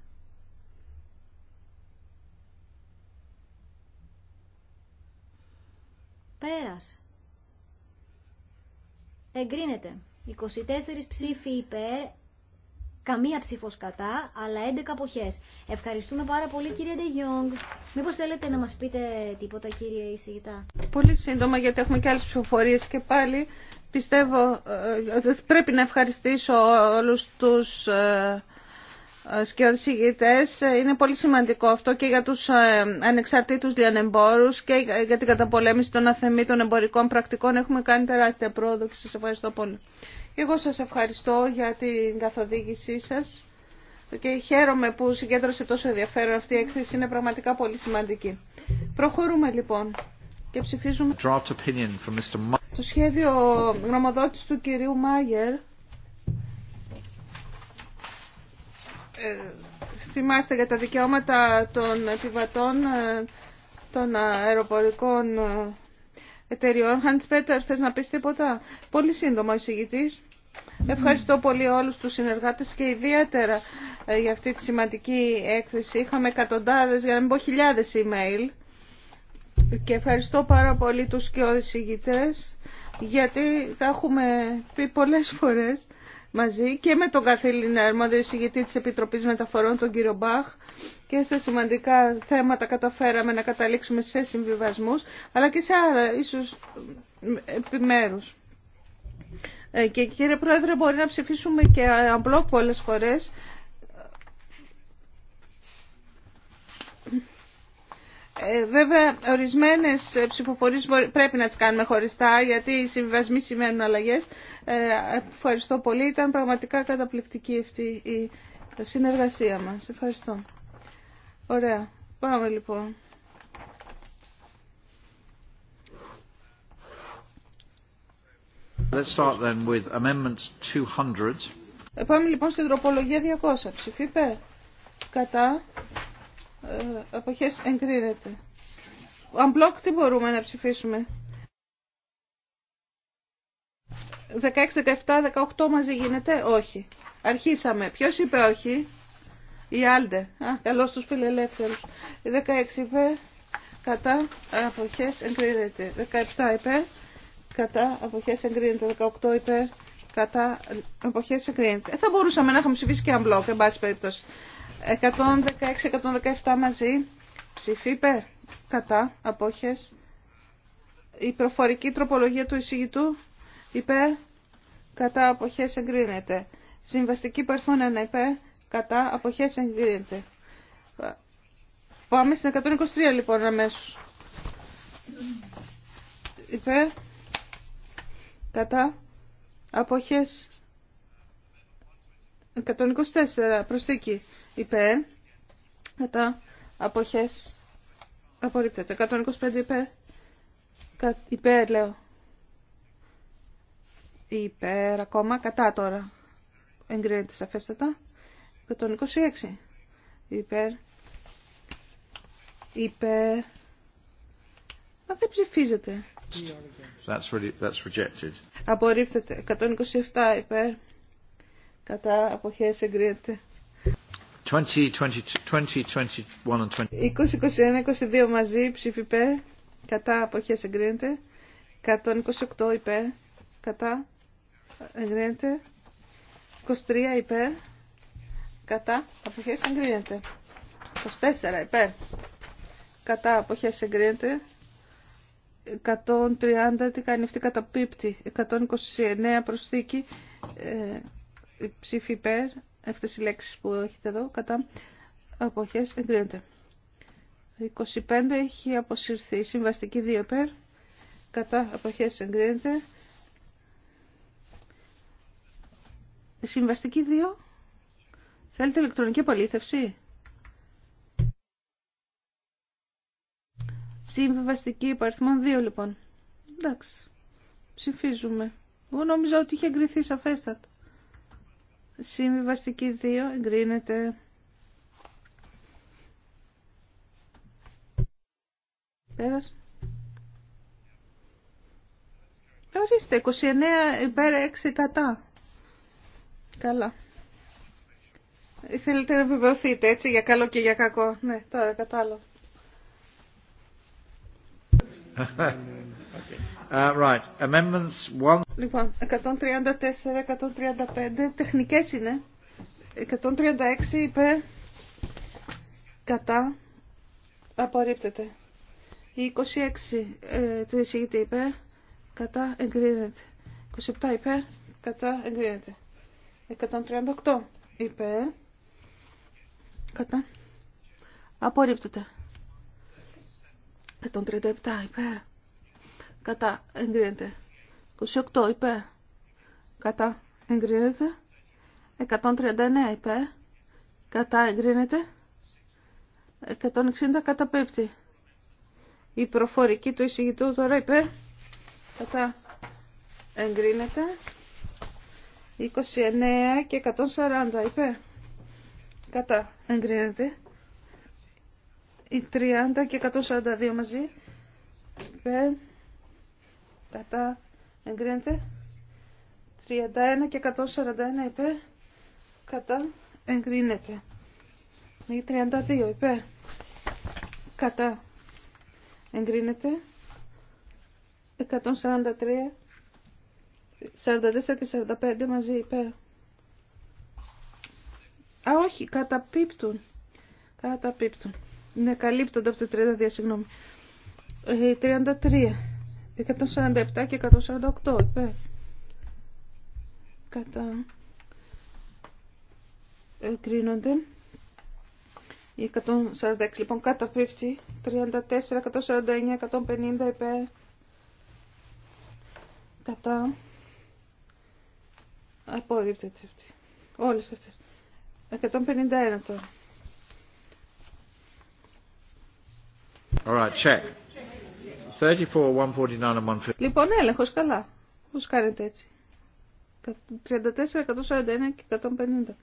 Πέρας. Εγκρίνεται. 24 ψήφοι υπέρ, καμία ψηφο, κατά, αλλά 11 αποχέ. Ευχαριστούμε πάρα πολύ κύριε Ντεγιόνγκ. Μήπω Μήπως θέλετε να μα πείτε τίποτα κύριε Ισηγητά. Πολύ σύντομα γιατί έχουμε και άλλε ψηφοφορίε και πάλι. Πιστεύω ε, ε, πρέπει να ευχαριστήσω όλους τους ε, σκιοδησηγητές. Είναι πολύ σημαντικό αυτό και για τους ανεξαρτήτους διανεμπόρους και για την καταπολέμηση των αθεμίτων εμπορικών πρακτικών. Έχουμε κάνει τεράστια πρόοδο και σας ευχαριστώ πολύ. Εγώ σας ευχαριστώ για την καθοδήγησή σας και χαίρομαι που συγκέντρωσε τόσο ενδιαφέρον αυτή η έκθεση. Είναι πραγματικά πολύ σημαντική. Προχωρούμε λοιπόν και ψηφίζουμε το σχέδιο γνωμοδότης του κυρίου Μάγερ. Ε, θυμάστε για τα δικαιώματα των επιβατών ε, των αεροπορικών ε, εταιριών. Χάντς Πέτερ, θες να πεις τίποτα. Πολύ σύντομα, εισηγητής. Ευχαριστώ πολύ όλους τους συνεργάτες και ιδιαίτερα ε, για αυτή τη σημαντική έκθεση. Είχαμε εκατοντάδες, για να μην πω χιλιάδες email. Και ευχαριστώ πάρα πολύ τους και συγητές, γιατί θα έχουμε πει πολλές φορές μαζί και με τον καθήλυνα αρμόδιο εισηγητή της Επιτροπής Μεταφορών, τον κύριο Μπαχ, και στα σημαντικά θέματα καταφέραμε να καταλήξουμε σε συμβιβασμούς, αλλά και σε άλλα, ίσως επιμέρους. Ε, και κύριε Πρόεδρε μπορεί να ψηφίσουμε και αμπλόκ πολλές φορές. Ε, βέβαια, ορισμένε ψηφοφορίε πρέπει να τι κάνουμε χωριστά, γιατί οι συμβιβασμοί σημαίνουν αλλαγέ. Ε, ευχαριστώ πολύ. Ήταν πραγματικά καταπληκτική αυτή η συνεργασία μα. Ευχαριστώ. Ωραία. Πάμε λοιπόν. Let's start then with 200. Ε, πάμε λοιπόν στην τροπολογία 200. Ψηφίπε. Κατά. Ε, αποχές εγκρίνεται. Unblock τι μπορούμε να ψηφίσουμε. 16, 17, 18 μαζί γίνεται. Όχι. Αρχίσαμε. Ποιος είπε όχι. Η Άλντε. Καλώ του φιλελεύθερου. 16 υπέρ. Κατά αποχέ εγκρίνεται. 17 υπέρ. Κατά αποχέ εγκρίνεται. 18 υπέρ. Κατά αποχέ εγκρίνεται. Ε, θα μπορούσαμε να είχαμε ψηφίσει και μπλοκ, εν πάση περιπτώσει. 116-117 μαζί. Ψηφί υπέρ. Κατά αποχέ. Η προφορική τροπολογία του εισηγητού υπέρ. Κατά αποχέ εγκρίνεται. Συμβαστική παρθόνα υπέρ κατά αποχές εγκρίνεται. Πάμε στην 123 λοιπόν αμέσως. Υπέρ, κατά, αποχές, 124 προσθήκη υπέρ, κατά, αποχές, απορρίπτεται, 125 υπέρ, κα, υπέρ λέω, υπέρ ακόμα, κατά τώρα, εγκρίνεται σαφέστατα. 126 υπέρ υπέρ Μα δεν ψηφίζεται. That's really, that's rejected. 127 υπέρ. Κατά αποχές εγκρίνεται. 20, 20, 20, 21, 22 μαζί ψήφι υπέρ. Κατά αποχές εγκρίνεται. 128 υπέρ. Κατά εγκρίνεται. 23 υπέρ κατά αποχές εγκρίνεται. 24 υπέρ κατά αποχές εγκρίνεται. 130 τι κάνει αυτή πίπτη. 129 προσθήκη ε, ψήφι υπέρ. Αυτές οι λέξεις που έχετε εδώ κατά αποχές εγκρίνεται. 25 έχει αποσυρθεί. Συμβαστική 2 υπέρ. Κατά αποχές εγκρίνεται. Συμβαστική 2 Θέλετε ηλεκτρονική απολύθευση. Συμβιβαστική υπαριθμών 2 λοιπόν. Εντάξει. Ψηφίζουμε. Εγώ νόμιζα ότι είχε εγκριθεί σαφέστατο. Συμβιβαστική 2 εγκρίνεται. Πέρασε. Ορίστε, 29 υπέρ 6 κατά. Καλά. Θέλετε να βεβαιωθείτε έτσι για καλό και για κακό. Ναι, τώρα κατάλαβα. uh, right. Amendments one... Λοιπόν, 134, 135 τεχνικές είναι. 136 είπε κατά απορρίπτεται. Η 26 ε, του εισηγητή είπε κατά εγκρίνεται. 27 είπε κατά εγκρίνεται. 138 είπε Κατά. Απορρίπτεται. 137 υπέρ. Κατά. Εγκρίνεται. 28 υπέρ. Κατά. Εγκρίνεται. 139 υπέρ. Κατά. Εγκρίνεται. 160 καταπέπτει. Η προφορική του εισηγητού τώρα υπέρ. Κατά. Εγκρίνεται. 29 και 140 υπέρ. Κατά. Εγκρίνεται. Οι 30 και 142 μαζί. Υπέρ. Κατά. Εγκρίνεται. 31 και 141 υπέρ. Κατά. Εγκρίνεται. Η 32 υπέρ. Κατά. Εγκρίνεται. 143. 44 και 45 μαζί υπέρ. Α, όχι, καταπίπτουν. Καταπίπτουν. Ναι, καλύπτονται από το 32, συγγνώμη. 33, ε, 147 και 148, είπε. Κατά. Εγκρίνονται. Η 146 λοιπόν καταπίπτει. 34, 149, 150 είπε. Κατά. Απορρίπτεται αυτή. Όλες αυτές. 151 τώρα. check. 34, 149 Λοιπόν, έλεγχος καλά. Πώς κάνετε έτσι. 34, 141 και 150.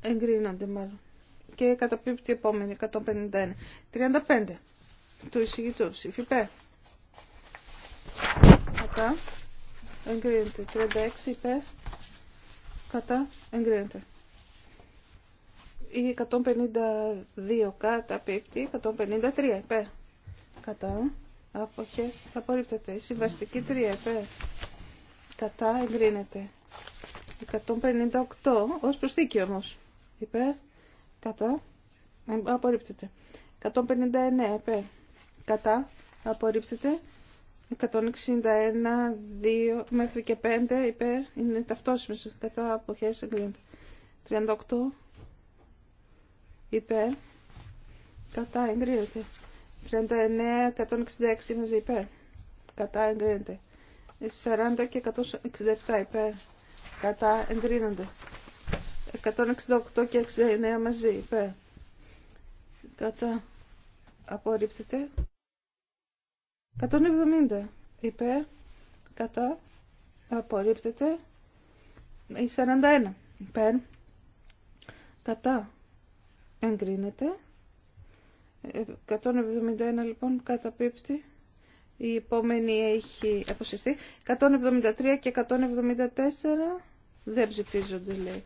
Εγκρίνονται μάλλον και καταπίπτει η επόμενη, 151. 35 του εισηγητού, υπέρ. Κατά, εγκρίνεται. 36 υπέρ, κατά, εγκρίνεται. Η 152 καταπιπτεί 153 υπέρ, κατά, αποχές, απορρίπτεται. Η συμβαστική 3 υπέρ, κατά, εγκρίνεται. 158 ως προσθήκη όμως. Υπέρ, Κατά. Απορρίπτεται. 159 υπέρ. Κατά. Απορρίπτεται. 161, 2 μέχρι και 5 υπέρ. Είναι ταυτόσιμες. Κατά αποχές εγκρίνεται. 38 υπέρ. Κατά εγκρίνεται. 39, 166 μαζί υπέρ. Κατά εγκρίνεται. 40 και 167 υπέρ. Κατά εγκρίνονται. 168 και 69 μαζί, υπέρ. Κατά. Απορρίπτεται. 170 είπε. Κατά. Απορρίπτεται. Η 41 είπε. Κατά. Εγκρίνεται. 171 λοιπόν καταπίπτει. Η επόμενη έχει αποσυρθεί. 173 και 174 δεν ψηφίζονται λέει.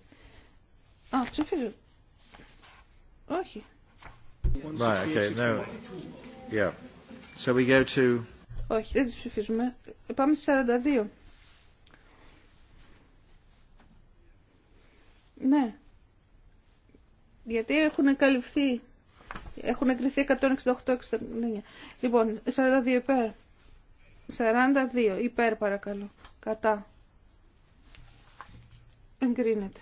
Α, ψηφίζω. Όχι. Όχι, δεν τις ψηφίζουμε. Πάμε στις 42. Ναι. Γιατί έχουν καλυφθεί. Έχουν εγκριθεί 168-69. Λοιπόν, 42 υπέρ. 42 υπέρ παρακαλώ. Κατά. Εγκρίνεται.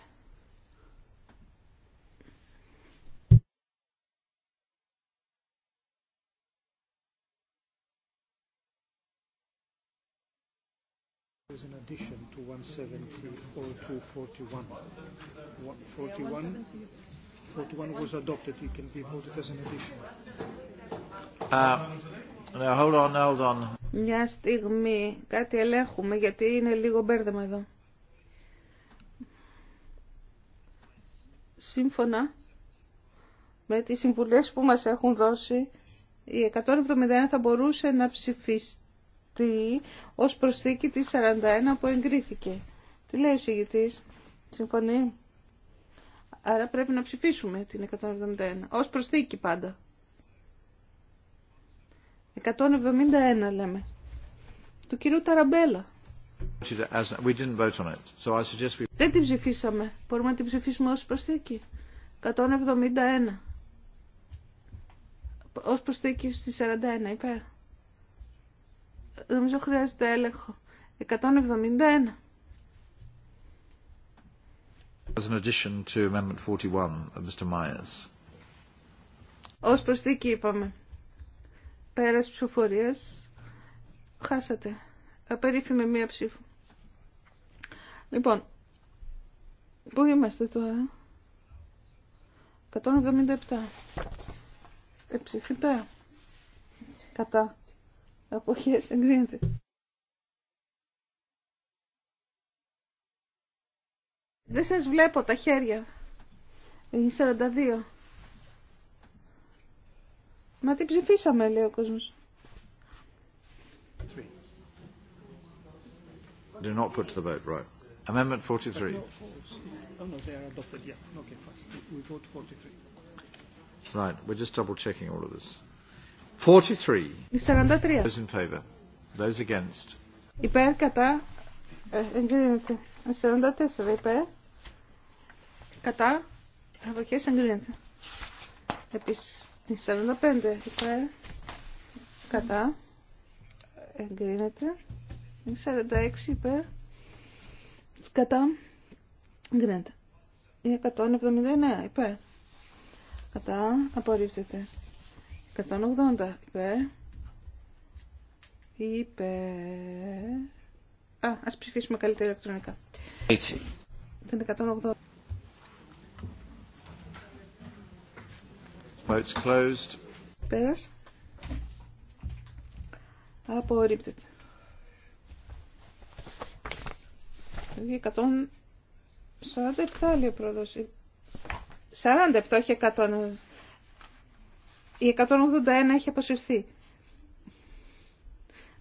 is an addition to 170 or 241. 41, was adopted. It can be voted as an addition. Uh, now hold on, hold on. Μια στιγμή κάτι ελέγχουμε γιατί είναι λίγο μπέρδεμα εδώ. Σύμφωνα με τις συμβουλές που μας έχουν δώσει η 171 θα μπορούσε να ψηφίσει αυτή ως προσθήκη της 41 που εγκρίθηκε. Τι λέει ο συγητής. Συμφωνεί. Άρα πρέπει να ψηφίσουμε την 171. Ως προσθήκη πάντα. 171 λέμε. Του κυρίου Ταραμπέλα. Δεν την ψηφίσαμε. Μπορούμε να την ψηφίσουμε ως προσθήκη. 171. Ως προσθήκη στη 41 υπέρ. Νομίζω χρειάζεται έλεγχο. 171. As Ως προσθήκη είπαμε. Πέρας ψηφοφορίας. Χάσατε. Απερίφημε μία ψήφο. Λοιπόν. Πού είμαστε τώρα. 177. Εψήφι πέρα. Κατά. Αποχές εγκρίνεται. Δεν σας βλέπω τα χέρια. Είναι 42. Μα τι ψηφίσαμε, λέει ο κόσμος. Do not put to the vote, right. Amendment 43. Oh, no, they are adopted, yeah. Okay, fine. We vote 43. Right, we're just double checking all of this. 43. 43. Those in favor. Those against. Υπέρ κατά. Ε, εγκρίνεται. 44 υπέρ. Κατά. Αποχές εγκρίνεται. Επίσης. 45 υπέρ. Κατά. Εγκρίνεται. 46 υπέρ. Κατά. Εγκρίνεται. 179 υπέρ. Κατά. Απορρίπτεται. 180 υπέρ. Υπέρ. Α, ας ψηφίσουμε καλύτερα ηλεκτρονικά. Έτσι. Την 180. Votes closed. Πέρας. Απορρίπτεται. 147 λέει ο πρόεδρος. 47, όχι 100. Η 181 έχει αποσυρθεί.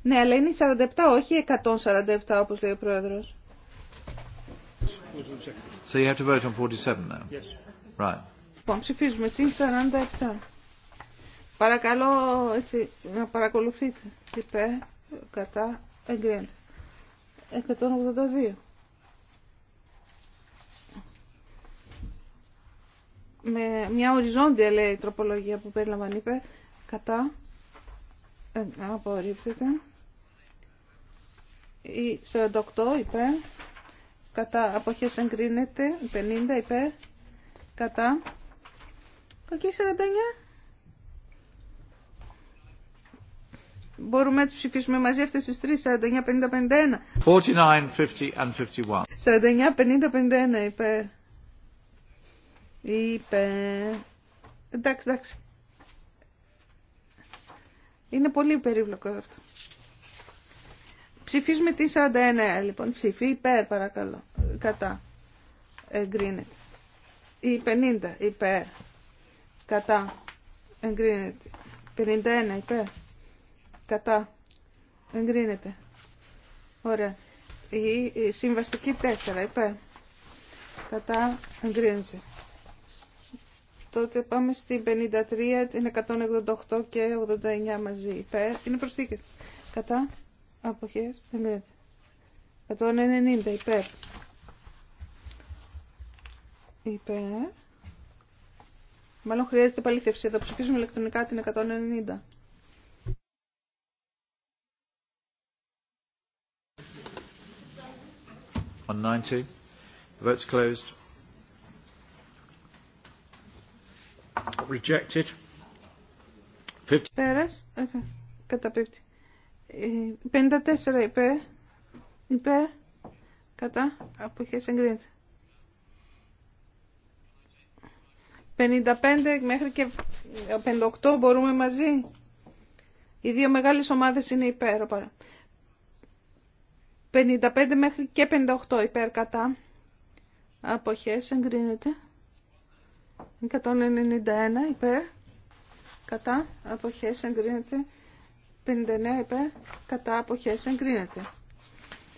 Ναι, αλλά είναι 47, όχι η 147 όπως λέει ο Πρόεδρος. So you have to vote on 47 now. Right. Λοιπόν, ψηφίζουμε την 47. Παρακαλώ έτσι, να παρακολουθείτε. Υπέρ, κατά, εγκρίνεται. 182. με μια οριζόντια λέει τροπολογία που περιλαμβάνει είπε κατά ε, απορρίψετε η 48 είπε κατά αποχές εγκρίνεται 50 είπε κατά και 49 Μπορούμε να τις ψηφίσουμε μαζί αυτές τις τρεις, 49, 50, 51. 49, 50 and 51. 49, 50, 51 είπε είπε... Εντάξει, εντάξει. Είναι πολύ περίπλοκο αυτό. Ψηφίζουμε τη 49, λοιπόν. Ψήφι υπέρ, παρακαλώ. Κατά. Εγκρίνεται. Η 50, υπέρ. Κατά. Εγκρίνεται. 51, υπέρ. Κατά. Εγκρίνεται. Ωραία. Η συμβαστική 4, υπέρ. Κατά. Εγκρίνεται. Τότε πάμε στην 53, την 188 και 89 μαζί. Υπέρ. Είναι προσθήκες. Κατά. Αποχές. 190 υπέρ. Υπέρ. Μάλλον χρειάζεται παλήθευση. Θα ψηφίσουμε ηλεκτρονικά την 190. On 90. The closed. Rejected. 50... Πέρας. Καταπίπτει. 54 ε, υπέρ. Υπέρ. Κατά. Αποχές εγκρίνεται. 55 μέχρι και 58 μπορούμε μαζί. Οι δύο μεγάλες ομάδες είναι υπέρ. 55 μέχρι και 58 υπέρ κατά. Αποχές εγκρίνεται. 191 υπέρ, κατά αποχές εγκρίνεται. 59 υπέρ, κατά αποχές εγκρίνεται.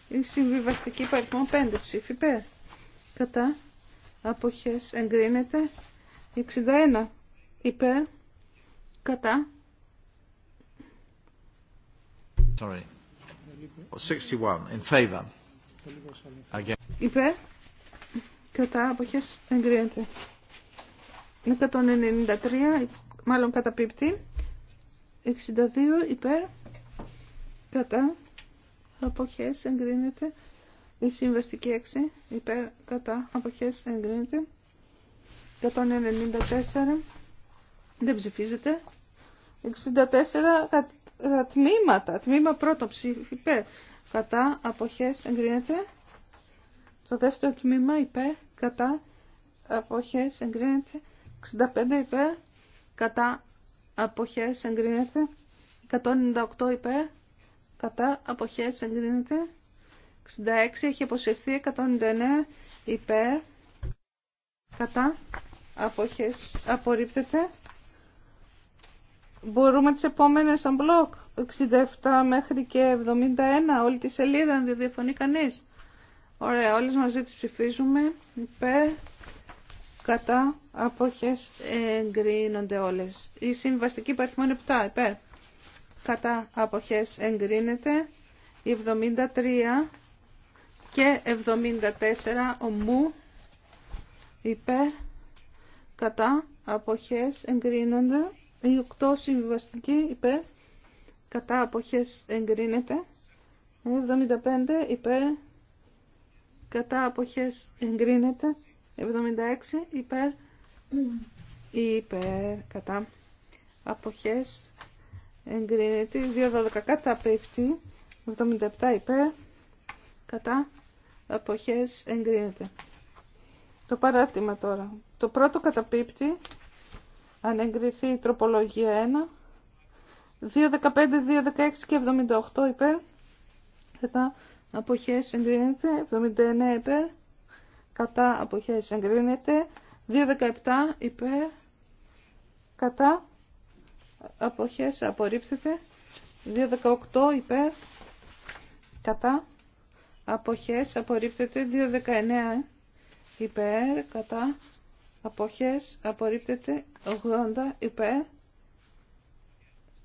Η συμβιβαστική παριθμό 5 ψήφι υπέρ, κατά αποχές εγκρίνεται. 61 υπέρ, κατά. Sorry. 61 in favor. Again. Υπέρ, κατά αποχές εγκρίνεται. 193, μάλλον κατά πίπτη, 62 υπέρ. Κατά. Αποχές εγκρίνεται. Η συμβαστική 6 υπέρ. Κατά. Αποχές εγκρίνεται. 194 δεν ψηφίζεται. 64 τα, τμήματα. Τμήμα πρώτο ψήφι υπέρ. Κατά. Αποχές εγκρίνεται. το δεύτερο τμήμα υπέρ. Κατά. Αποχές εγκρίνεται. 65 υπέρ κατά αποχές εγκρίνεται 198 υπέρ κατά αποχές εγκρίνεται 66 έχει αποσυρθεί 199 υπέρ κατά αποχές απορρίπτεται μπορούμε τις επόμενες μπλοκ, 67 μέχρι και 71 όλη τη σελίδα αν δεν διαφωνεί κανείς ωραία όλες μαζί τις ψηφίζουμε υπέρ κατά αποχές εγκρίνονται όλες. Η συμβαστική είναι 7 κατά αποχές εγκρίνεται. Η 73 και 74 ομού υπέρ κατά αποχές εγκρίνονται. Η 8 συμβιβαστική υπέρ κατά αποχές εγκρίνεται. Η 75 υπέρ κατά αποχές εγκρίνεται. 76 υπέρ υπέρ κατά αποχές εγκρίνεται 2.12 κατά πέφτει 77 υπέρ κατά αποχές εγκρίνεται το παράρτημα τώρα το πρώτο καταπίπτει αν εγκριθεί η τροπολογία 1 2.15, 2.16 και 78 υπέρ κατά αποχές εγκρίνεται 79 υπέρ κατά αποχές εγκρίνεται 2.17 υπέρ κατά αποχές απορρίπτεται 2.18 υπέρ κατά αποχές απορρίπτεται 2.19 υπέρ κατά αποχές απορρίπτεται 80 υπέρ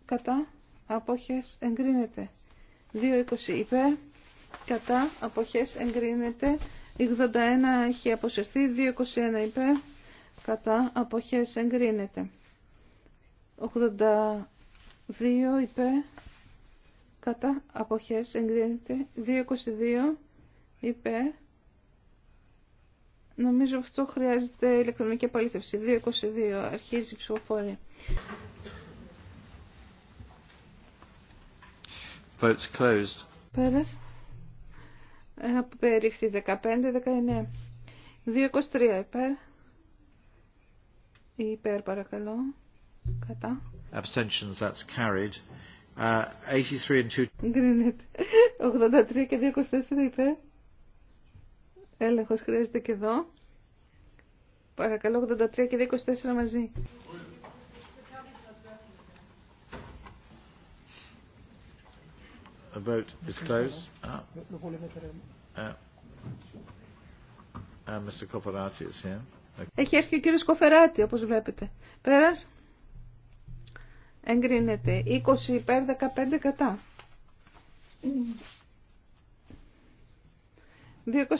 κατά αποχές εγκρίνεται 2.20 υπέρ κατά αποχές εγκρίνεται 81 έχει αποσυρθεί, 221 υπέρ, κατά αποχές εγκρίνεται. 82 υπέρ, κατά αποχές εγκρίνεται. 222 υπέρ, νομίζω αυτό χρειάζεται ηλεκτρονική απαλήθευση. 222 αρχίζει η ψηφοφορία. Votes Απερίφθη 15-19. 2-23 υπέρ. Υπέρ παρακαλώ. Κατά. Abstentions, that's carried. Uh, 83 and 2... 83 και 24 υπέρ. Έλεγχος χρειάζεται και εδώ. Παρακαλώ 83 και 2-24 μαζί. vote is ah. Ah. Ah, Mr. is here. Έχει έρθει ο κύριος Κοφεράτη, όπως βλέπετε. Πέρας. Εγκρίνεται. 20 υπέρ, 15 κατά.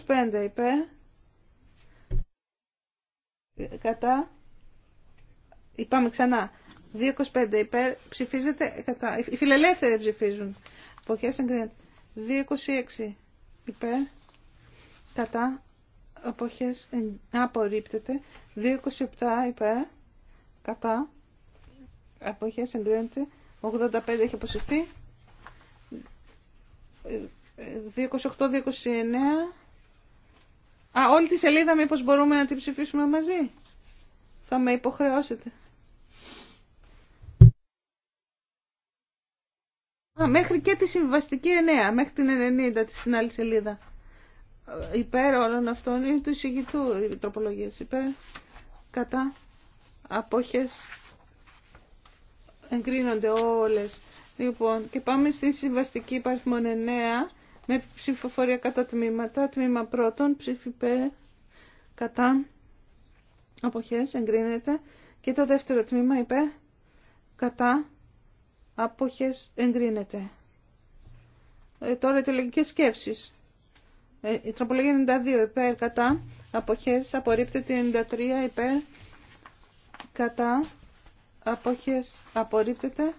2,25 υπέρ. Κατά. Είπαμε ξανά. 2,25 υπέρ ψηφίζεται κατά. Οι φιλελεύθεροι ψηφίζουν. Αποχές εγκρίνεται. 2.26 υπέρ. Κατά. Αποχές απορρίπτεται. 2.27 υπέρ. Κατά. Αποχές εγκρίνεται. 85 έχει ποσοστή 28-29. Α, όλη τη σελίδα μήπως μπορούμε να την ψηφίσουμε μαζί. Θα με υποχρεώσετε. μέχρι και τη συμβαστική 9, μέχρι την 90 στην άλλη σελίδα. Ε, υπέρ όλων αυτών είναι του εισηγητού οι Υπέρ, κατά, απόχες, εγκρίνονται όλες. Λοιπόν, και πάμε στη συμβαστική παρθμονενέα 9 με ψηφοφορία κατά τμήματα. Τμήμα πρώτον, ψήφι υπέρ, κατά, αποχές, εγκρίνεται. Και το δεύτερο τμήμα υπέρ, κατά, Απόχες εγκρίνεται. Ε, τώρα οι τελεγικές σκέψεις. Ε, η τροπολογία 92 υπέρ κατά. Αποχές απορρίπτεται 93 υπέρ κατά. Απόχες απορρίπτεται.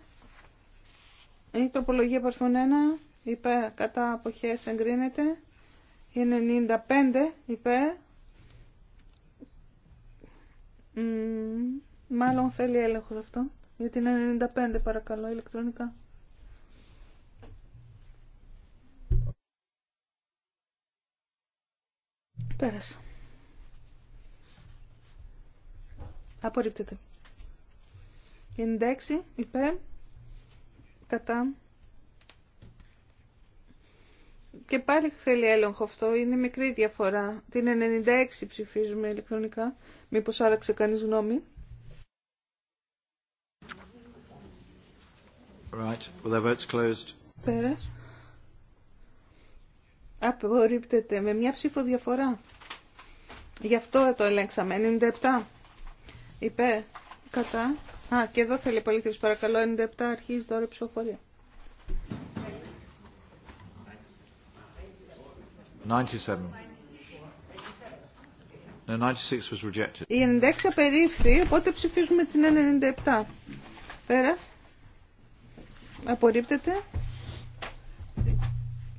Η τροπολογία παρθούν 1 υπέρ κατά. Αποχές εγκρίνεται. Η 95 υπέρ. μάλλον θέλει έλεγχο αυτό. Για την 95 παρακαλώ ηλεκτρονικά. Πέρασα. Απορρίπτεται. 96 υπέρ. Κατά. Και πάλι θέλει έλεγχο αυτό. Είναι μικρή διαφορά. Την 96 ψηφίζουμε ηλεκτρονικά. Μήπως άλλαξε κανείς γνώμη. Right. Well, their vote's closed. Πέρας. Απορρίπτεται με μια ψήφο διαφορά. Γι' αυτό το ελέγξαμε. 97. Υπέ Κατά. Α, και εδώ θέλει πολίτη. Παρακαλώ, 97 αρχίζει τώρα η ψηφοφορία. 97. No, 96 was rejected. Η 96 απερίφθη, οπότε ψηφίζουμε την 97. Πέρας. Απορρίπτεται.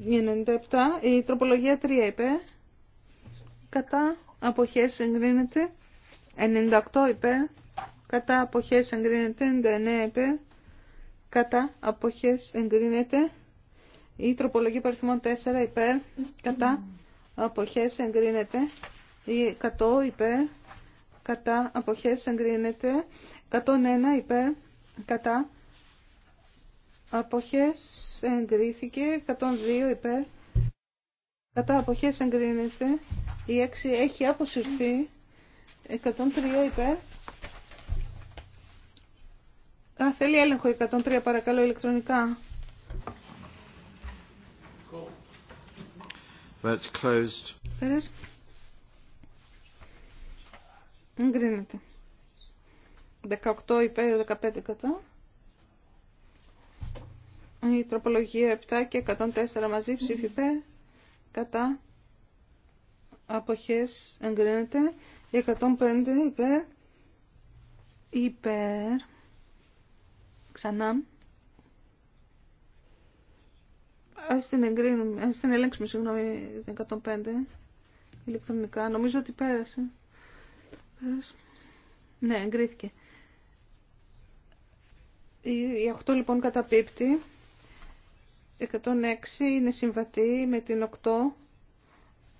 97. Η τροπολογία 3 είπε, Κατά αποχές εγκρίνεται. 98 είπε. Κατά αποχές εγκρίνεται. 99 είπε, Κατά αποχές εγκρίνεται. Η τροπολογία παριθμών 4 υπέρ. Κατά αποχές εγκρίνεται. Η 100 υπέρ. Κατά αποχές εγκρίνεται. 101 υπέρ. Κατά αποχές εγκρίθηκε 102 υπέρ κατά αποχές εγκρίνεται η 6 έχει αποσυρθεί 103 υπέρ Α, θέλει έλεγχο 103 παρακαλώ ηλεκτρονικά That's closed. Εγκρίνεται. 18 υπέρ, 15 κατά. Η τροπολογία 7 και 104 μαζί ψήφι Κατά. Αποχές εγκρίνεται. Η 105 υπέρ. Υπέρ. Ξανά. Ας την εγκρίνουμε, ας την ελέγξουμε, συγγνώμη, την 105 ηλεκτρονικά. Νομίζω ότι πέρασε. πέρασε. Ναι, εγκρίθηκε. Η 8 λοιπόν καταπίπτει. 106 είναι συμβατή με την 8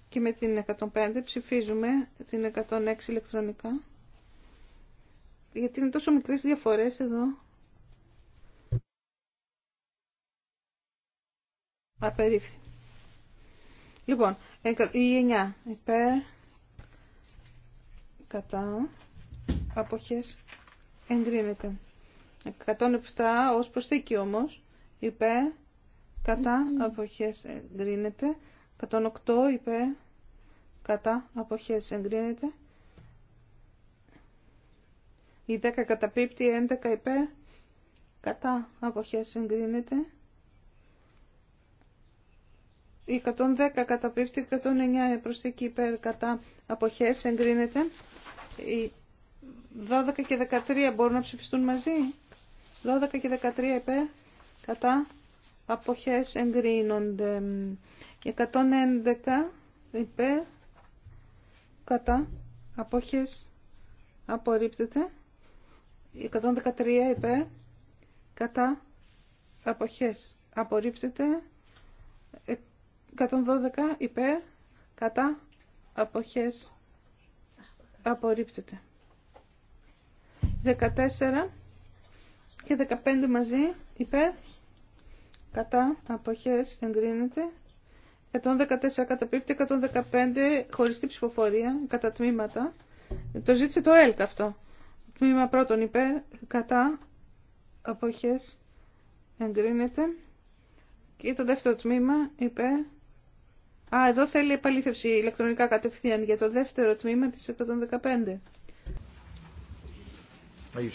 και με την 105. Ψηφίζουμε την 106 ηλεκτρονικά. Γιατί είναι τόσο μικρές διαφορές εδώ. Απερίφθη. Λοιπόν, η 9 υπέρ, κατά, αποχές, εγκρίνεται. 107 ως προσθήκη όμως, υπέρ, κατά αποχές εγκρίνεται 108 είπε, κατά αποχές εγκρίνεται η 10 καταπίπτει 11 είπε, κατά αποχές εγκρίνεται η 110 καταπίπτει 109 προσθήκη υπέρ κατά αποχές εγκρίνεται οι 12 και 13 μπορούν να ψηφιστούν μαζί 12 και 13 υπέρ κατά αποχές εγκρίνονται. 111 υπέρ κατά αποχές απορρίπτεται. 113 υπέρ κατά αποχές απορρίπτεται. 112 υπέρ κατά αποχές απορρίπτεται. 14 και 15 μαζί υπέρ κατά αποχές εγκρίνεται 114 καταπίπτει 115 χωριστή ψηφοφορία κατά τμήματα το ζήτησε το ΕΛΚ αυτό τμήμα πρώτον υπέρ κατά αποχές εγκρίνεται και το δεύτερο τμήμα υπέρ Α, εδώ θέλει επαλήθευση ηλεκτρονικά κατευθείαν για το δεύτερο τμήμα της 115. You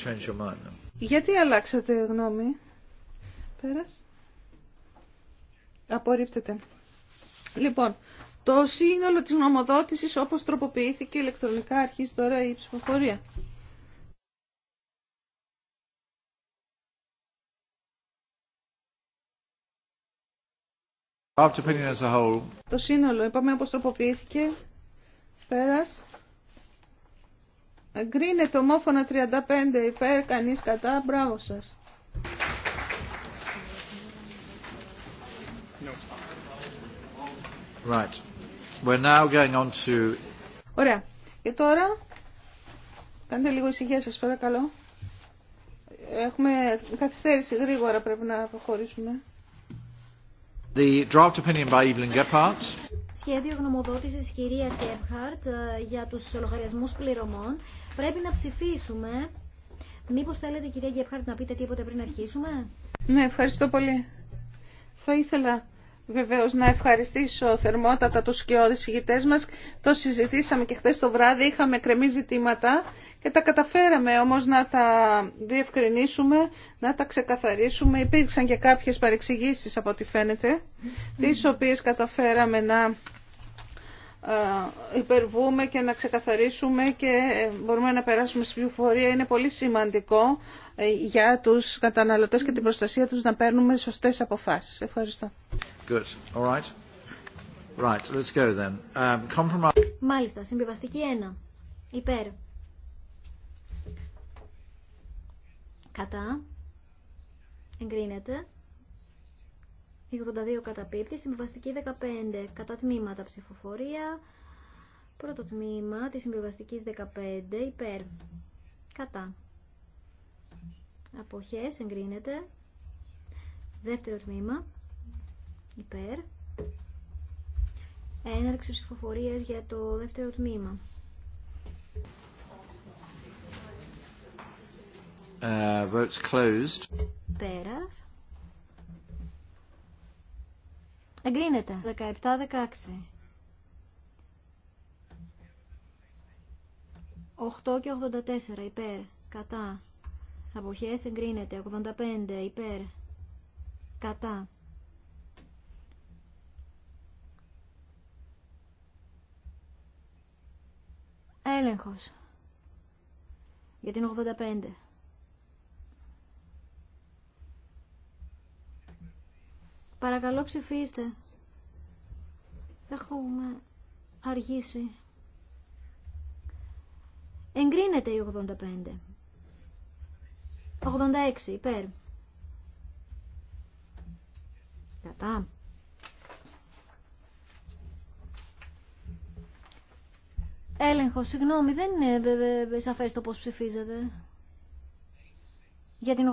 Γιατί αλλάξατε γνώμη. Πέρας. Απορρίπτεται. Λοιπόν, το σύνολο της νομοδότησης όπως τροποποιήθηκε ηλεκτρονικά αρχίζει τώρα η ψηφοφορία. Το σύνολο, είπαμε όπως τροποποιήθηκε, πέρας. Εγκρίνεται ομόφωνα 35 υπέρ, κανείς κατά, μπράβο σας. Right. We're now going on to... Ωραία. Και τώρα, κάντε λίγο ησυχία σας παρακαλώ. Έχουμε καθυστέρηση γρήγορα πρέπει να προχωρήσουμε. The draft opinion by Evelyn Gephardt. Σχέδιο γνωμοδότηση τη κυρία Gephardt ε, για τους λογαριασμούς πληρωμών. Πρέπει να ψηφίσουμε. Μήπως θέλετε κυρία Gephardt να πείτε τίποτε πριν αρχίσουμε. Ναι, ευχαριστώ πολύ. Θα ήθελα Βεβαίω να ευχαριστήσω θερμότατα τους και ηγητές μας. Το συζητήσαμε και χθες το βράδυ, είχαμε κρεμή ζητήματα και τα καταφέραμε όμως να τα διευκρινίσουμε, να τα ξεκαθαρίσουμε. Υπήρξαν και κάποιες παρεξηγήσεις από ό,τι φαίνεται, τις οποίες καταφέραμε να ε, υπερβούμε και να ξεκαθαρίσουμε και μπορούμε να περάσουμε στην πληροφορία. Είναι πολύ σημαντικό ε, για τους καταναλωτές και την προστασία τους να παίρνουμε σωστές αποφάσεις. Ευχαριστώ. Good. All right. Right. Let's go then. Um, Μάλιστα, συμβιβαστική 1. Υπέρ. Κατά. Εγκρίνεται. Η 82 πίπτη. Συμβιβαστική 15 κατά τμήματα ψηφοφορία. Πρώτο τμήμα της συμβιβαστικής 15 υπέρ. Κατά. Αποχές εγκρίνεται. Δεύτερο τμήμα. Υπέρ. Έναρξη ψηφοφορίας για το δεύτερο τμήμα. Uh, votes closed. Πέρας. Εγκρίνεται. 17-16. 8 και 84 υπέρ. Κατά. Αποχές εγκρίνεται. 85 υπέρ. Κατά. Έλεγχος. Για την 85. Παρακαλώ ψηφίστε. Έχουμε αργήσει. Εγκρίνεται η 85. 86 υπέρ. Κατά. Έλεγχο, συγγνώμη, δεν είναι σαφές το πώς ψηφίζετε. Για την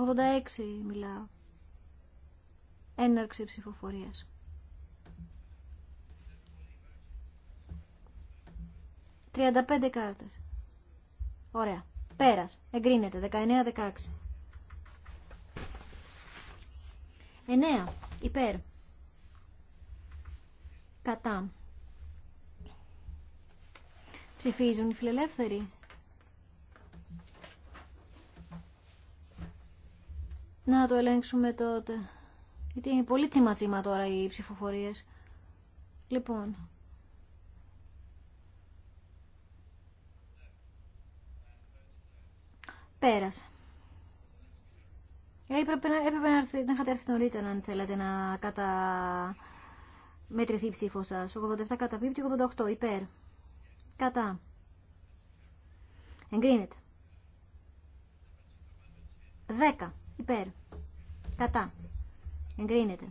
86 μιλάω. Έναρξη 35 Τριάντα πέντε κάρτες. Ωραία. Πέρας. Εγκρίνεται. 19-16. 9. Υπέρ. Κατά. Ψηφίζουν οι φιλελεύθεροι. Να το ελέγξουμε τότε. Γιατί είναι πολύ τσιμα τσιμα τώρα οι ψηφοφορίες. Λοιπόν. Πέρασε. Ε, έπρεπε, έπρεπε να, έρθει, να είχατε έρθει νωρίτερα αν θέλετε να μέτρηθεί η ψήφο σα. 87 κατά πίπτη, 88 υπέρ. Κατά. Εγκρίνεται. 10 υπέρ. Κατά εγκρίνεται.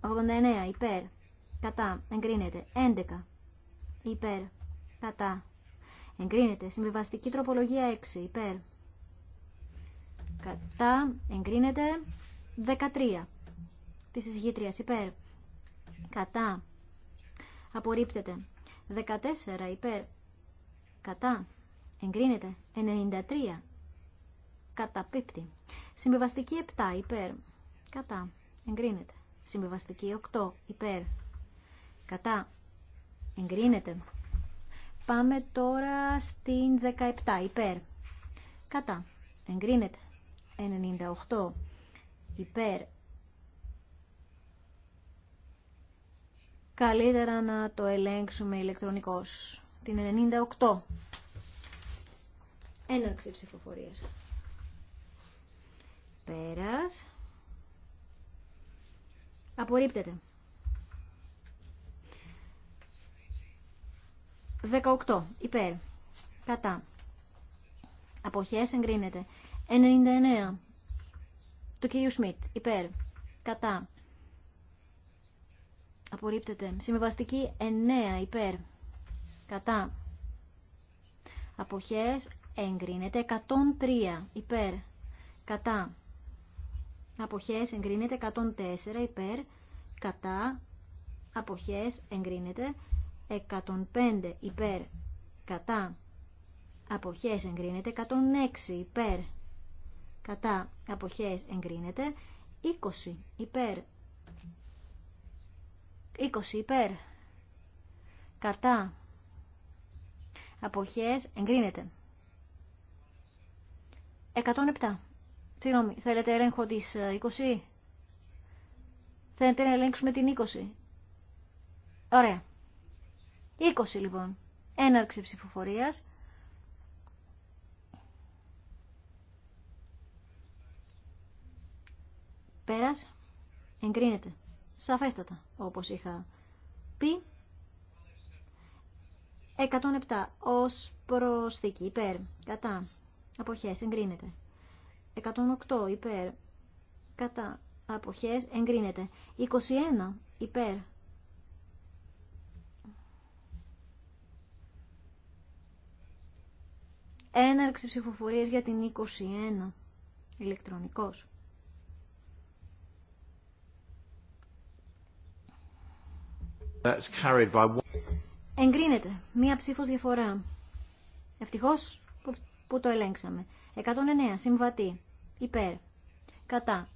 89 υπέρ, κατά, εγκρίνεται. 11 υπέρ, κατά, εγκρίνεται. Συμβιβαστική τροπολογία 6 υπέρ, κατά, εγκρίνεται. 13 τη εισηγήτριας υπέρ, κατά, απορρίπτεται. 14 υπέρ, κατά, εγκρίνεται. 93 καταπίπτει. Συμβιβαστική 7 υπέρ, κατά, εγκρίνεται. Συμβιβαστική 8 υπέρ κατά εγκρίνεται. Πάμε τώρα στην 17 υπέρ κατά εγκρίνεται. 98 υπέρ Καλύτερα να το ελέγξουμε ηλεκτρονικώς. Την 98. Έναρξη ψηφοφορίας. Πέρας. Απορρίπτεται. 18. Υπέρ. Κατά. Αποχές εγκρίνεται. 99. Το κυρίου Σμιτ. Υπέρ. Κατά. Απορρίπτεται. Συμβαστική 9. Υπέρ. Κατά. Αποχές εγκρίνεται. 103. Υπέρ. Κατά αποχές εγκρίνεται 104 υπέρ κατά αποχές εγκρίνεται 105 υπέρ κατά αποχές εγκρίνεται 106 υπέρ κατά αποχές εγκρίνεται 20 υπέρ 20 υπέρ κατά αποχές εγκρίνεται 107 Συγγνώμη, θέλετε έλεγχο τη 20? Ε, θέλετε να ελέγξουμε την 20. Ωραία. 20 λοιπόν. Έναρξη ψηφοφορία. Πέρας. Εγκρίνεται. Σαφέστατα, όπως είχα πει. 107. Ως προσθήκη υπέρ. Κατά. Αποχές. Εγκρίνεται. 108 υπέρ κατά αποχές εγκρίνεται 21 υπέρ έναρξη ψηφοφορίας για την 21 ηλεκτρονικός That's Εγκρίνεται. Μία ψήφος διαφορά. Ευτυχώς που το ελέγξαμε. 109. Συμβατή υπέρ. Κατά.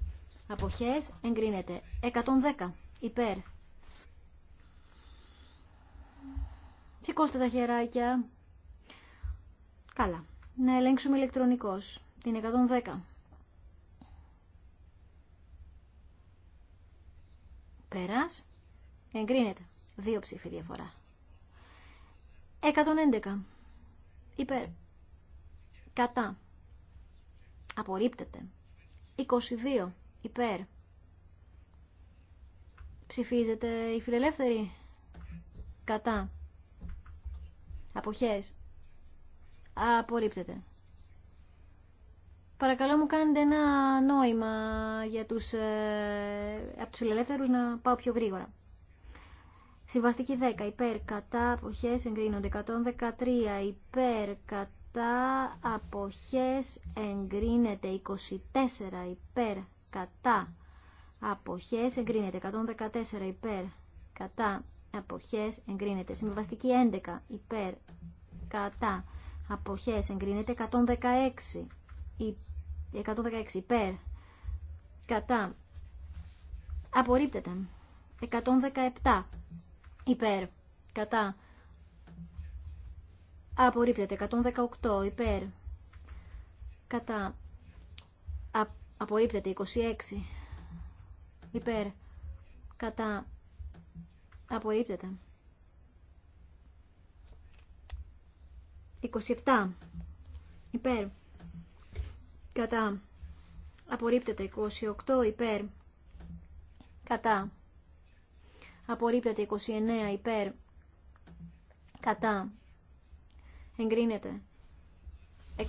Αποχές εγκρίνεται. 110 υπέρ. Σηκώστε τα χεράκια. Καλά. Να ελέγξουμε ηλεκτρονικός. Την 110. Πέρας. Εγκρίνεται. Δύο ψήφοι διαφορά. 111. Υπέρ. Κατά. Απορρίπτεται. 22. Υπέρ. Ψηφίζεται η φιλελεύθερη. Κατά. Αποχές. Απορρίπτεται. Παρακαλώ μου κάνετε ένα νόημα για τους, ε, από τους φιλελεύθερους να πάω πιο γρήγορα. Συμβαστική 10. Υπέρ κατά αποχές εγκρίνονται. 113. Υπέρ κατά τα αποχές εγκρίνεται 24 υπέρ κατά αποχές εγκρίνεται 114 υπέρ κατά αποχές εγκρίνεται συμβαστική 11 υπέρ κατά αποχές εγκρίνεται 116 116 υπέρ κατά απορρίπτεται 117 υπέρ κατά Απορρίπτεται 118 υπέρ. Κατά. Α, απορρίπτεται 26 υπέρ. Κατά. Απορρίπτεται. 27 υπέρ. Κατά. Απορρίπτεται 28 υπέρ. Κατά. Απορρίπτεται 29 υπέρ. Κατά εγκρίνεται. 119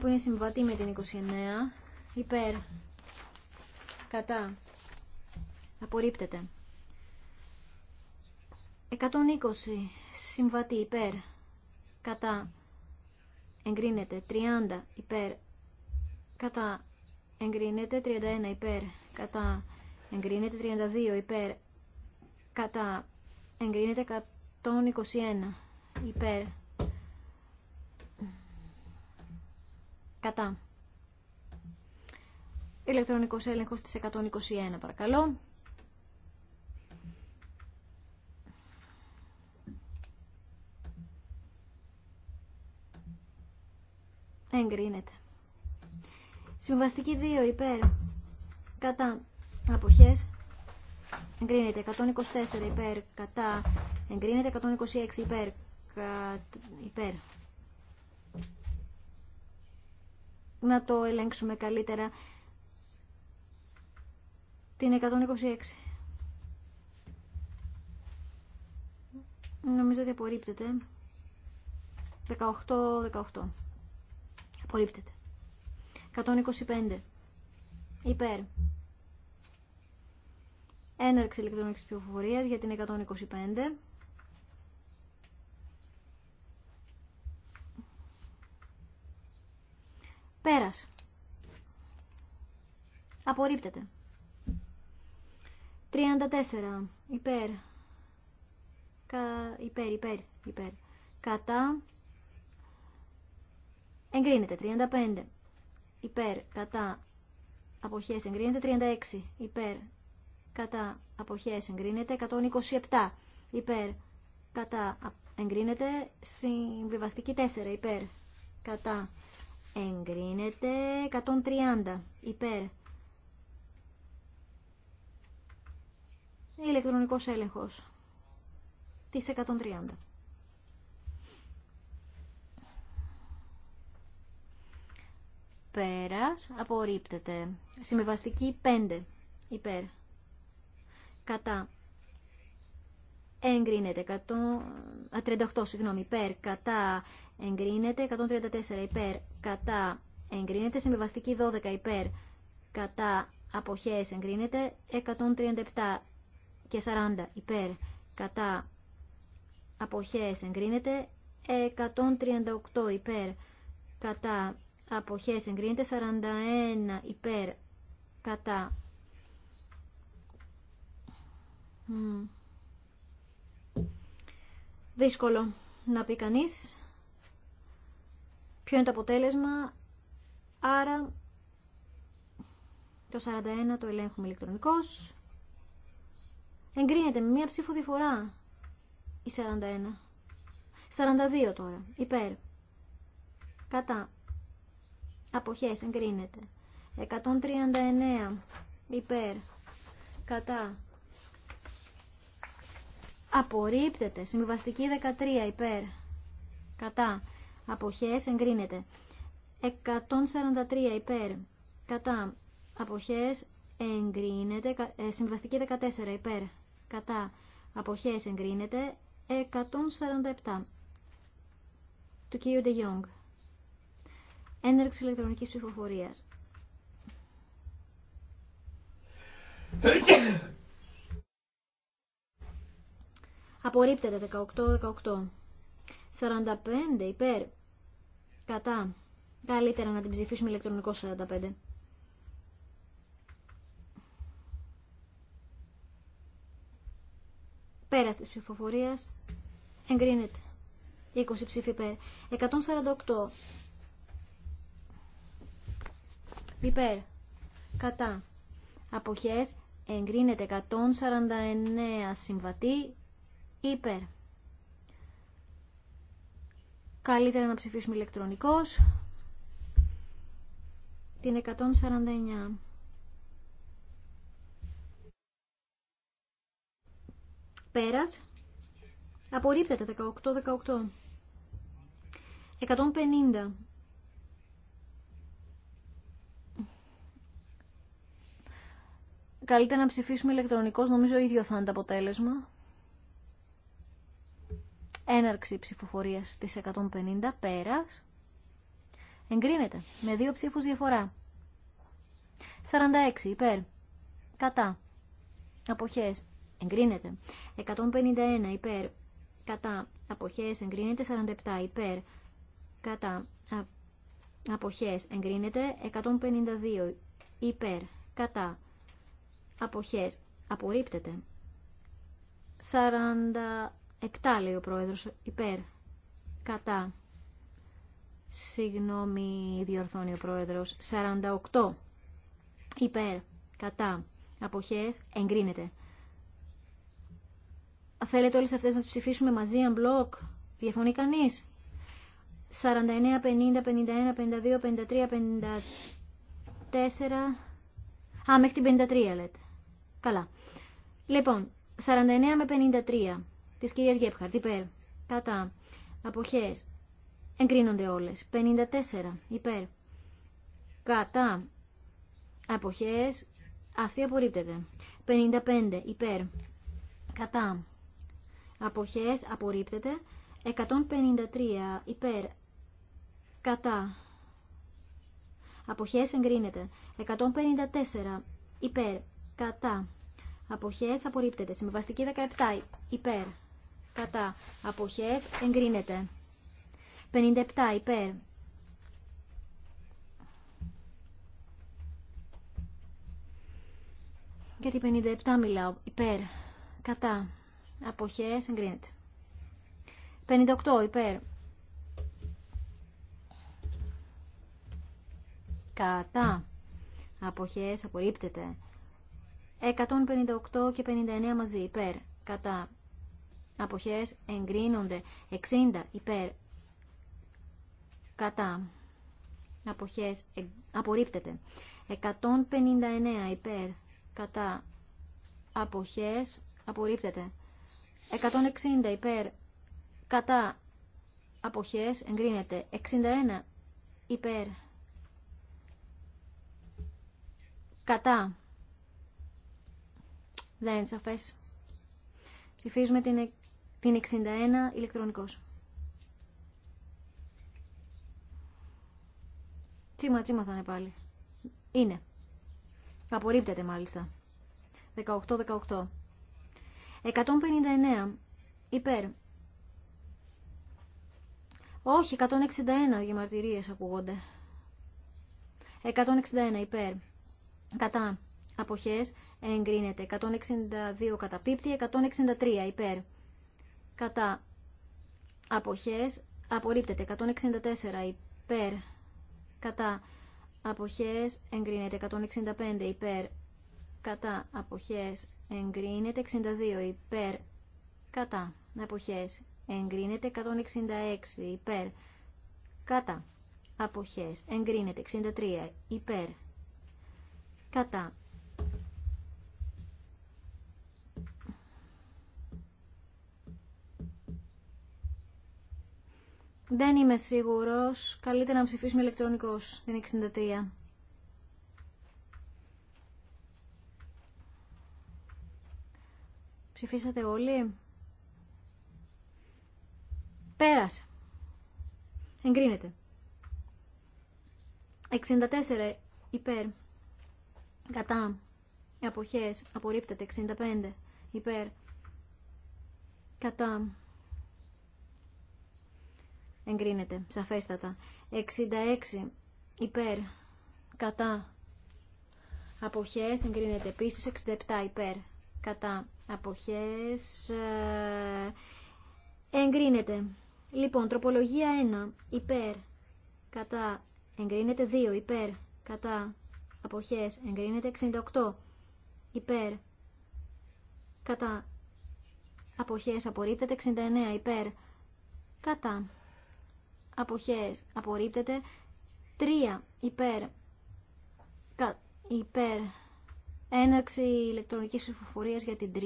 που είναι συμβατή με την 29, υπέρ, κατά, απορρίπτεται. 120 συμβατή υπέρ, κατά, εγκρίνεται. 30 υπέρ, κατά, εγκρίνεται. 31 υπέρ, κατά, εγκρίνεται. 32 υπέρ, κατά, εγκρίνεται. 121 υπέρ, Κατά. Ηλεκτρονικός έλεγχος της 121 παρακαλώ. Εγκρίνεται. Συμβαστική 2 υπέρ. Κατά. Αποχές. Εγκρίνεται. 124 υπέρ. Κατά. Εγκρίνεται. 126 υπέρ. κατά. Υπέρ. να το ελέγξουμε καλύτερα. Την 126. Νομίζω ότι απορρίπτεται. 18-18. Απορρίπτεται. 125. Υπέρ. Έναρξη ηλεκτρονικής πληροφορία για την 125. Πέρας. Απορρίπτεται. 34. Υπέρ. Κα... Υπέρ, υπέρ, υπέρ. Κατά. Εγκρίνεται. 35. Υπέρ. Κατά. Αποχές εγκρίνεται. 36. Υπέρ. Κατά. Αποχές εγκρίνεται. 127. Υπέρ. Κατά. Εγκρίνεται. Συμβιβαστική 4. Υπέρ. Κατά εγκρίνεται 130 υπέρ ηλεκτρονικός έλεγχος της 130 πέρας απορρίπτεται Συμβαστική 5 υπέρ κατά εγκρίνεται 100, 38 συγγνώμη, υπέρ κατά εγκρίνεται 134 υπέρ κατά εγκρίνεται συμβιβαστική 12 υπέρ κατά αποχές εγκρίνεται 137 και 40 υπέρ κατά αποχές εγκρίνεται 138 υπέρ κατά αποχές εγκρίνεται 41 υπέρ κατά δύσκολο να πει κανεί, ποιο είναι το αποτέλεσμα. Άρα το 41 το ελέγχουμε ηλεκτρονικός. Εγκρίνεται με μία ψήφο διαφορά η 41. 42 τώρα. Υπέρ. Κατά. Αποχές εγκρίνεται. 139. Υπέρ. Κατά απορρίπτεται. Συμβιβαστική 13 υπέρ. Κατά. Αποχές εγκρίνεται. 143 υπέρ. Κατά. Αποχές εγκρίνεται. Ε, συμβιβαστική 14 υπέρ. Κατά. Αποχές εγκρίνεται. 147 του κύριου Ντεγιόγκ. Ένερξη ηλεκτρονικής ψηφοφορίας. Απορρίπτεται 18-18. 45 υπέρ. Κατά. Καλύτερα να την ψηφίσουμε ηλεκτρονικό 45. Πέρας της ψηφοφορίας. Εγκρίνεται. 20 ψήφοι υπέρ. 148. Υπέρ. Κατά. Αποχές εγκρίνεται 149 συμβατή υπέρ. Καλύτερα να ψηφίσουμε ηλεκτρονικός. Την 149. Πέρας. Απορρίπτεται 18-18. 150. Καλύτερα να ψηφίσουμε ηλεκτρονικός, νομίζω ίδιο θα είναι το αποτέλεσμα. Έναρξη ψηφοφορίας στις 150 πέρας. Εγκρίνεται με δύο ψήφους διαφορά. 46 υπέρ. Κατά. Αποχές. Εγκρίνεται. 151 υπέρ. Κατά. Αποχές. Εγκρίνεται. 47 υπέρ. Κατά. Αποχές. Εγκρίνεται. 152 υπέρ. Κατά. Αποχές. Απορρίπτεται. Εκτά λέει ο πρόεδρος. Υπέρ. Κατά. Συγγνώμη διορθώνει ο πρόεδρος. 48. Υπέρ. Κατά. Αποχές. Εγκρίνεται. Θέλετε όλες αυτές να τις ψηφίσουμε μαζί αν μπλοκ. Διαφωνεί κανείς. 49, 50, 51, 52, 53, 54... Α, μέχρι την 53 λέτε. Καλά. Λοιπόν, 49 με 53. Τη κυρία Γέπχαρτ, υπέρ. Κατά. αποχέ. Εγκρίνονται όλε 54. Υπέρ. Κατά. αποχέ. Αυτή απορρίπτεται. 55. Υπέρ. Κατά. αποχέ, Απορρίπτεται. 153. Υπέρ. Κατά. Αποχέ. εγκρίνεται. 154. Υπέρ. Κατά. Αποχές απορρίπτεται. Συμβαστική 17. Υπέρ κατά αποχές εγκρίνεται. 57 υπέρ Γιατί 57 μιλάω. Υπέρ. Κατά. Αποχές. Εγκρίνεται. 58. Υπέρ. Κατά. Αποχές. Απορρίπτεται. 158 και 59 μαζί. Υπέρ. Κατά αποχές εγκρίνονται 60 ε, υπέρ κατά αποχές απορρίπτεται 159 υπέρ κατά αποχές απορρίπτεται 160 υπέρ κατά αποχές εγκρίνεται 61 υπέρ κατά δεν είναι σαφές ψηφίζουμε την την 61 ηλεκτρονικός. Τσίμα τσίμα θα είναι πάλι. Είναι. Απορρίπτεται μάλιστα. 18-18. 159. Υπέρ. Όχι, 161 διαμαρτυρίες ακούγονται. 161 υπέρ. Κατά. Αποχές εγκρίνεται. 162 καταπίπτει. 163 υπέρ κατά αποχές απορρίπτεται 164 υπέρ κατά αποχές εγκρίνεται 165 υπέρ κατά αποχές εγκρίνεται 62 υπέρ κατά αποχές εγκρίνεται 166 υπέρ κατά αποχές εγκρίνεται 63 υπέρ κατά Δεν είμαι σίγουρος. Καλύτερα να ψηφίσουμε ηλεκτρονικώς την 63. Ψηφίσατε όλοι. Πέρασε. Εγκρίνεται. 64 υπέρ. Κατά. Αποχές. Απορρίπτεται. 65 υπέρ. Κατά εγκρίνεται, σαφέστατα. 66 υπέρ, κατά, αποχές, εγκρίνεται επίσης. 67 ε, λοιπόν, υπέρ, κατά, αποχές, εγκρίνεται. Λοιπόν, τροπολογία 1, υπέρ, κατά, εγκρίνεται 2, υπέρ, κατά, αποχές, εγκρίνεται 68, υπέρ, κατά, αποχές, απορρίπτεται 69, υπέρ, κατά, αποχές απορρίπτεται 3 υπέρ κα, υπέρ έναρξη ηλεκτρονικής ψηφοφορίας για την 3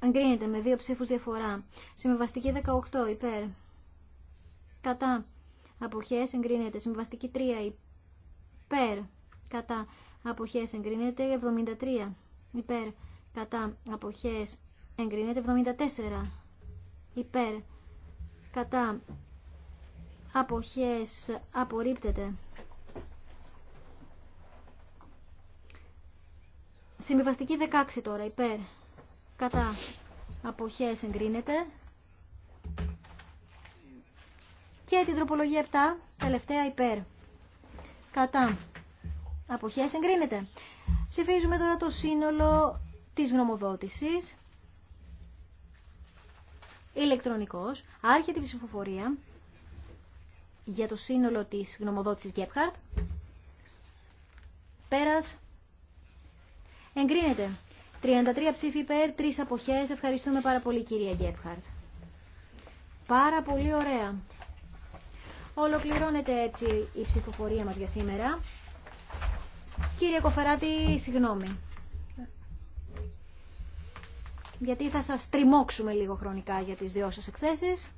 Εγκρίνεται με δύο ψήφους διαφορά. Συμβαστική 18 υπέρ. Κατά. Αποχές εγκρίνεται. Συμβαστική 3 υπέρ. Κατά αποχές εγκρίνεται 73 υπέρ κατά αποχές εγκρίνεται 74 υπέρ κατά αποχές απορρίπτεται Συμβιβαστική 16 τώρα υπέρ κατά αποχές εγκρίνεται και την τροπολογία 7 τελευταία υπέρ κατά Αποχές εγκρίνεται. Ψηφίζουμε τώρα το σύνολο της γνωμοδότησης. Ηλεκτρονικός. Άρχεται η ψηφοφορία για το σύνολο της γνωμοδότησης Γκέπχαρτ. Πέρας. Εγκρίνεται. 33 ψήφοι υπέρ, 3 αποχές. Ευχαριστούμε πάρα πολύ κυρία Γκέπχαρτ. Πάρα πολύ ωραία. Ολοκληρώνεται έτσι η ψηφοφορία μας για σήμερα. Κύριε Κοφεράτη, συγγνώμη. Γιατί θα σας τριμώξουμε λίγο χρονικά για τις δυο σας εκθέσεις.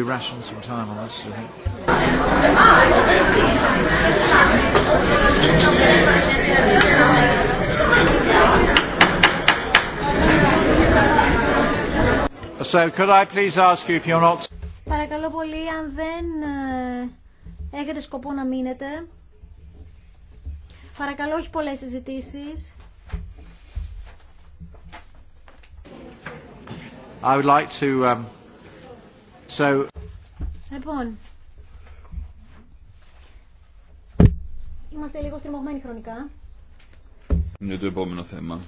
we ration some time on So could I please ask you if you're not... Παρακαλώ πολύ, αν δεν ε, έχετε σκοπό να μείνετε, παρακαλώ όχι πολλές συζητήσει. I would like to, um, so... Λοιπόν, είμαστε λίγο στριμωγμένοι χρονικά. Είναι το επόμενο θέμα.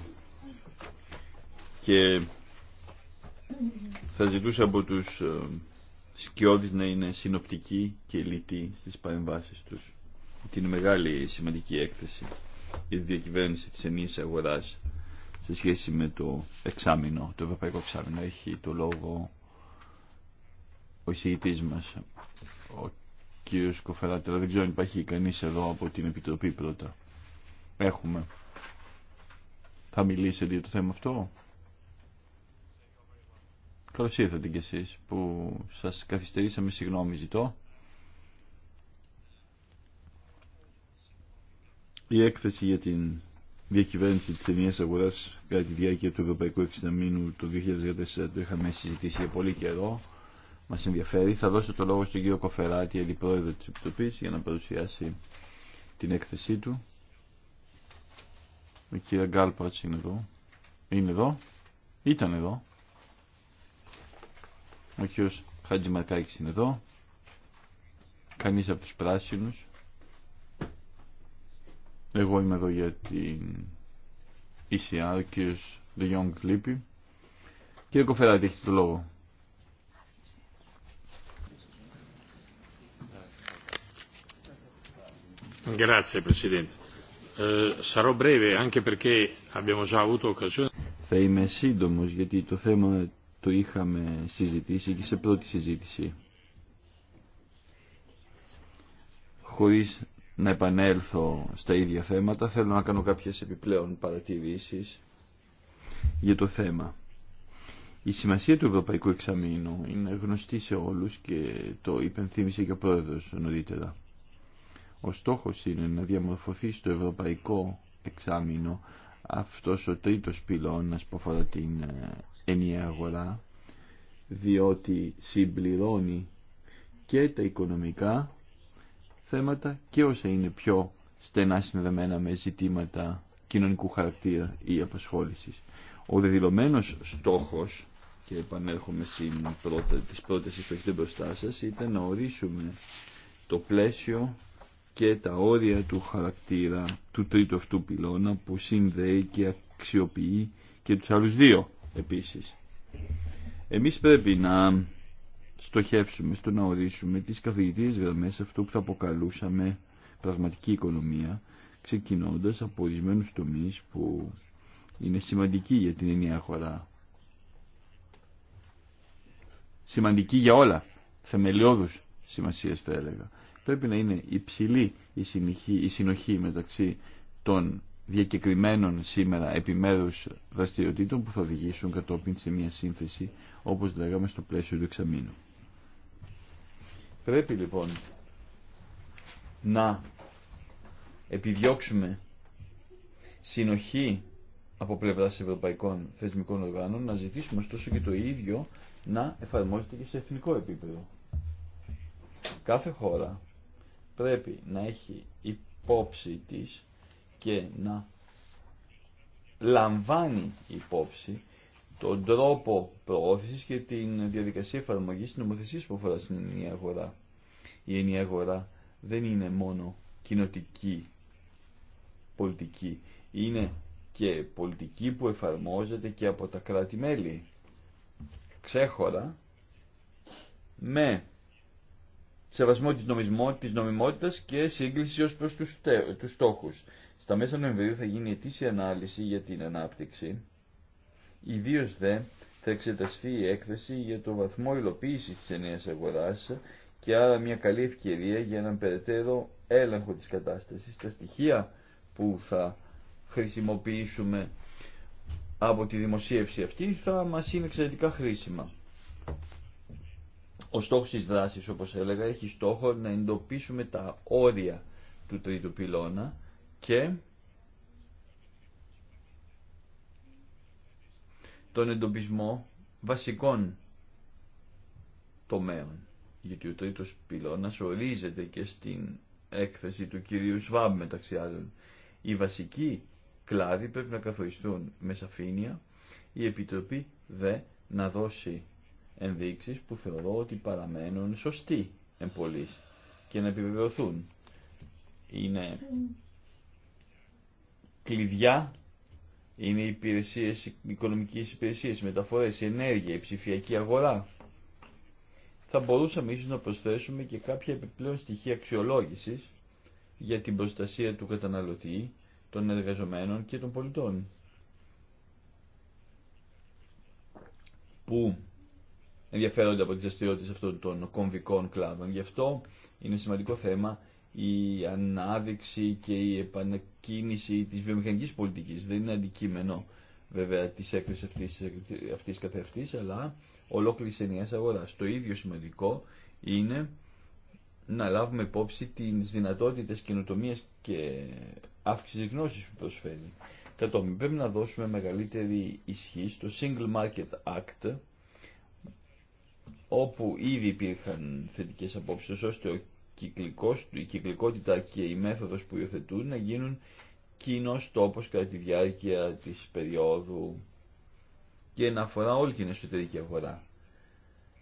Και θα ζητούσα από τους ε, σκιώδεις να είναι συνοπτικοί και λυτοί στις παρεμβάσεις τους. Την μεγάλη σημαντική έκθεση για τη διακυβέρνηση της ενής αγοράς σε σχέση με το εξάμεινο, το ευρωπαϊκό εξάμεινο έχει το λόγο ο εισηγητής μας, ο κύριος Κοφεράτη, δεν ξέρω αν υπάρχει κανείς εδώ από την Επιτροπή πρώτα. Έχουμε. Θα μιλήσει για το θέμα αυτό. Καλώ ήρθατε κι εσεί που σα καθυστερήσαμε, συγγνώμη ζητώ. Η έκθεση για την διακυβέρνηση τη ενιαία αγορά κατά τη διάρκεια του Ευρωπαϊκού Εξεταμίνου το 2014 το είχαμε συζητήσει για πολύ καιρό. Μα ενδιαφέρει. Θα δώσω το λόγο στον κύριο Κοφεράτη, αντιπρόεδρο τη Επιτροπή για να παρουσιάσει την έκθεσή του. Η κυρία Γκάλπορτ είναι εδώ. Είναι εδώ. Ήταν εδώ. Ο κ. Μαρκάκης είναι εδώ. Κανείς από τους πράσινους. Εγώ είμαι εδώ για την ECR, ο κ. Διόγκ λείπει. Κύριε Κοφεράτη, έχετε το λόγο. Θα είμαι σύντομος γιατί το θέμα το είχαμε συζητήσει και σε πρώτη συζήτηση. Χωρίς να επανέλθω στα ίδια θέματα, θέλω να κάνω κάποιες επιπλέον παρατηρήσεις για το θέμα. Η σημασία του Ευρωπαϊκού Εξαμήνου είναι γνωστή σε όλους και το υπενθύμησε και ο Πρόεδρος νωρίτερα. Ο στόχος είναι να διαμορφωθεί στο Ευρωπαϊκό Εξάμεινο αυτός ο τρίτος πυλώνας που αφορά την ε, ενιαία αγορά διότι συμπληρώνει και τα οικονομικά θέματα και όσα είναι πιο στενά συνδεμένα με ζητήματα κοινωνικού χαρακτήρα ή απασχόλησης. Ο δεδηλωμένος στόχος, και επανέρχομαι στην πρώτε της μπροστά σας, ήταν να ορίσουμε το πλαίσιο και τα όρια του χαρακτήρα του τρίτου αυτού πυλώνα που συνδέει και αξιοποιεί και τους άλλους δύο επίσης. Εμείς πρέπει να στοχεύσουμε στο να ορίσουμε τις καθηγητήριες γραμμές αυτού που θα αποκαλούσαμε πραγματική οικονομία, ξεκινώντας από ορισμένου τομεί που είναι σημαντικοί για την ενιαία χώρα. Σημαντικοί για όλα, θεμελιώδους σημασίας θα έλεγα. Πρέπει να είναι υψηλή η συνοχή μεταξύ των διακεκριμένων σήμερα επιμέρους δραστηριοτήτων που θα οδηγήσουν κατόπιν σε μια σύνθεση όπως λέγαμε στο πλαίσιο του εξαμήνου. Πρέπει λοιπόν να επιδιώξουμε συνοχή από πλευρά ευρωπαϊκών θεσμικών οργάνων, να ζητήσουμε ωστόσο και το ίδιο να εφαρμόζεται και σε εθνικό επίπεδο. Κάθε χώρα πρέπει να έχει υπόψη της και να λαμβάνει υπόψη τον τρόπο προώθησης και την διαδικασία εφαρμογής της νομοθεσίας που αφορά στην ενιαία αγορά. Η ενιαία αγορά δεν είναι μόνο κοινοτική πολιτική, είναι και πολιτική που εφαρμόζεται και από τα κράτη-μέλη ξέχωρα με σεβασμό της, νομισμό, της νομιμότητας και σύγκληση ως προς τους, τους στόχους. Στα μέσα Νοεμβρίου θα γίνει ετήσια ανάλυση για την ανάπτυξη, ιδίω δε θα εξεταστεί η έκθεση για το βαθμό υλοποίηση τη ενέας αγορά και άρα μια καλή ευκαιρία για έναν περαιτέρω έλεγχο της κατάσταση. Τα στοιχεία που θα χρησιμοποιήσουμε από τη δημοσίευση αυτή θα μα είναι εξαιρετικά χρήσιμα. Ο στόχος της δράσης, όπως έλεγα, έχει στόχο να εντοπίσουμε τα όρια του τρίτου πυλώνα και τον εντοπισμό βασικών τομέων. Γιατί ο τρίτος πυλώνας ορίζεται και στην έκθεση του κυρίου ΣΒΑΜ μεταξύ άλλων. Οι βασικοί κλάδοι πρέπει να καθοριστούν με σαφήνεια, η Επιτροπή δε να δώσει ενδείξεις που θεωρώ ότι παραμένουν σωστοί εμπολείς και να επιβεβαιωθούν. Είναι κλειδιά είναι οι υπηρεσίες, οικονομικές υπηρεσίες, οι μεταφορές, η ενέργεια, η ψηφιακή αγορά. Θα μπορούσαμε ίσως να προσθέσουμε και κάποια επιπλέον στοιχεία αξιολόγησης για την προστασία του καταναλωτή, των εργαζομένων και των πολιτών. Που ενδιαφέρονται από τις δραστηριότητε αυτών των κομβικών κλάδων. Γι' αυτό είναι σημαντικό θέμα η ανάδειξη και η επανακίνηση της βιομηχανικής πολιτικής. Δεν είναι αντικείμενο βέβαια της έκθεσης αυτής, αυτής αλλά ολόκληρης ενιαίας αγοράς. Το ίδιο σημαντικό είναι να λάβουμε υπόψη τις δυνατότητες καινοτομίας και αύξησης γνώσης που προσφέρει. Κατόπιν, πρέπει να δώσουμε μεγαλύτερη ισχύ στο Single Market Act, όπου ήδη υπήρχαν θετικές απόψεις, ώστε ο κυκλικός, η κυκλικότητα και η μέθοδος που υιοθετούν να γίνουν κοινό τόπος κατά τη διάρκεια της περίοδου και να αφορά όλη την εσωτερική αγορά.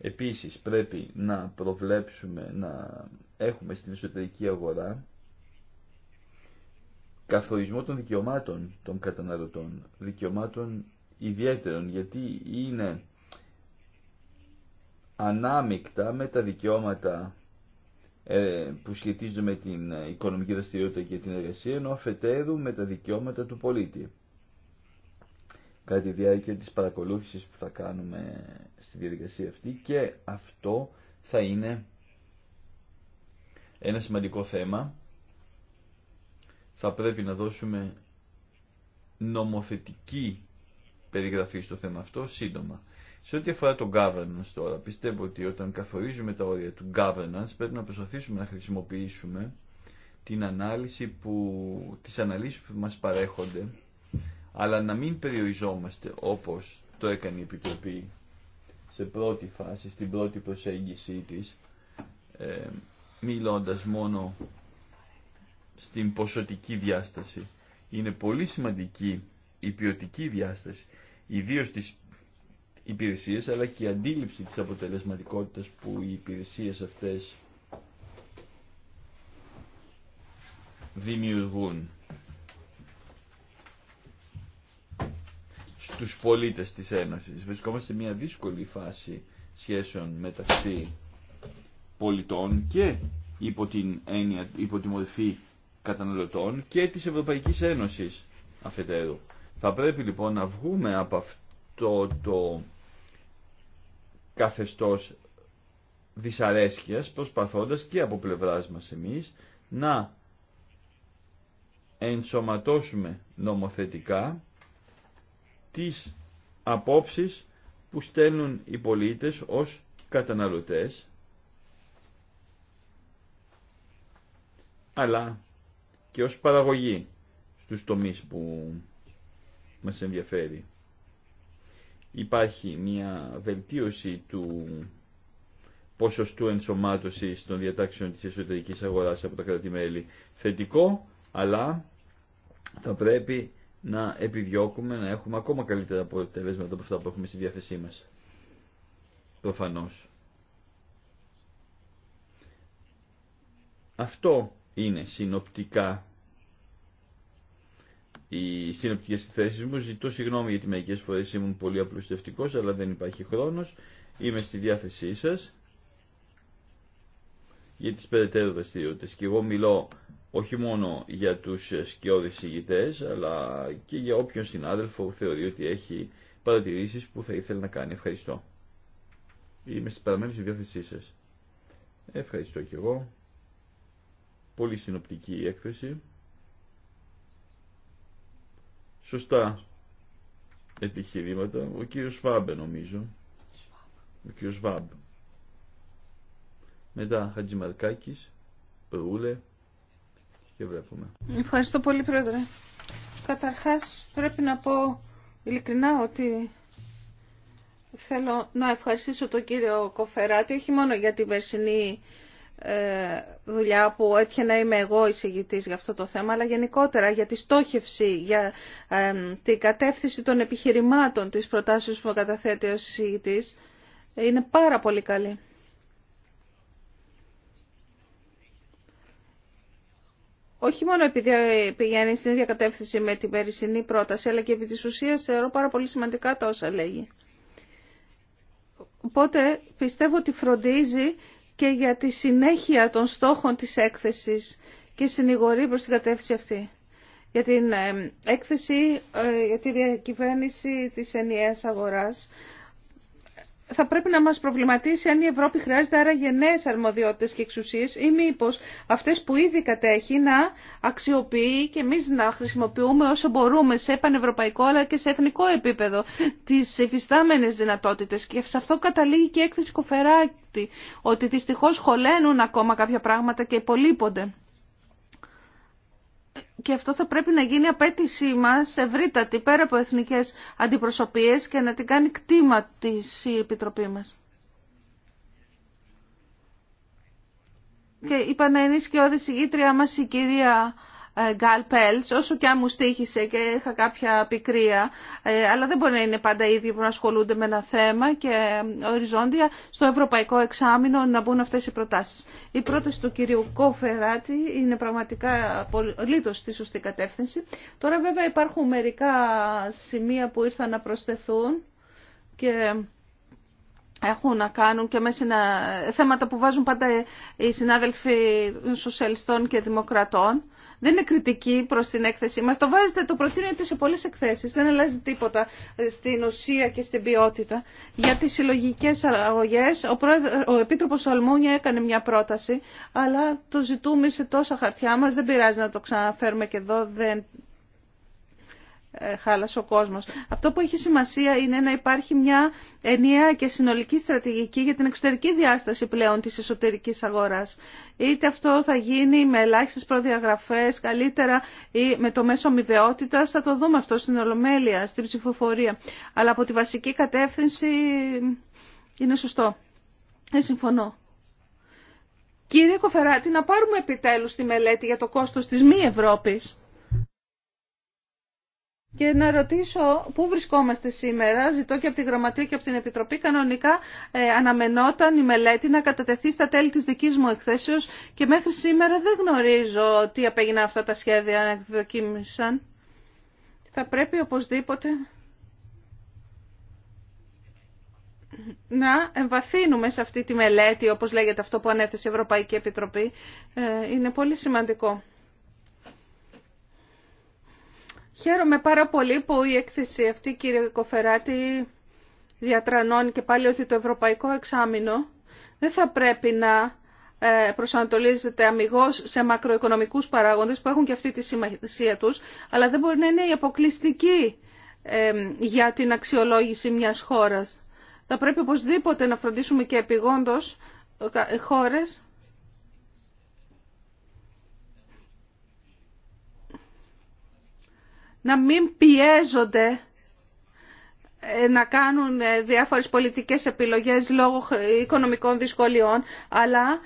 Επίσης πρέπει να προβλέψουμε, να έχουμε στην εσωτερική αγορά καθορισμό των δικαιωμάτων των καταναλωτών, δικαιωμάτων ιδιαίτερων, γιατί είναι ανάμεικτα με τα δικαιώματα ε, που σχετίζονται με την ε, οικονομική δραστηριότητα και την εργασία, ενώ αφετέρου με τα δικαιώματα του πολίτη. Κάτι τη διάρκεια της παρακολούθησης που θα κάνουμε στη διαδικασία αυτή και αυτό θα είναι ένα σημαντικό θέμα. Θα πρέπει να δώσουμε νομοθετική περιγραφή στο θέμα αυτό σύντομα. Σε ό,τι αφορά το governance τώρα, πιστεύω ότι όταν καθορίζουμε τα όρια του governance πρέπει να προσπαθήσουμε να χρησιμοποιήσουμε την ανάλυση που, τις αναλύσεις που μας παρέχονται αλλά να μην περιοριζόμαστε όπως το έκανε η Επιτροπή σε πρώτη φάση, στην πρώτη προσέγγιση της ε, μιλώντας μόνο στην ποσοτική διάσταση. Είναι πολύ σημαντική η ποιοτική διάσταση ιδίως της υπηρεσίες αλλά και η αντίληψη της αποτελεσματικότητας που οι υπηρεσίες αυτές δημιουργούν στους πολίτες της Ένωσης. Βρισκόμαστε σε μια δύσκολη φάση σχέσεων μεταξύ πολιτών και υπό την, έννοια, υπό τη μορφή καταναλωτών και της Ευρωπαϊκής Ένωσης αφετέρου. Θα πρέπει λοιπόν να βγούμε από αυτό το καθεστώς δυσαρέσκειας προσπαθώντας και από πλευράς μας εμείς να ενσωματώσουμε νομοθετικά τις απόψεις που στέλνουν οι πολίτες ως καταναλωτές αλλά και ως παραγωγή στους τομείς που μας ενδιαφέρει υπάρχει μια βελτίωση του ποσοστού ενσωμάτωσης των διατάξεων της εσωτερικής αγοράς από τα κράτη-μέλη. Θετικό, αλλά θα πρέπει να επιδιώκουμε να έχουμε ακόμα καλύτερα αποτελέσματα από αυτά που έχουμε στη διάθεσή μας. Προφανώς. Αυτό είναι συνοπτικά οι συνοπτικέ θέσει μου. Ζητώ συγγνώμη γιατί μερικέ φορέ ήμουν πολύ απλουστευτικό, αλλά δεν υπάρχει χρόνο. Είμαι στη διάθεσή σα για τι περαιτέρω δραστηριότητε. Και εγώ μιλώ όχι μόνο για του σκιώδει ηγητέ, αλλά και για όποιον συνάδελφο θεωρεί ότι έχει παρατηρήσει που θα ήθελε να κάνει. Ευχαριστώ. Είμαι παραμένω στη διάθεσή σα. Ευχαριστώ και εγώ. Πολύ συνοπτική η έκθεση σωστά επιχειρήματα. Ο κύριο Σβάμπ νομίζω. Ο κύριο Σβάμπ. Μετά Χατζημαρκάκη, Ρούλε και βλέπουμε. Ευχαριστώ πολύ πρόεδρε. Καταρχάς πρέπει να πω ειλικρινά ότι θέλω να ευχαριστήσω τον κύριο Κοφεράτη όχι μόνο για την περσινή ε, δουλειά που έτυχε να είμαι εγώ εισηγητή για αυτό το θέμα, αλλά γενικότερα για τη στόχευση, για την κατεύθυνση των επιχειρημάτων της προτάσεως που καταθέτει ο εισηγητής, είναι πάρα πολύ καλή. Όχι μόνο επειδή πηγαίνει στην ίδια κατεύθυνση με την περσινή πρόταση, αλλά και επί της ουσίας θεωρώ πάρα πολύ σημαντικά τα όσα λέγει. Οπότε πιστεύω ότι φροντίζει και για τη συνέχεια των στόχων της έκθεσης και συνηγορεί προς την κατεύθυνση αυτή. Για την ε, έκθεση ε, για τη διακυβέρνηση της ενιαίας αγοράς θα πρέπει να μας προβληματίσει αν η Ευρώπη χρειάζεται άραγε νέες αρμοδιότητες και εξουσίες ή μήπως αυτές που ήδη κατέχει να αξιοποιεί και εμείς να χρησιμοποιούμε όσο μπορούμε σε πανευρωπαϊκό αλλά και σε εθνικό επίπεδο τις εφιστάμενες δυνατότητες. Και σε αυτό καταλήγει και η έκθεση Κοφεράτη ότι δυστυχώς χωλένουν ακόμα κάποια πράγματα και υπολείπονται και αυτό θα πρέπει να γίνει απέτησή μας ευρύτατη πέρα από εθνικές αντιπροσωπίες και να την κάνει κτήμα της η Επιτροπή μας. Και είπα να είναι η σκιώδη μας η κυρία ε, γκάλ Πέλτς, όσο και αν μου στήχησε και είχα κάποια πικρία, ε, αλλά δεν μπορεί να είναι πάντα οι ίδιοι που να ασχολούνται με ένα θέμα και ε, οριζόντια στο ευρωπαϊκό εξάμεινο να μπουν αυτές οι προτάσεις. Η πρόταση του κυρίου Κόφεράτη είναι πραγματικά απολύτως στη σωστή κατεύθυνση. Τώρα βέβαια υπάρχουν μερικά σημεία που ήρθαν να προσθεθούν και έχουν να κάνουν και μέσα θέματα που βάζουν πάντα οι συνάδελφοι σοσιαλιστών και δημοκρατών δεν είναι κριτική προς την έκθεσή μα. Το βάζετε, το προτείνετε σε πολλέ εκθέσεις. Δεν αλλάζει τίποτα ε, στην ουσία και στην ποιότητα. Για τις συλλογικέ αγωγέ. ο, ο Επίτροπος Αλμούνια έκανε μια πρόταση, αλλά το ζητούμε σε τόσα χαρτιά μας. Δεν πειράζει να το ξαναφέρουμε και εδώ, δεν ε, χάλασε ο κόσμος. Αυτό που έχει σημασία είναι να υπάρχει μια ενιαία και συνολική στρατηγική για την εξωτερική διάσταση πλέον της εσωτερικής αγοράς. Είτε αυτό θα γίνει με ελάχιστες προδιαγραφές, καλύτερα ή με το μέσο αμοιβαιότητας, θα το δούμε αυτό στην Ολομέλεια, στην ψηφοφορία. Αλλά από τη βασική κατεύθυνση είναι σωστό. Ε συμφωνώ. Κύριε Κοφεράτη, να πάρουμε επιτέλους τη μελέτη για το κόστος της μη Ευρώπης και να ρωτήσω πού βρισκόμαστε σήμερα. Ζητώ και από τη Γραμματεία και από την Επιτροπή. Κανονικά ε, αναμενόταν η μελέτη να κατατεθεί στα τέλη της δικής μου εκθέσεως και μέχρι σήμερα δεν γνωρίζω τι απέγιναν αυτά τα σχέδια, αν εκδοκίμησαν. Θα πρέπει οπωσδήποτε να εμβαθύνουμε σε αυτή τη μελέτη, όπως λέγεται αυτό που ανέθεσε η Ευρωπαϊκή Επιτροπή. Ε, είναι πολύ τη μελετη οπως λεγεται αυτο που ανεθεσε η ευρωπαικη επιτροπη ειναι πολυ σημαντικο Χαίρομαι πάρα πολύ που η έκθεση αυτή, κύριε Κοφεράτη, διατρανώνει και πάλι ότι το ευρωπαϊκό εξάμεινο δεν θα πρέπει να ε, προσανατολίζεται αμυγός σε μακροοικονομικούς παράγοντες που έχουν και αυτή τη σημασία τους, αλλά δεν μπορεί να είναι η αποκλειστική ε, για την αξιολόγηση μιας χώρας. Θα πρέπει οπωσδήποτε να φροντίσουμε και επιγόντως ε, χώρες να μην πιέζονται ε, να κάνουν ε, διάφορες πολιτικές επιλογές λόγω οικονομικών δυσκολιών, αλλά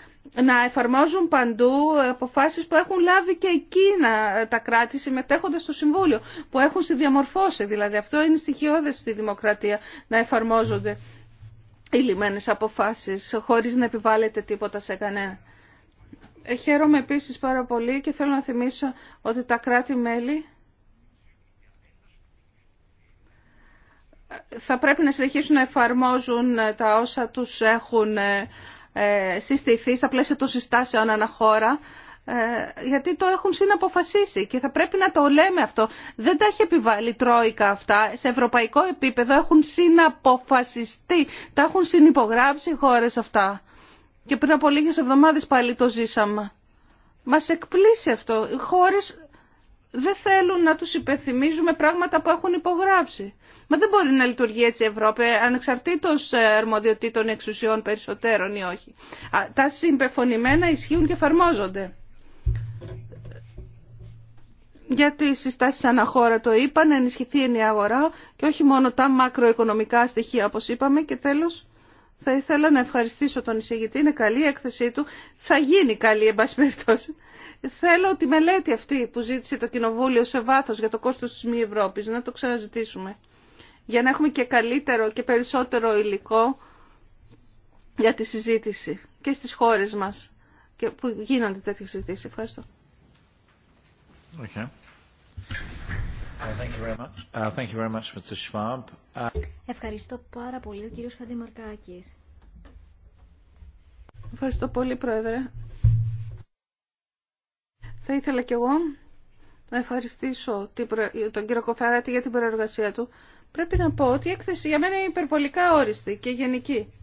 να εφαρμόζουν παντού αποφάσεις που έχουν λάβει και εκείνα τα κράτη συμμετέχοντας στο Συμβούλιο, που έχουν συνδιαμορφώσει. Δηλαδή αυτό είναι στοιχειώδες στη δημοκρατία, να εφαρμόζονται οι λιμένες αποφάσεις χωρίς να επιβάλλεται τίποτα σε κανένα. Ε, χαίρομαι επίσης πάρα πολύ και θέλω να θυμίσω ότι τα κράτη-μέλη θα πρέπει να συνεχίσουν να εφαρμόζουν ε, τα όσα τους έχουν ε, ε, συστηθεί στα πλαίσια των συστάσεων χώρα, γιατί το έχουν συναποφασίσει και θα πρέπει να το λέμε αυτό. Δεν τα έχει επιβάλει Τρόικα αυτά. Σε ευρωπαϊκό επίπεδο έχουν συναποφασιστεί, τα έχουν συνυπογράψει οι χώρες αυτά. Και πριν από λίγες εβδομάδες πάλι το ζήσαμε. Μας εκπλήσει αυτό. Οι χώρες δεν θέλουν να τους υπενθυμίζουμε πράγματα που έχουν υπογράψει. Μα δεν μπορεί να λειτουργεί έτσι η Ευρώπη, ανεξαρτήτω ε, αρμοδιοτήτων εξουσιών περισσότερων ή όχι. Τα συμπεφωνημένα ισχύουν και εφαρμόζονται. γιατι οι συστάσει αναχώρα το είπα, να ενισχυθεί η αγορά και όχι μόνο τα μακροοικονομικά στοιχεία οπω είπαμε και τελο θα ήθελα να ευχαριστήσω τον εισηγητή, είναι καλή η έκθεσή του, θα γίνει καλή εν πάση περιπτώσει. Θέλω τη μελέτη αυτή που ζήτησε το Κοινοβούλιο σε βάθος για το κόστος της μη Ευρώπης, να το ξαναζητήσουμε για να έχουμε και καλύτερο και περισσότερο υλικό για τη συζήτηση και στις χώρες μας και που γίνονται τέτοιες συζητήσεις. Ευχαριστώ. Uh, uh, uh, Ευχαριστώ πάρα πολύ, ο κύριος Χαντιμαρκάκης. Ευχαριστώ πολύ, Πρόεδρε. Θα ήθελα κι εγώ να ευχαριστήσω τον κύριο Κοφάρατη για την προεργασία του Πρέπει να πω ότι η έκθεση για μένα είναι υπερβολικά όριστη και γενική.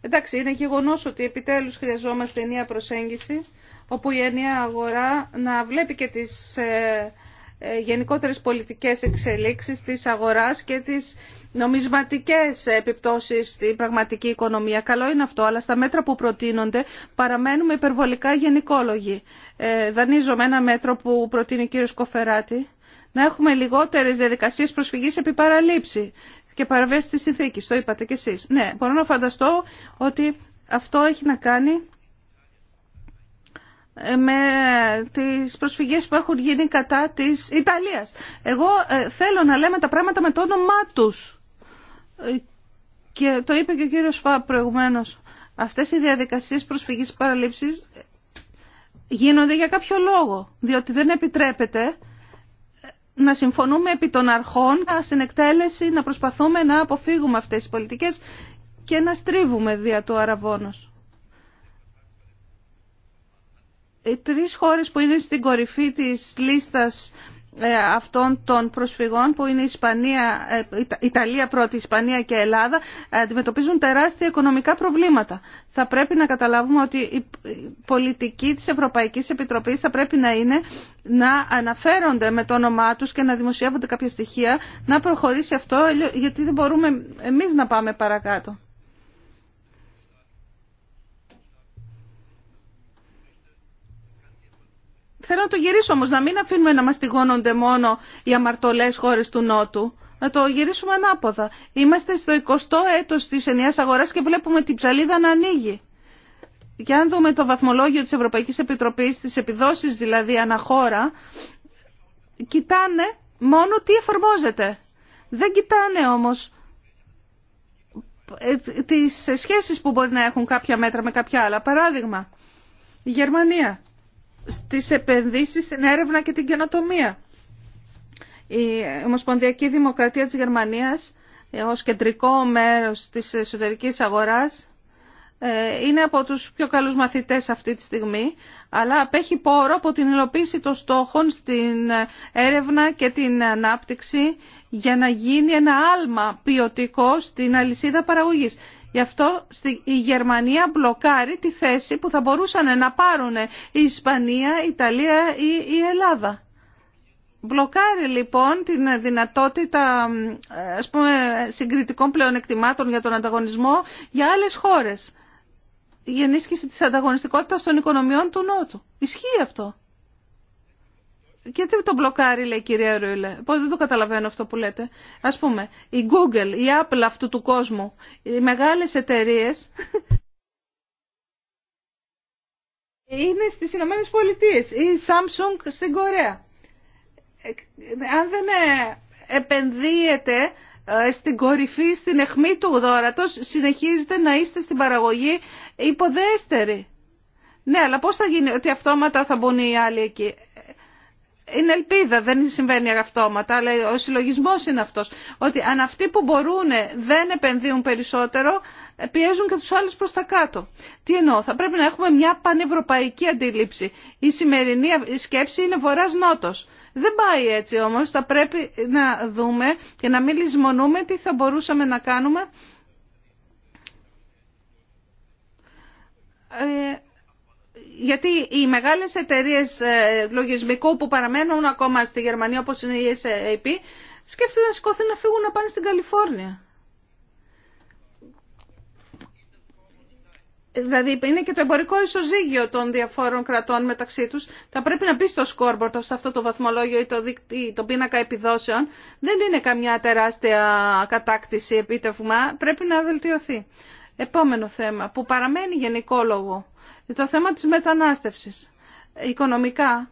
Εντάξει, είναι γεγονός ότι επιτέλους χρειαζόμαστε ενιαία προσέγγιση, όπου η ενία αγορά να βλέπει και τις ε, ε, γενικότερες πολιτικές εξελίξεις της αγοράς και τις νομισματικές επιπτώσεις στην πραγματική οικονομία. Καλό είναι αυτό, αλλά στα μέτρα που προτείνονται παραμένουμε υπερβολικά γενικόλογοι. Ε, δανείζομαι ένα μέτρο που προτείνει ο κύριος Κοφεράτη να έχουμε λιγότερες διαδικασίε προσφυγή επί παραλήψη και παραβίαση τη συνθήκη Το είπατε κι εσείς. Ναι, μπορώ να φανταστώ ότι αυτό έχει να κάνει ε, με τις προσφυγές που έχουν γίνει κατά της Ιταλίας. Εγώ ε, θέλω να λέμε τα πράγματα με το όνομά τους. Ε, και το είπε και ο κύριος Φαπ προηγουμένως. Αυτές οι διαδικασίες προσφυγής παραλήψης γίνονται για κάποιο λόγο. Διότι δεν επιτρέπεται να συμφωνούμε επί των αρχών, στην εκτέλεση να προσπαθούμε να αποφύγουμε αυτές τις πολιτικές και να στρίβουμε δια του αραβόνος. Οι τρεις χώρες που είναι στην κορυφή της λίστας ε, αυτών των προσφυγών που είναι η Ισπανία, ε, Ιταλία πρώτη, Ισπανία και Ελλάδα αντιμετωπίζουν τεράστια οικονομικά προβλήματα. Θα πρέπει να καταλάβουμε ότι η πολιτική της Ευρωπαϊκής Επιτροπής θα πρέπει να είναι να αναφέρονται με το όνομά τους και να δημοσιεύονται κάποια στοιχεία, να προχωρήσει αυτό γιατί δεν μπορούμε εμείς να πάμε παρακάτω. Θέλω να το γυρίσω όμως, να μην αφήνουμε να μαστιγώνονται μόνο οι αμαρτωλές χώρες του Νότου. Να το γυρίσουμε ανάποδα. Είμαστε στο 20ο έτος της ενιαίας αγοράς και βλέπουμε την ψαλίδα να ανοίγει. Και αν δούμε το βαθμολόγιο της Ευρωπαϊκής Επιτροπής, τις επιδόσεις δηλαδή αναχώρα, κοιτάνε μόνο τι εφαρμόζεται. Δεν κοιτάνε όμως ε, τις σχέσεις που μπορεί να έχουν κάποια μέτρα με κάποια άλλα. Παράδειγμα, η Γερμανία στις επενδύσεις στην έρευνα και την καινοτομία. Η Ομοσπονδιακή Δημοκρατία της Γερμανίας ε, ως κεντρικό μέρος της εσωτερικής αγοράς ε, είναι από τους πιο καλούς μαθητές αυτή τη στιγμή, αλλά απέχει πόρο από την υλοποίηση των στόχων στην έρευνα και την ανάπτυξη για να γίνει ένα άλμα ποιοτικό στην αλυσίδα παραγωγής. Γι' αυτό η Γερμανία μπλοκάρει τη θέση που θα μπορούσαν να πάρουν η Ισπανία, η Ιταλία ή η Ελλάδα. Μπλοκάρει λοιπόν την δυνατότητα ας πούμε, συγκριτικών πλεονεκτημάτων για τον ανταγωνισμό για άλλες χώρες. Η ενίσχυση της ανταγωνιστικότητας των οικονομιών του Νότου. Ισχύει αυτό. Γιατί το μπλοκάρει, λέει η κυρία ρούλε. Πώς δεν το καταλαβαίνω αυτό που λέτε. Ας πούμε, η Google, η Apple αυτού του κόσμου, οι μεγάλες εταιρείε είναι στις Ηνωμένε Πολιτείε ή Samsung στην Κορέα. Αν δεν ε, επενδύεται ε, στην κορυφή, στην αιχμή του δόρατος, συνεχίζετε να είστε στην παραγωγή υποδέστερη. Ναι, αλλά πώς θα γίνει ότι αυτόματα θα μπουν οι άλλοι εκεί είναι ελπίδα, δεν συμβαίνει αυτόματα, αλλά ο συλλογισμό είναι αυτό. Ότι αν αυτοί που μπορούν δεν επενδύουν περισσότερο, πιέζουν και του άλλου προ τα κάτω. Τι εννοώ, θα πρέπει να έχουμε μια πανευρωπαϊκή αντίληψη. Η σημερινή σκέψη είναι βορρά-νότο. Δεν πάει έτσι όμω, θα πρέπει να δούμε και να μην λησμονούμε τι θα μπορούσαμε να κάνουμε. Ε, γιατί οι μεγάλες εταιρείες ε, λογισμικού που παραμένουν ακόμα στη Γερμανία όπως είναι η SAP σκέφτονται να σηκώθουν να φύγουν να πάνε στην Καλιφόρνια. Δηλαδή είναι και το εμπορικό ισοζύγιο των διαφόρων κρατών μεταξύ τους. Θα πρέπει να μπει στο σκόρμπορτο σε αυτό το βαθμολόγιο ή το, το πίνακα επιδόσεων. Δεν είναι καμιά τεράστια κατάκτηση επίτευγμα. Πρέπει να βελτιωθεί. Επόμενο θέμα που παραμένει γενικό λόγο ε, το θέμα της μετανάστευσης. Οικονομικά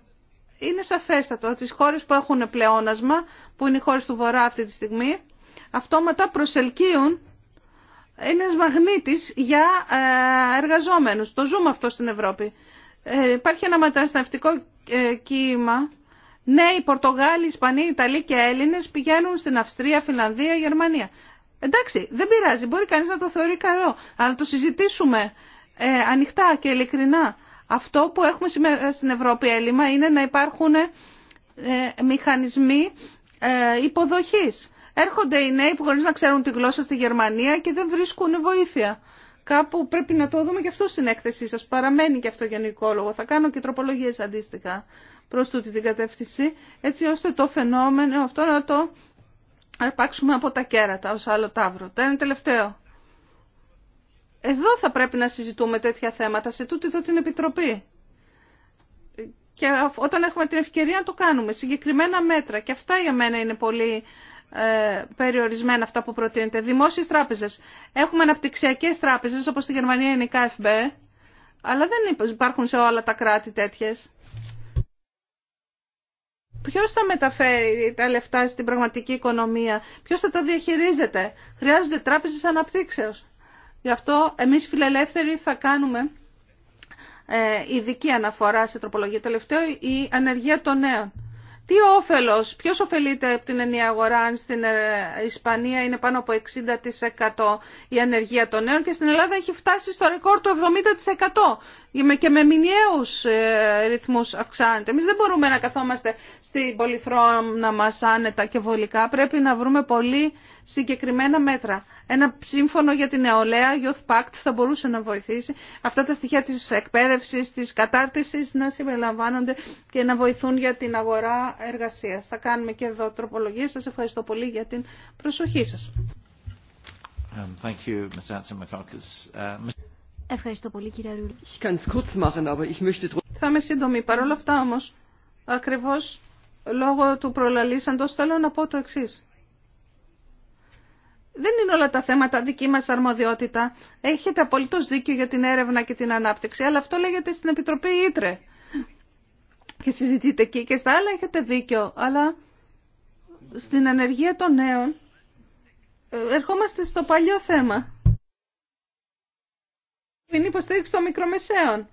είναι σαφέστατο ότι τις χώρες που έχουν πλεόνασμα, που είναι οι χώρες του Βορρά αυτή τη στιγμή, αυτόματα προσελκύουν ένας μαγνήτης για ε, εργαζόμενους. Το ζούμε αυτό στην Ευρώπη. Ε, υπάρχει ένα μεταναστευτικό κύμα. Νέοι, Πορτογάλοι, Ισπανοί, Ιταλοί και Έλληνες πηγαίνουν στην Αυστρία, Φιλανδία, Γερμανία. Εντάξει, δεν πειράζει, μπορεί κανείς να το θεωρεί καλό, αλλά το συζητήσουμε ε, ανοιχτά και ειλικρινά. Αυτό που έχουμε σήμερα στην Ευρώπη έλλειμμα είναι να υπάρχουν ε, μηχανισμοί ε, υποδοχής. Έρχονται οι νέοι που χωρίς να ξέρουν τη γλώσσα στη Γερμανία και δεν βρίσκουν βοήθεια. Κάπου πρέπει να το δούμε και αυτό στην έκθεσή σας. Παραμένει και αυτό γενικόλογο. Θα κάνω και τροπολογίες αντίστοιχα προς τούτη την κατεύθυνση, έτσι ώστε το φαινόμενο αυτό να το αρπάξουμε από τα κέρατα ως άλλο τάβρο. Το ένα τελευταίο. Εδώ θα πρέπει να συζητούμε τέτοια θέματα, σε τούτη εδώ την Επιτροπή. Και όταν έχουμε την ευκαιρία να το κάνουμε, συγκεκριμένα μέτρα. Και αυτά για μένα είναι πολύ ε, περιορισμένα αυτά που προτείνετε Δημόσιες τράπεζες. Έχουμε αναπτυξιακές τράπεζες, όπως στη Γερμανία είναι η KFB, αλλά δεν υπάρχουν σε όλα τα κράτη τέτοιες. Ποιος θα μεταφέρει τα λεφτά στην πραγματική οικονομία, ποιος θα τα διαχειρίζεται. Χρειάζονται τράπεζες αναπτύξεως. Γι' αυτό εμείς φιλελεύθεροι θα κάνουμε ε, ειδική αναφορά σε τροπολογία. Τελευταίο, η ανεργία των νέων. Τι όφελος, ποιος ωφελείται από την ενιαία αγορά αν στην ε, Ισπανία είναι πάνω από 60% η ανεργία των νέων και στην Ελλάδα έχει φτάσει στο ρεκόρ του 70% και με μηνιαίους ε, ρυθμούς αυξάνεται. Εμείς δεν μπορούμε να καθόμαστε στην πολυθρόνα μας άνετα και βολικά. Πρέπει να βρούμε πολύ συγκεκριμένα μέτρα. Ένα σύμφωνο για την νεολαία, Youth Pact, θα μπορούσε να βοηθήσει αυτά τα στοιχεία της εκπαίδευσης, της κατάρτισης να συμπεριλαμβάνονται και να βοηθούν για την αγορά εργασίας. Θα κάνουμε και εδώ τροπολογίες. Σας ευχαριστώ πολύ για την προσοχή σας. Um, uh, ευχαριστώ πολύ κύριε Ρούλη. Θα είμαι σύντομη. Παρ' όλα αυτά όμως, ακριβώς λόγω του προλαλήσαντος θέλω να πω το εξής δεν είναι όλα τα θέματα δική μας αρμοδιότητα. Έχετε απολύτως δίκιο για την έρευνα και την ανάπτυξη, αλλά αυτό λέγεται στην Επιτροπή Ήτρε. Και συζητείτε εκεί και στα άλλα έχετε δίκιο, αλλά στην ανεργία των νέων ε, ερχόμαστε στο παλιό θέμα. Είναι υποστήριξη των μικρομεσαίων.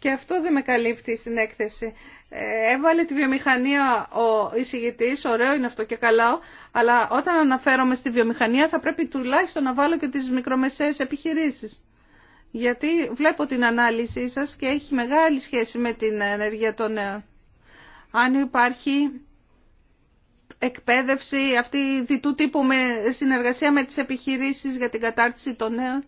Και αυτό δεν με καλύπτει στην έκθεση. Ε, έβαλε τη βιομηχανία ο εισηγητή, ωραίο είναι αυτό και καλά, αλλά όταν αναφέρομαι στη βιομηχανία θα πρέπει τουλάχιστον να βάλω και τις μικρομεσαίες επιχειρήσεις. Γιατί βλέπω την ανάλυση σας και έχει μεγάλη σχέση με την ενέργεια των νέων. Αν υπάρχει εκπαίδευση, αυτή διτού τύπου με συνεργασία με τις επιχειρήσεις για την κατάρτιση των νέων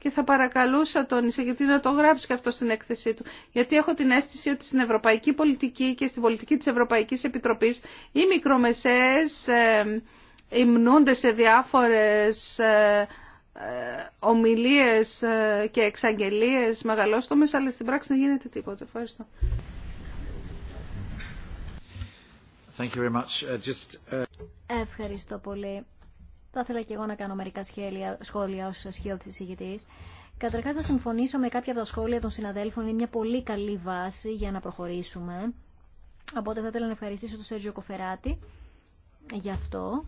και θα παρακαλούσα τον εισηγητή να το γράψει και αυτό στην έκθεσή του. Γιατί έχω την αίσθηση ότι στην ευρωπαϊκή πολιτική και στην πολιτική της Ευρωπαϊκής Επιτροπής οι μικρομεσαίες ε, υμνούνται σε διάφορες ε, ε ομιλίες ε, και εξαγγελίες μεγαλόστομες, αλλά στην πράξη δεν γίνεται τίποτα. Ευχαριστώ. Thank you very much. Uh, just... Uh, Ευχαριστώ πολύ. Θα ήθελα και εγώ να κάνω μερικά σχόλια, σχόλια ως σχέδιος εισηγητής. Καταρχάς θα συμφωνήσω με κάποια από τα σχόλια των συναδέλφων. Είναι μια πολύ καλή βάση για να προχωρήσουμε. Οπότε θα ήθελα να ευχαριστήσω τον Σέργιο Κοφεράτη για αυτό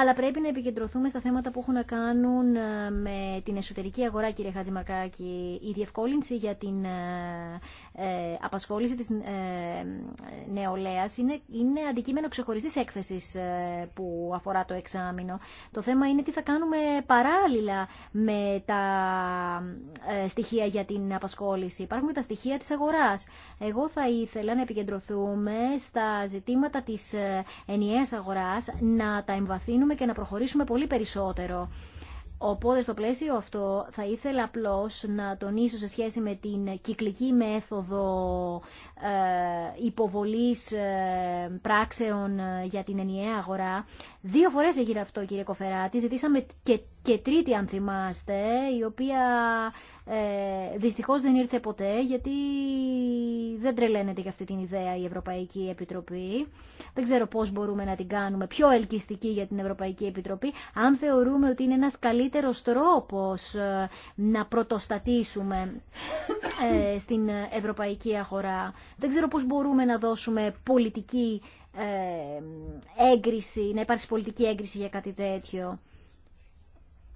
αλλά πρέπει να επικεντρωθούμε στα θέματα που έχουν να κάνουν ε, με την εσωτερική αγορά, κύριε Χατζημαρκάκη. Η διευκόλυνση για την ε, ε απασχόληση της ε, νεολαίας είναι, είναι αντικείμενο ξεχωριστής έκθεσης ε, που αφορά το εξάμεινο. Το θέμα είναι τι θα κάνουμε παράλληλα με τα στοιχεία για την απασχόληση. Υπάρχουν τα στοιχεία της αγοράς. Εγώ θα ήθελα να επικεντρωθούμε στα ζητήματα της ενιαίας αγοράς, να τα εμβαθύνουμε και να προχωρήσουμε πολύ περισσότερο. Οπότε στο πλαίσιο αυτό θα ήθελα απλώς να τονίσω σε σχέση με την κυκλική μέθοδο ε, υποβολής ε, πράξεων ε, για την ενιαία αγορά. Δύο φορές έγινε αυτό κύριε Κοφεράτη, ζητήσαμε και, και τρίτη αν θυμάστε, η οποία ε, δυστυχώς δεν ήρθε ποτέ γιατί δεν τρελαίνεται για αυτή την ιδέα η Ευρωπαϊκή Επιτροπή. Δεν ξέρω πώς μπορούμε να την κάνουμε πιο ελκυστική για την Ευρωπαϊκή Επιτροπή αν θεωρούμε ότι είναι ένας καλύτερος τρόπος ε, να πρωτοστατήσουμε ε, στην ευρωπαϊκή αγορά. Δεν ξέρω πώς μπορούμε να δώσουμε πολιτική ε, έγκριση, να υπάρξει πολιτική έγκριση για κάτι τέτοιο.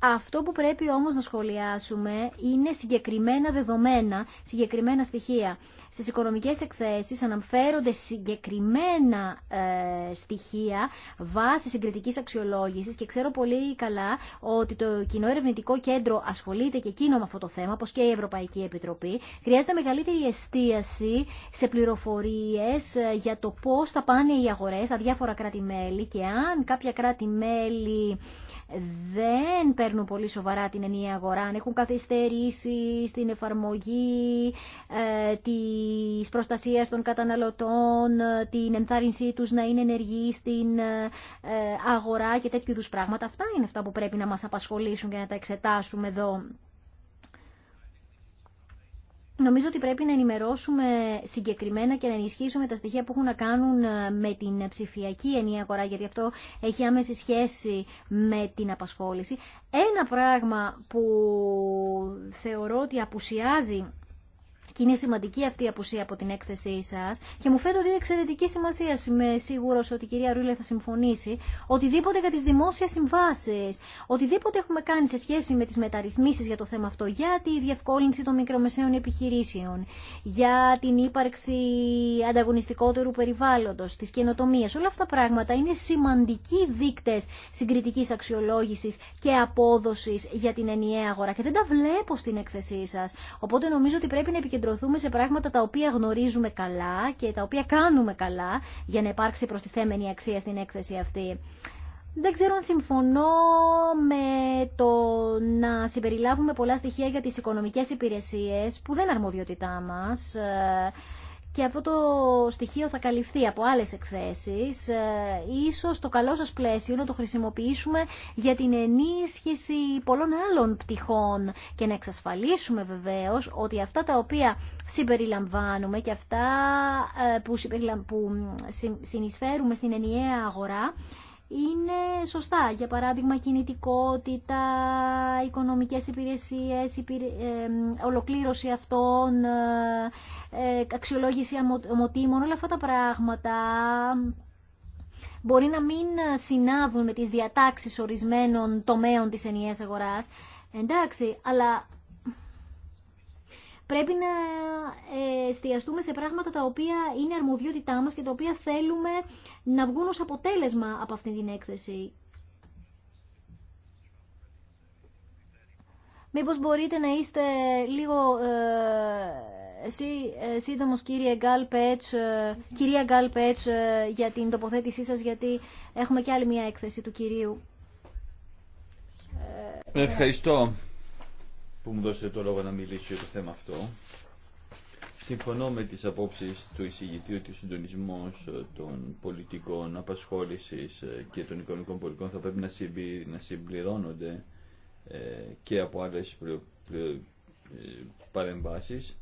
Αυτό που πρέπει όμως να σχολιάσουμε είναι συγκεκριμένα δεδομένα, συγκεκριμένα στοιχεία. Στις οικονομικές εκθέσεις αναφέρονται συγκεκριμένα ε, στοιχεία βάσει συγκριτικής αξιολόγησης και ξέρω πολύ καλά ότι το Κοινό Ερευνητικό Κέντρο ασχολείται και εκείνο με αυτό το θέμα, όπως και η Ευρωπαϊκή Επιτροπή. Χρειάζεται μεγαλύτερη εστίαση σε πληροφορίες ε, για το πώς θα πάνε οι αγορές στα διάφορα κράτη-μέλη και αν κάποια κράτη-μέλη δεν παίρνουν πολύ σοβαρά την ενιαία αγορά, αν έχουν καθυστερήσει στην εφαρμογή ε, της προστασίας των καταναλωτών, ε, την ενθάρρυνσή τους να είναι ενεργοί στην ε, ε, αγορά και τέτοιου είδους πράγματα. Αυτά είναι αυτά που πρέπει να μας απασχολήσουν και να τα εξετάσουμε εδώ. Νομίζω ότι πρέπει να ενημερώσουμε συγκεκριμένα και να ενισχύσουμε τα στοιχεία που έχουν να κάνουν ε, με την ψηφιακή ενία αγορά, γιατί αυτό έχει άμεση σχέση με την απασχόληση. Ένα πράγμα που θεωρώ ότι απουσιάζει και είναι σημαντική αυτή η απουσία από την έκθεσή σα και μου φαίνεται ότι είναι εξαιρετική σημασία. Είμαι σίγουρο ότι η κυρία Ρούλε θα συμφωνήσει. Οτιδήποτε για τι δημόσιε συμβάσει, οτιδήποτε έχουμε κάνει σε σχέση με τι μεταρρυθμίσει για το θέμα αυτό, για τη διευκόλυνση των μικρομεσαίων επιχειρήσεων, για την ύπαρξη ανταγωνιστικότερου περιβάλλοντο, τη καινοτομία. όλα αυτά τα πράγματα είναι σημαντικοί δείκτες συγκριτική αξιολόγηση και απόδοση για την ενιαία αγορά και δεν τα βλέπω στην έκθεσή σα. Οπότε νομίζω ότι πρέπει να επικεντρωθούμε επικεντρωθούμε σε πράγματα τα οποία γνωρίζουμε καλά και τα οποία κάνουμε καλά για να υπάρξει προστιθέμενη αξία στην έκθεση αυτή. Δεν ξέρω αν συμφωνώ με το να συμπεριλάβουμε πολλά στοιχεία για τις οικονομικές υπηρεσίες που δεν αρμοδιότητά μας και αυτό το στοιχείο θα καλυφθεί από άλλες εκθέσεις. Ε, ίσως το καλό σας πλαίσιο να το χρησιμοποιήσουμε για την ενίσχυση πολλών άλλων πτυχών και να εξασφαλίσουμε βεβαίως ότι αυτά τα οποία συμπεριλαμβάνουμε και αυτά ε, που συνεισφέρουμε στην ενιαία αγορά είναι σωστά. Για παράδειγμα, κινητικότητα, οικονομικές υπηρεσίες, ολοκλήρωση αυτών, ε, ε αξιολόγηση ομοτήμων, όλα αυτά τα πράγματα μπορεί να μην συνάδουν με τις διατάξεις ορισμένων τομέων της ενιαίας αγοράς. Εντάξει, αλλά πρέπει να ε, εστιαστούμε σε πράγματα τα οποία είναι αρμοδιότητά μας και τα οποία θέλουμε να βγουν ως αποτέλεσμα από αυτή την έκθεση. Μήπως μπορείτε να είστε λίγο ε, ε σύντομος κύριε Γκάλ ε, κυρία Γκάλ Πέτς για την τοποθέτησή σας γιατί έχουμε και άλλη μια έκθεση του κυρίου. Ευχαριστώ που μου δώσετε το λόγο να μιλήσω για το θέμα αυτό. Συμφωνώ με τις απόψεις του εισηγητή ότι ο συντονισμός ε, των πολιτικών απασχόλησης ε, και των οικονομικών πολιτικών θα πρέπει να συμπληρώνονται ε, και από άλλες παρεμβάσεις.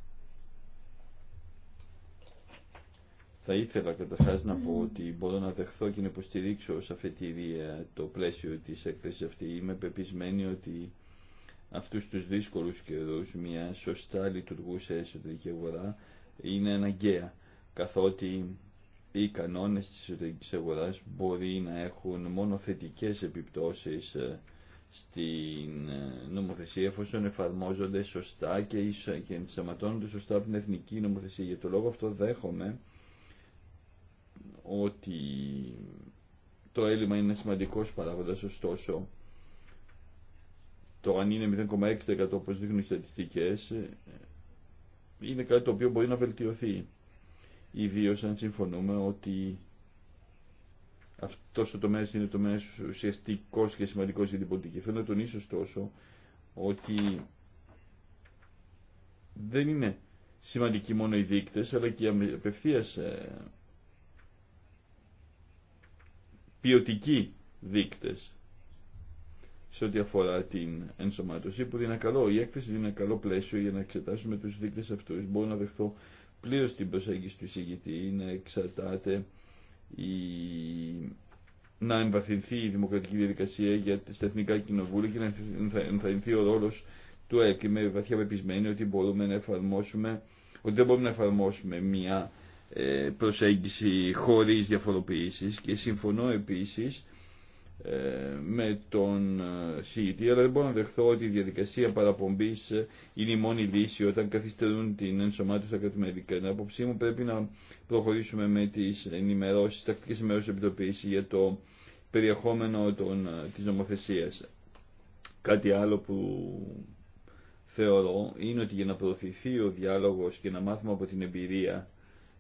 Θα ήθελα καταρχά να πω ότι μπορώ να δεχθώ και να υποστηρίξω ως αφετηρία το πλαίσιο της έκθεσης αυτή. Είμαι πεπισμένη ότι αυτούς τους δύσκολους καιρούς μια σωστά λειτουργούσα εσωτερική αγορά είναι αναγκαία, καθότι οι κανόνες της εσωτερικής αγοράς μπορεί να έχουν μόνο θετικές επιπτώσεις ε, στην ε, νομοθεσία εφόσον εφαρμόζονται σωστά και ενσωματώνονται σωστά από την εθνική νομοθεσία. Για το λόγο αυτό δέχομαι ότι το έλλειμμα είναι σημαντικός παράγοντας, ωστόσο το αν είναι 0,6% όπως δείχνουν οι στατιστικές ε, είναι κάτι το οποίο μπορεί να βελτιωθεί. Ιδίω αν συμφωνούμε ότι αυτό ο τομέας είναι μέσο ουσιαστικό και σημαντικό για την πολιτική. Θέλω να τονίσω ωστόσο ότι δεν είναι σημαντικοί μόνο οι δείκτε, αλλά και η απευθείας ε, ποιοτικοί δείκτες σε ό,τι αφορά την ενσωμάτωση που είναι καλό, η έκθεση είναι ένα καλό πλαίσιο για να εξετάσουμε τους δείκτες αυτούς. Μπορώ να δεχθώ πλήρως την προσέγγιση του εισηγητή, να εξαρτάται η... να εμβαθυνθεί η δημοκρατική διαδικασία για τα εθνικά κοινοβούλια και να ενθαρρυνθεί ο ρόλος του ΕΚ. Είμαι βαθιά πεπισμένη ότι μπορούμε να εφαρμόσουμε, ότι δεν μπορούμε να εφαρμόσουμε μια ε, προσέγγιση χωρίς διαφοροποίηση και συμφωνώ επίσης ε, με τον ε, ΣΥΓΙΤΗ, αλλά δεν μπορώ να δεχθώ ότι η διαδικασία παραπομπής ε, είναι η μόνη λύση όταν καθυστερούν την ενσωμάτωση στα κρατημερικά. Την άποψή μου πρέπει να προχωρήσουμε με τις ενημερώσεις, τακτικές ενημερώσεις επιτροπής για το περιεχόμενο των, της νομοθεσίας. Κάτι άλλο που θεωρώ είναι ότι για να προωθηθεί ο διάλογος και να μάθουμε από την εμπειρία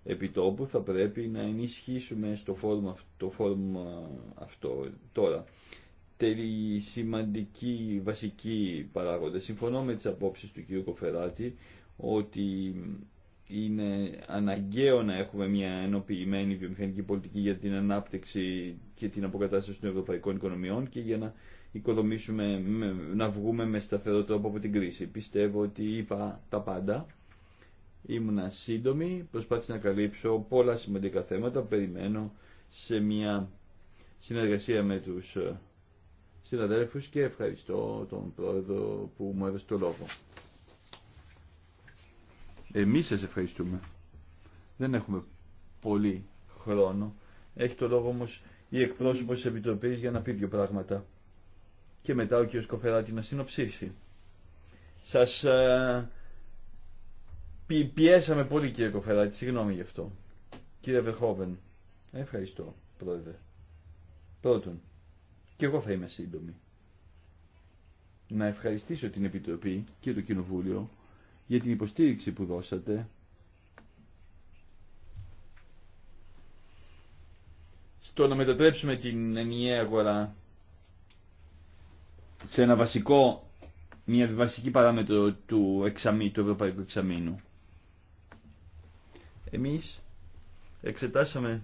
επιτόπου θα πρέπει να ενισχύσουμε στο φόρουμ, το φόρουμ αυτό τώρα. Τελει σημαντική, βασική παράγοντες. Συμφωνώ με τις απόψεις του κ. Κοφεράτη ότι είναι αναγκαίο να έχουμε μια ενοποιημένη βιομηχανική πολιτική για την ανάπτυξη και την αποκατάσταση των ευρωπαϊκών οικονομιών και για να οικοδομήσουμε, να βγούμε με σταθερό τρόπο από την κρίση. Πιστεύω ότι είπα τα πάντα Ήμουνα σύντομη, προσπάθησα να καλύψω πολλά σημαντικά θέματα, περιμένω σε μια συνεργασία με τους ε, συναδέλφους και ευχαριστώ τον πρόεδρο που μου έδωσε το λόγο. Εμείς σας ευχαριστούμε. Δεν έχουμε πολύ χρόνο. Έχει το λόγο όμως η εκπρόσωπος της για να πει δύο πράγματα. Και μετά ο κ. Σκοφεράτη να συνοψίσει. Σας ε, Πι, πιέσαμε πολύ κύριε Κοφεράτη, συγγνώμη γι' αυτό. Κύριε Βεχόβεν, ευχαριστώ πρόεδρε. Πρώτον, και εγώ θα είμαι σύντομη. Να ευχαριστήσω την Επιτροπή και το Κοινοβούλιο για την υποστήριξη που δώσατε στο να μετατρέψουμε την ενιαία αγορά σε ένα βασικό, μια βασική παράμετρο του, εξαμή, του ευρωπαϊκού εξαμήνου. Εμείς εξετάσαμε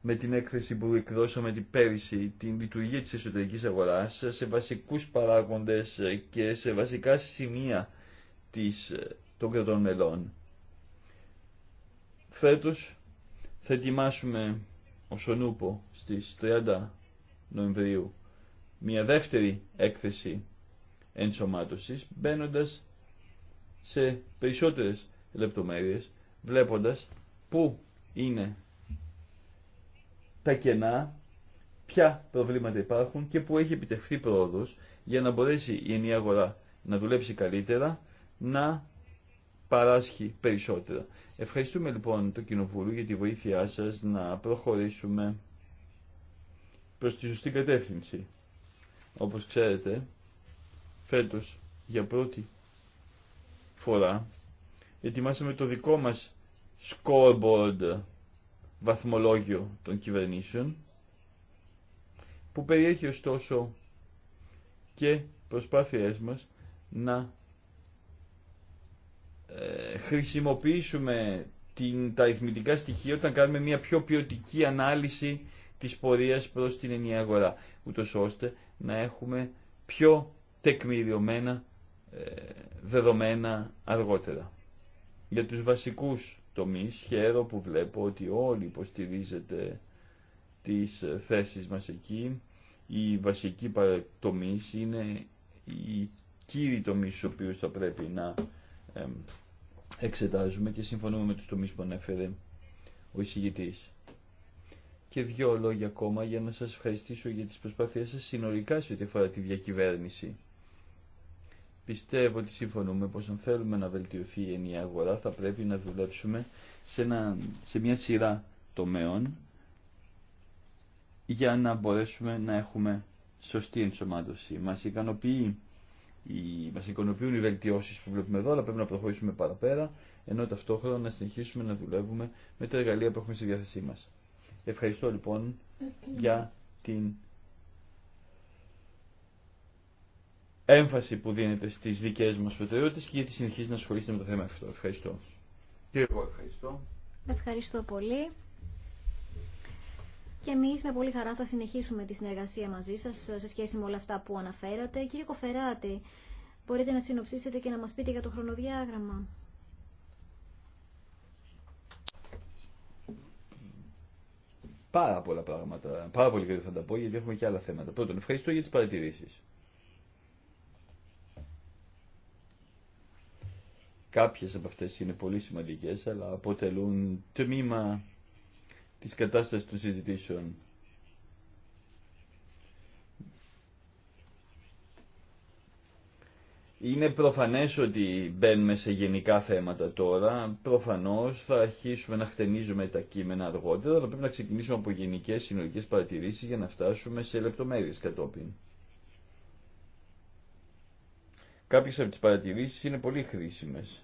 με την έκθεση που εκδώσαμε πέρυσι την λειτουργία της εσωτερικής αγοράς σε βασικούς παράγοντες και σε βασικά σημεία της, των κρατών μελών. Φέτος θα ετοιμάσουμε ο Σονούπο στις 30 Νοεμβρίου μια δεύτερη έκθεση ενσωμάτωσης μπαίνοντας σε περισσότερες λεπτομέρειες βλέποντας πού είναι τα κενά, ποια προβλήματα υπάρχουν και πού έχει επιτευχθεί πρόοδος για να μπορέσει η ενιαία αγορά να δουλέψει καλύτερα, να παράσχει περισσότερα. Ευχαριστούμε λοιπόν το Κοινοβούλιο για τη βοήθειά σας να προχωρήσουμε προς τη σωστή κατεύθυνση. Όπως ξέρετε, φέτος για πρώτη φορά ετοιμάσαμε το δικό μας scoreboard βαθμολόγιο των κυβερνήσεων που περιέχει ωστόσο και προσπάθειές μας να ε, χρησιμοποιήσουμε την, τα αριθμητικά στοιχεία όταν κάνουμε μια πιο ποιοτική ανάλυση της πορείας προς την ενιαία αγορά, ούτως ώστε να έχουμε πιο τεκμηριωμένα ε, δεδομένα αργότερα. Για τους βασικούς τομείς χαίρο που βλέπω ότι όλοι υποστηρίζετε τις θέσεις μας εκεί. Οι βασικοί τομείς είναι οι κύριοι τομείς στους οποίους θα πρέπει να εξετάζουμε και συμφωνούμε με τους τομείς που ανέφερε ο εισηγητής. Και δύο λόγια ακόμα για να σας ευχαριστήσω για τις προσπάθειές σας συνολικά σε ό,τι αφορά τη διακυβέρνηση. Πιστεύω ότι συμφωνούμε πως αν θέλουμε να βελτιωθεί η ενιαία αγορά θα πρέπει να δουλέψουμε σε, σε μια σειρά τομέων για να μπορέσουμε να έχουμε σωστή ενσωμάτωση. Μας, ικανοποιεί, οι, μας ικανοποιούν οι βελτιώσεις που βλέπουμε εδώ, αλλά πρέπει να προχωρήσουμε παραπέρα, ενώ ταυτόχρονα να συνεχίσουμε να δουλεύουμε με τα εργαλεία που έχουμε στη διάθεσή μας. Ευχαριστώ λοιπόν για την έμφαση που δίνεται στις δικέ μα προτεραιότητε και γιατί συνεχίζει να ασχολείστε με το θέμα αυτό. Ευχαριστώ. Και εγώ ευχαριστώ. Ευχαριστώ πολύ. Και εμεί με πολύ χαρά θα συνεχίσουμε τη συνεργασία μαζί σα σε σχέση με όλα αυτά που αναφέρατε. Κύριε Κοφεράτη, μπορείτε να συνοψίσετε και να μα πείτε για το χρονοδιάγραμμα. Πάρα πολλά πράγματα, πάρα πολύ καλή θα τα πω γιατί έχουμε και άλλα θέματα. Πρώτον, ευχαριστώ για τι παρατηρήσει. Κάποιες από αυτές είναι πολύ σημαντικές, αλλά αποτελούν τμήμα της κατάστασης των συζητήσεων. Είναι προφανές ότι μπαίνουμε σε γενικά θέματα τώρα. Προφανώς θα αρχίσουμε να χτενίζουμε τα κείμενα αργότερα, αλλά πρέπει να ξεκινήσουμε από γενικές συνολικές παρατηρήσεις για να φτάσουμε σε λεπτομέρειες κατόπιν. Κάποιες από τις παρατηρήσεις είναι πολύ χρήσιμες.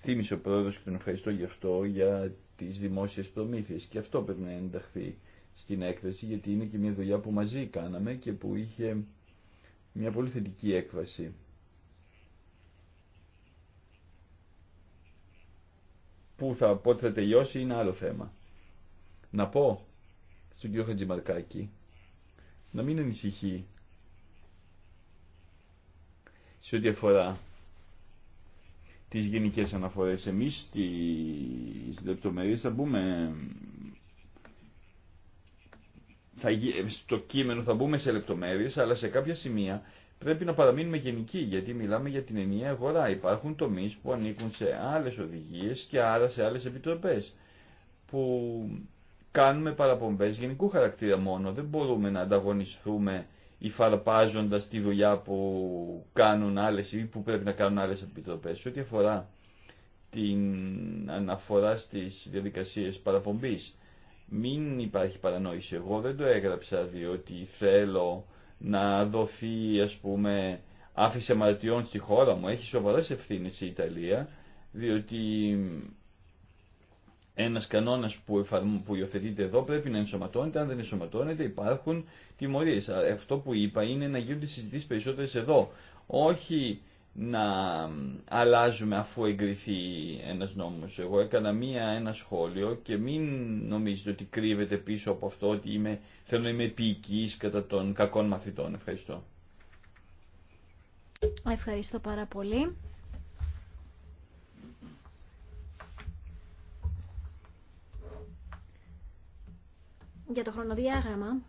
Θύμισε ο πρόεδρος και τον ευχαριστώ γι' αυτό για τις δημόσιες προμήθειες και αυτό πρέπει να ενταχθεί στην έκθεση γιατί είναι και μια δουλειά που μαζί κάναμε και που είχε μια πολύ θετική έκβαση. Πού θα, πότε θα τελειώσει είναι άλλο θέμα. Να πω στον κύριο Χατζημαρκάκη να μην ανησυχεί σε ό,τι αφορά τις γενικές αναφορές. Εμείς στις λεπτομερίες θα μπούμε στο κείμενο θα μπούμε σε λεπτομέρειες, αλλά σε κάποια σημεία πρέπει να παραμείνουμε γενικοί, γιατί μιλάμε για την ενιαία αγορά. Υπάρχουν τομείς που ανήκουν σε άλλες οδηγίες και άρα σε άλλες επιτροπές, που κάνουμε παραπομπές γενικού χαρακτήρα μόνο. Δεν μπορούμε να ανταγωνιστούμε υφαρπάζοντα τη δουλειά που κάνουν άλλες ή που πρέπει να κάνουν άλλες επιτροπέ. Ό,τι αφορά την αναφορά στι διαδικασίε παραπομπή, μην υπάρχει παρανόηση. Εγώ δεν το έγραψα διότι θέλω να δοθεί α πούμε άφησε μαρτιών στη χώρα μου. Έχει σοβαρέ ευθύνες η Ιταλία διότι ένας κανόνας που, που υιοθετείται εδώ πρέπει να ενσωματώνεται. Αν δεν ενσωματώνεται υπάρχουν τιμωρίες. Αυτό που είπα είναι να γίνονται συζητήσεις περισσότερες εδώ. Όχι να αλλάζουμε αφού εγκριθεί ένας νόμος. Εγώ έκανα μία, ένα σχόλιο και μην νομίζετε ότι κρύβεται πίσω από αυτό ότι είμαι, θέλω να είμαι επίοικης κατά των κακών μαθητών. Ευχαριστώ. Ευχαριστώ πάρα πολύ. για το χρονοδιάγραμμα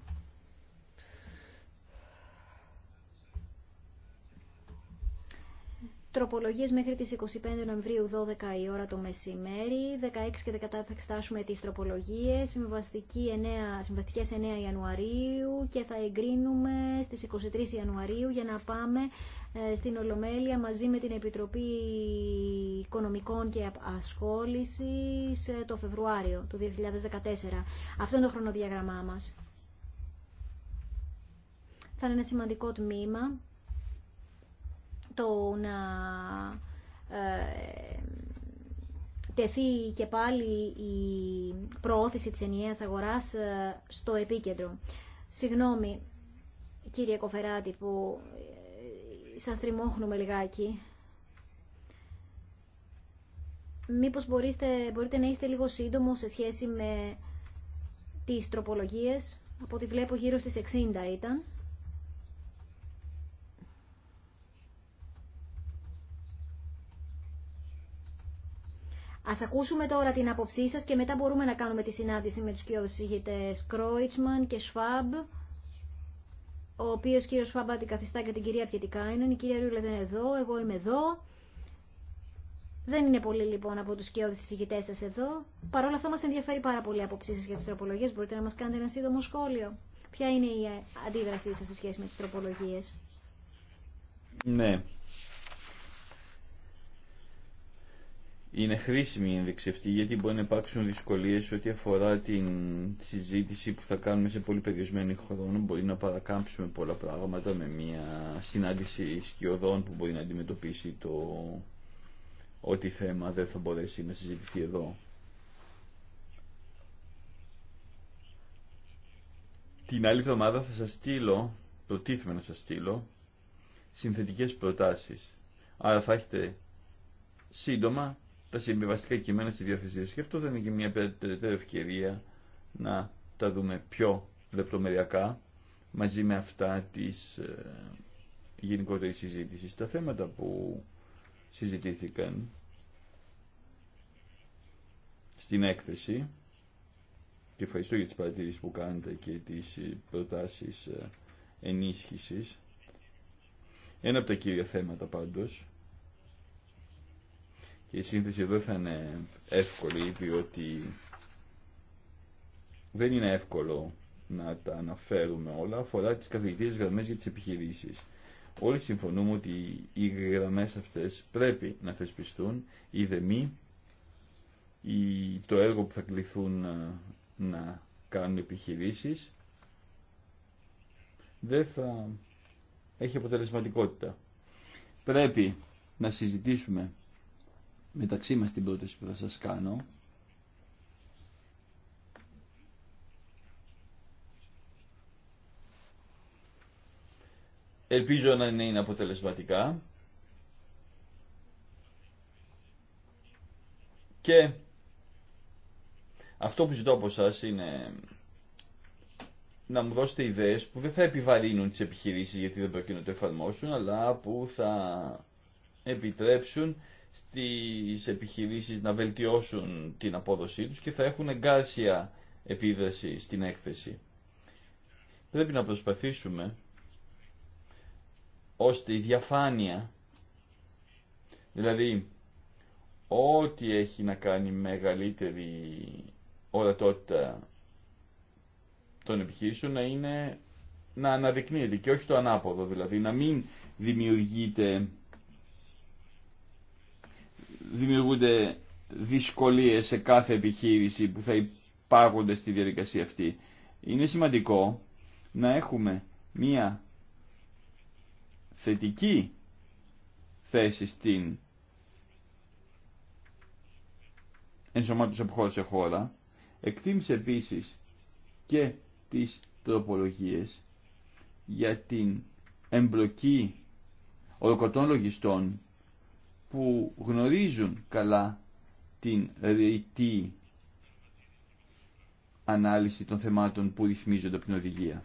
Τροπολογίε μέχρι τι 25 Νοεμβρίου 12 η ώρα το μεσημέρι. 16 και 17 θα εξετάσουμε τις τροπολογίες. συμβαστικέ 9, συμβαστικές 9 Ιανουαρίου και θα εγκρίνουμε στις 23 Ιανουαρίου για να πάμε ε, στην Ολομέλεια μαζί με την Επιτροπή Οικονομικών και Ασχόλησης ε, το Φεβρουάριο του 2014. Αυτό είναι το χρονοδιαγραμμά μα. Θα είναι ένα σημαντικό τμήμα το να ε, τεθεί και πάλι η προώθηση της ενιαίας αγοράς ε, στο επίκεντρο. Συγγνώμη, κύριε Κοφεράτη, που ε, σας τριμώχνουμε λιγάκι. Μήπως μπορείτε να είστε λίγο σύντομο σε σχέση με τις τροπολογίες. Από ό,τι βλέπω γύρω στις 60 ήταν. Ας ακούσουμε τώρα την άποψή σας και μετά μπορούμε να κάνουμε τη συνάντηση με τους κύριους συζητητές Κρόιτσμαν και Σφάμπ, ο οποίος κύριος Σφάμπ αντικαθιστά και την κυρία Πιετικάινεν, η κυρία Ρούλε δεν είναι εδώ, εγώ είμαι εδώ. Δεν είναι πολύ λοιπόν από τους κοιόδους συζητητές σας εδώ. Παρ' όλα αυτά μας ενδιαφέρει πάρα πολύ η απόψή σας για τις τροπολογίες. Μπορείτε να μας κάνετε ένα σύντομο σχόλιο. Ποια είναι η αντίδρασή σας σε σχέση με τις τροπολογίες. Ναι, είναι χρήσιμη η ένδειξη αυτή γιατί μπορεί να υπάρξουν δυσκολίε ό,τι αφορά την συζήτηση που θα κάνουμε σε πολύ περιορισμένο χρόνο. Μπορεί να παρακάμψουμε πολλά πράγματα με μια συνάντηση σκιωδών που μπορεί να αντιμετωπίσει το ό,τι θέμα δεν θα μπορέσει να συζητηθεί εδώ. Την άλλη εβδομάδα θα σας στείλω, προτίθεμαι να σας στείλω, συνθετικές προτάσεις. Άρα θα έχετε σύντομα τα συμβιβαστικά κείμενα στη διάθεσή σα. Και αυτό θα είναι και μια περαιτέρω ευκαιρία να τα δούμε πιο λεπτομεριακά μαζί με αυτά τη ε, γενικότερης συζήτησης. Τα θέματα που συζητήθηκαν στην έκθεση και ευχαριστώ για τις παρατηρήσεις που κάνετε και τις ε, προτάσεις ε, ενίσχυσης. Ένα από τα κύρια θέματα πάντως και η σύνθεση εδώ θα είναι εύκολη, διότι δεν είναι εύκολο να τα αναφέρουμε όλα, αφορά τις καθηγητές γραμμές για τις επιχειρήσεις. Όλοι συμφωνούμε ότι οι γραμμές αυτές πρέπει να θεσπιστούν, η μη ή το έργο που θα κληθούν ε, να κάνουν επιχειρήσεις, δεν θα έχει αποτελεσματικότητα. Πρέπει να συζητήσουμε μεταξύ μας την πρόταση που θα σας κάνω Ελπίζω να είναι αποτελεσματικά και αυτό που ζητώ από σας είναι να μου δώσετε ιδέες που δεν θα επιβαρύνουν τις επιχειρήσεις γιατί δεν πρόκειται να το εφαρμόσουν αλλά που θα επιτρέψουν στις επιχειρήσεις να βελτιώσουν την απόδοσή τους και θα έχουν εγκάρσια επίδραση στην έκθεση. Πρέπει να προσπαθήσουμε ώστε η διαφάνεια, δηλαδή ό,τι έχει να κάνει μεγαλύτερη ορατότητα των επιχειρήσεων να είναι να αναδεικνύεται και όχι το ανάποδο, δηλαδή να μην δημιουργείται δημιουργούνται δυσκολίες σε κάθε επιχείρηση που θα υπάγονται στη διαδικασία αυτή. Είναι σημαντικό να έχουμε μία θετική θέση στην ενσωμάτωση από χώρα σε χώρα. Εκτίμησε επίσης και τις τροπολογίες για την εμπλοκή ορκωτών λογιστών που γνωρίζουν καλά την ρητή ανάλυση των θεμάτων που ρυθμίζονται από την οδηγία.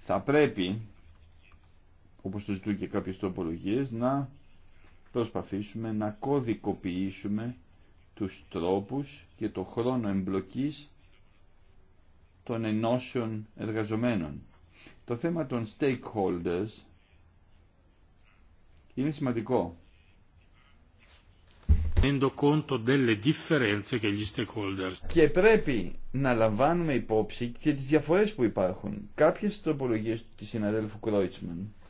Θα πρέπει, όπως το ζητούν και κάποιες τροπολογίες, να προσπαθήσουμε να κωδικοποιήσουμε τους τρόπους και το χρόνο εμπλοκής των ενώσεων εργαζομένων. Το θέμα των stakeholders είναι σημαντικό. Και πρέπει να λαμβάνουμε υπόψη και τις διαφορές που υπάρχουν. Κάποιες τροπολογίες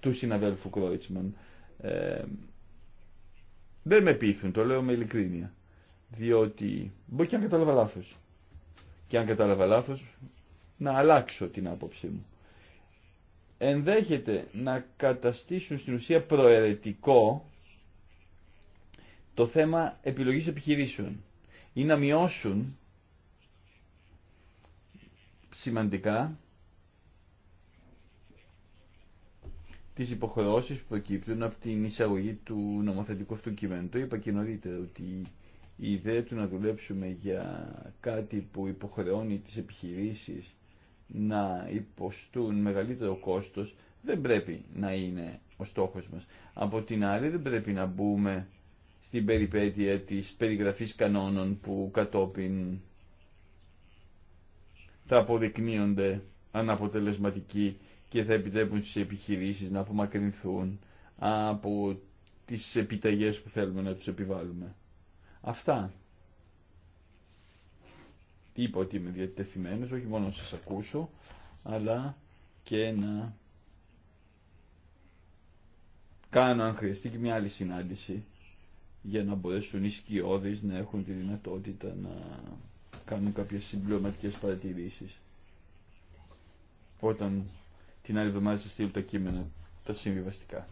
του συναδέλφου Κρόιτσμαν, ε, δεν με πείθουν, το λέω με ειλικρίνεια. Διότι μπορεί και αν κατάλαβα λάθος. Και αν κατάλαβα λάθος, να αλλάξω την άποψή μου ενδέχεται να καταστήσουν στην ουσία προαιρετικό το θέμα επιλογής επιχειρήσεων ή να μειώσουν σημαντικά τις υποχρεώσεις που προκύπτουν από την εισαγωγή του νομοθετικού αυτού κειμένου. Το είπα και νωρίτερα ότι η ιδέα του να δουλέψουμε για κάτι που υποχρεώνει τις επιχειρήσεις να υποστούν μεγαλύτερο κόστος δεν πρέπει να είναι ο στόχος μας. Από την άλλη δεν πρέπει να μπούμε στην περιπέτεια της περιγραφής κανόνων που κατόπιν θα αποδεικνύονται αναποτελεσματικοί και θα επιτρέπουν στις επιχειρήσεις να απομακρυνθούν από τις επιταγές που θέλουμε να τους επιβάλλουμε. Αυτά είπα ότι είμαι διατεθειμένος όχι μόνο να σας ακούσω αλλά και να κάνω αν χρειαστεί και μια άλλη συνάντηση για να μπορέσουν οι σκιώδεις να έχουν τη δυνατότητα να κάνουν κάποιες συμπληρωματικές παρατηρήσεις. Όταν την άλλη εβδομάδα σας στείλω τα κείμενα, τα συμβιβαστικά.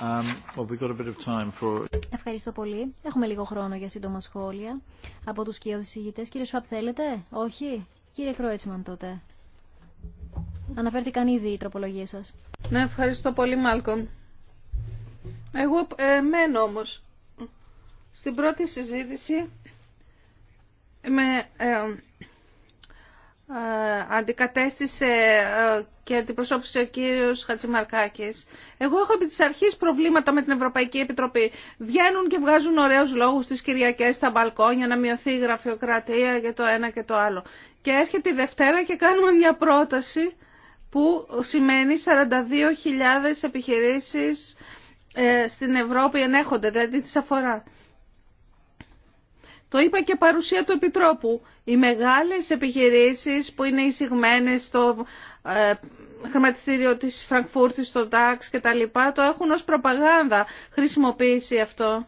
Um, ευχαριστώ πολύ. Έχουμε λίγο χρόνο για σύντομα σχόλια. Από τους κύριους συζητητές. Κύριε Σφαπ, θέλετε? Όχι. Κύριε Κρόετσμαν τότε. Αναφέρθηκαν ήδη οι τροπολογίες σας. Ναι, ευχαριστώ πολύ Μάλκομ. Εγώ ε, μένω όμως. Στην πρώτη συζήτηση με... Ε, ε, αντικατέστησε ε, και αντιπροσώπησε ο κύριος Χατζημαρκάκης. Εγώ έχω επί της αρχής προβλήματα με την Ευρωπαϊκή Επιτροπή. Βγαίνουν και βγάζουν ωραίους λόγους τις Κυριακές στα μπαλκόνια να μειωθεί η γραφειοκρατία για το ένα και το άλλο. Και έρχεται η Δευτέρα και κάνουμε μια πρόταση που σημαίνει 42.000 επιχειρήσεις ε, στην Ευρώπη ενέχονται, δηλαδή τις αφορά. Το είπα και παρουσία του Επιτρόπου. Οι μεγάλες επιχειρήσεις που είναι εισηγμένες στο ε, χρηματιστήριο της Φραγκφούρτης, στο DAX και τα λοιπά, το έχουν ως προπαγάνδα χρησιμοποίηση αυτό.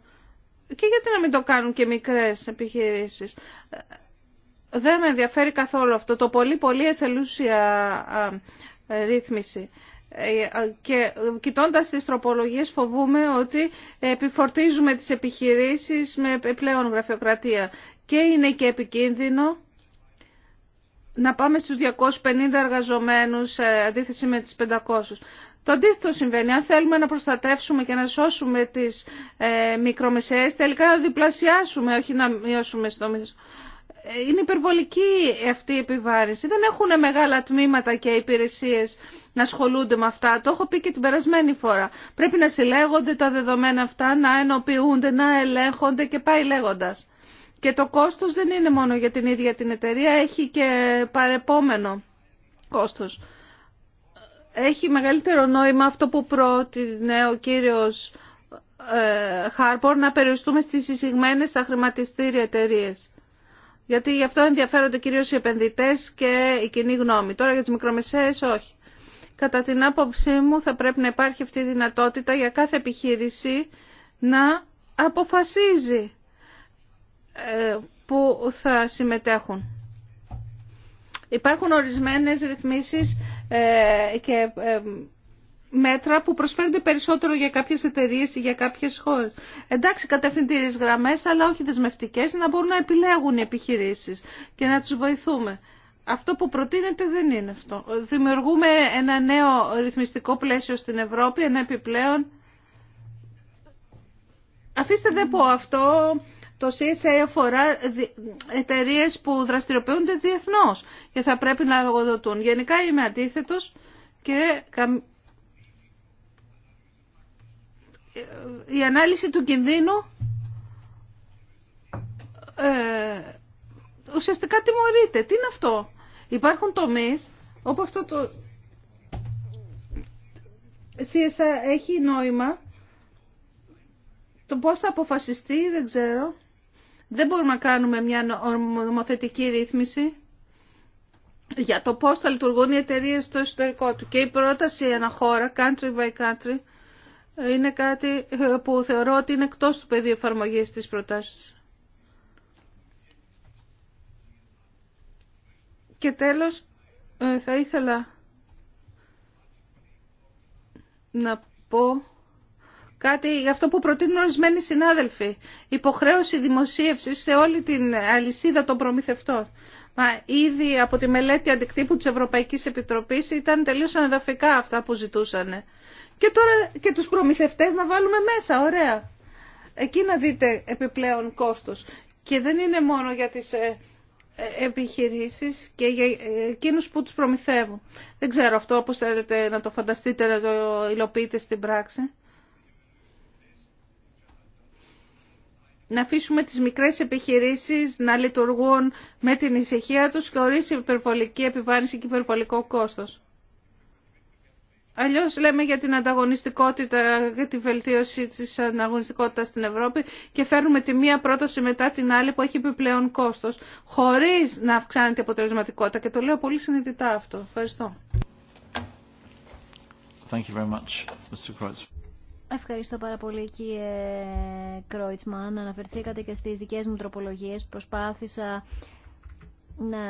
Και γιατί να μην το κάνουν και μικρές επιχειρήσεις. Ε, δεν με ενδιαφέρει καθόλου αυτό. Το πολύ πολύ εθελούσια ε, ρύθμιση. Ε, και ε, κοιτώντας τις τροπολογίες φοβούμε ότι ε, επιφορτίζουμε τις επιχειρήσεις με πλέον γραφειοκρατία και είναι και επικίνδυνο να πάμε στους 250 εργαζομένους σε αντίθεση με τις 500. Το αντίθετο συμβαίνει. Αν θέλουμε να προστατεύσουμε και να σώσουμε τις ε, μικρομεσαίες, τελικά να διπλασιάσουμε, όχι να μειώσουμε στο μισό είναι υπερβολική αυτή η επιβάρηση. Δεν έχουν μεγάλα τμήματα και υπηρεσίες να ασχολούνται με αυτά. Το έχω πει και την περασμένη φορά. Πρέπει να συλλέγονται τα δεδομένα αυτά, να ενοποιούνται, να ελέγχονται και πάει λέγοντας. Και το κόστος δεν είναι μόνο για την ίδια την εταιρεία, έχει και παρεπόμενο κόστος. Έχει μεγαλύτερο νόημα αυτό που πρότεινε ο κύριος ε, Χάρπορ να περιοριστούμε στις εισηγμένες στα χρηματιστήρια εταιρείες. Γιατί γι' αυτό ενδιαφέρονται κυρίως οι επενδυτέ και η κοινή γνώμη. Τώρα για τις μικρομεσαίες όχι. Κατά την άποψή μου θα πρέπει να υπάρχει αυτή η δυνατότητα για κάθε επιχείρηση να αποφασίζει ε, που θα συμμετέχουν. Υπάρχουν ορισμένες ρυθμίσεις ε, και ε, μέτρα που προσφέρονται περισσότερο για κάποιες εταιρείες ή για κάποιες χώρες. Εντάξει, κατευθυντήριες γραμμές, αλλά όχι δεσμευτικές, να μπορούν να επιλέγουν οι επιχειρήσεις και να τους βοηθούμε. Αυτό που προτείνεται δεν είναι αυτό. Δημιουργούμε ένα νέο ρυθμιστικό πλαίσιο στην Ευρώπη, ένα επιπλέον. Αφήστε δε πω αυτό, το CSA αφορά εταιρείε που δραστηριοποιούνται διεθνώς και θα πρέπει να λογοδοτούν. Γενικά είμαι αντίθετος και η ανάλυση του κινδύνου ε, ουσιαστικά τιμωρείται. Τι είναι αυτό. Υπάρχουν τομείς όπου αυτό το CSR έχει νόημα. Το πώς θα αποφασιστεί δεν ξέρω. Δεν μπορούμε να κάνουμε μια νομοθετική ρύθμιση για το πώς θα λειτουργούν οι εταιρείε στο εσωτερικό του. Και η πρόταση ένα χώρα country by country, είναι κάτι ε, που θεωρώ ότι είναι εκτός του πεδίου εφαρμογής της προτάσης. Και τέλος, ε, θα ήθελα να πω κάτι για αυτό που προτείνουν ορισμένοι συνάδελφοι. Υποχρέωση δημοσίευσης σε όλη την αλυσίδα των προμηθευτών. Μα ήδη από τη μελέτη αντικτύπου της Ευρωπαϊκής Επιτροπής ήταν τελείως αναδαφικά αυτά που ζητούσανε. Και τώρα και τους προμηθευτές να βάλουμε μέσα, ωραία. Εκεί να δείτε επιπλέον κόστος. Και δεν είναι μόνο για τις ε, ε, επιχειρήσεις και για ε, εκείνους που τους προμηθεύουν. Δεν ξέρω αυτό, όπως θέλετε να το φανταστείτε, να το υλοποιείτε στην πράξη. Να αφήσουμε τις μικρές επιχειρήσεις να λειτουργούν με την ησυχία τους και χωρίς υπερβολική επιβάρυνση και υπερβολικό κόστος. Αλλιώς λέμε για την ανταγωνιστικότητα, για τη βελτίωση της ανταγωνιστικότητας στην Ευρώπη και φέρνουμε τη μία πρόταση μετά την άλλη που έχει επιπλέον κόστος, χωρίς να αυξάνεται η αποτελεσματικότητα. Και το λέω πολύ συνειδητά αυτό. Ευχαριστώ. Ευχαριστώ πάρα πολύ κύριε Κρόιτσμαν. Αναφερθήκατε και στι δικέ μου τροπολογίε Προσπάθησα να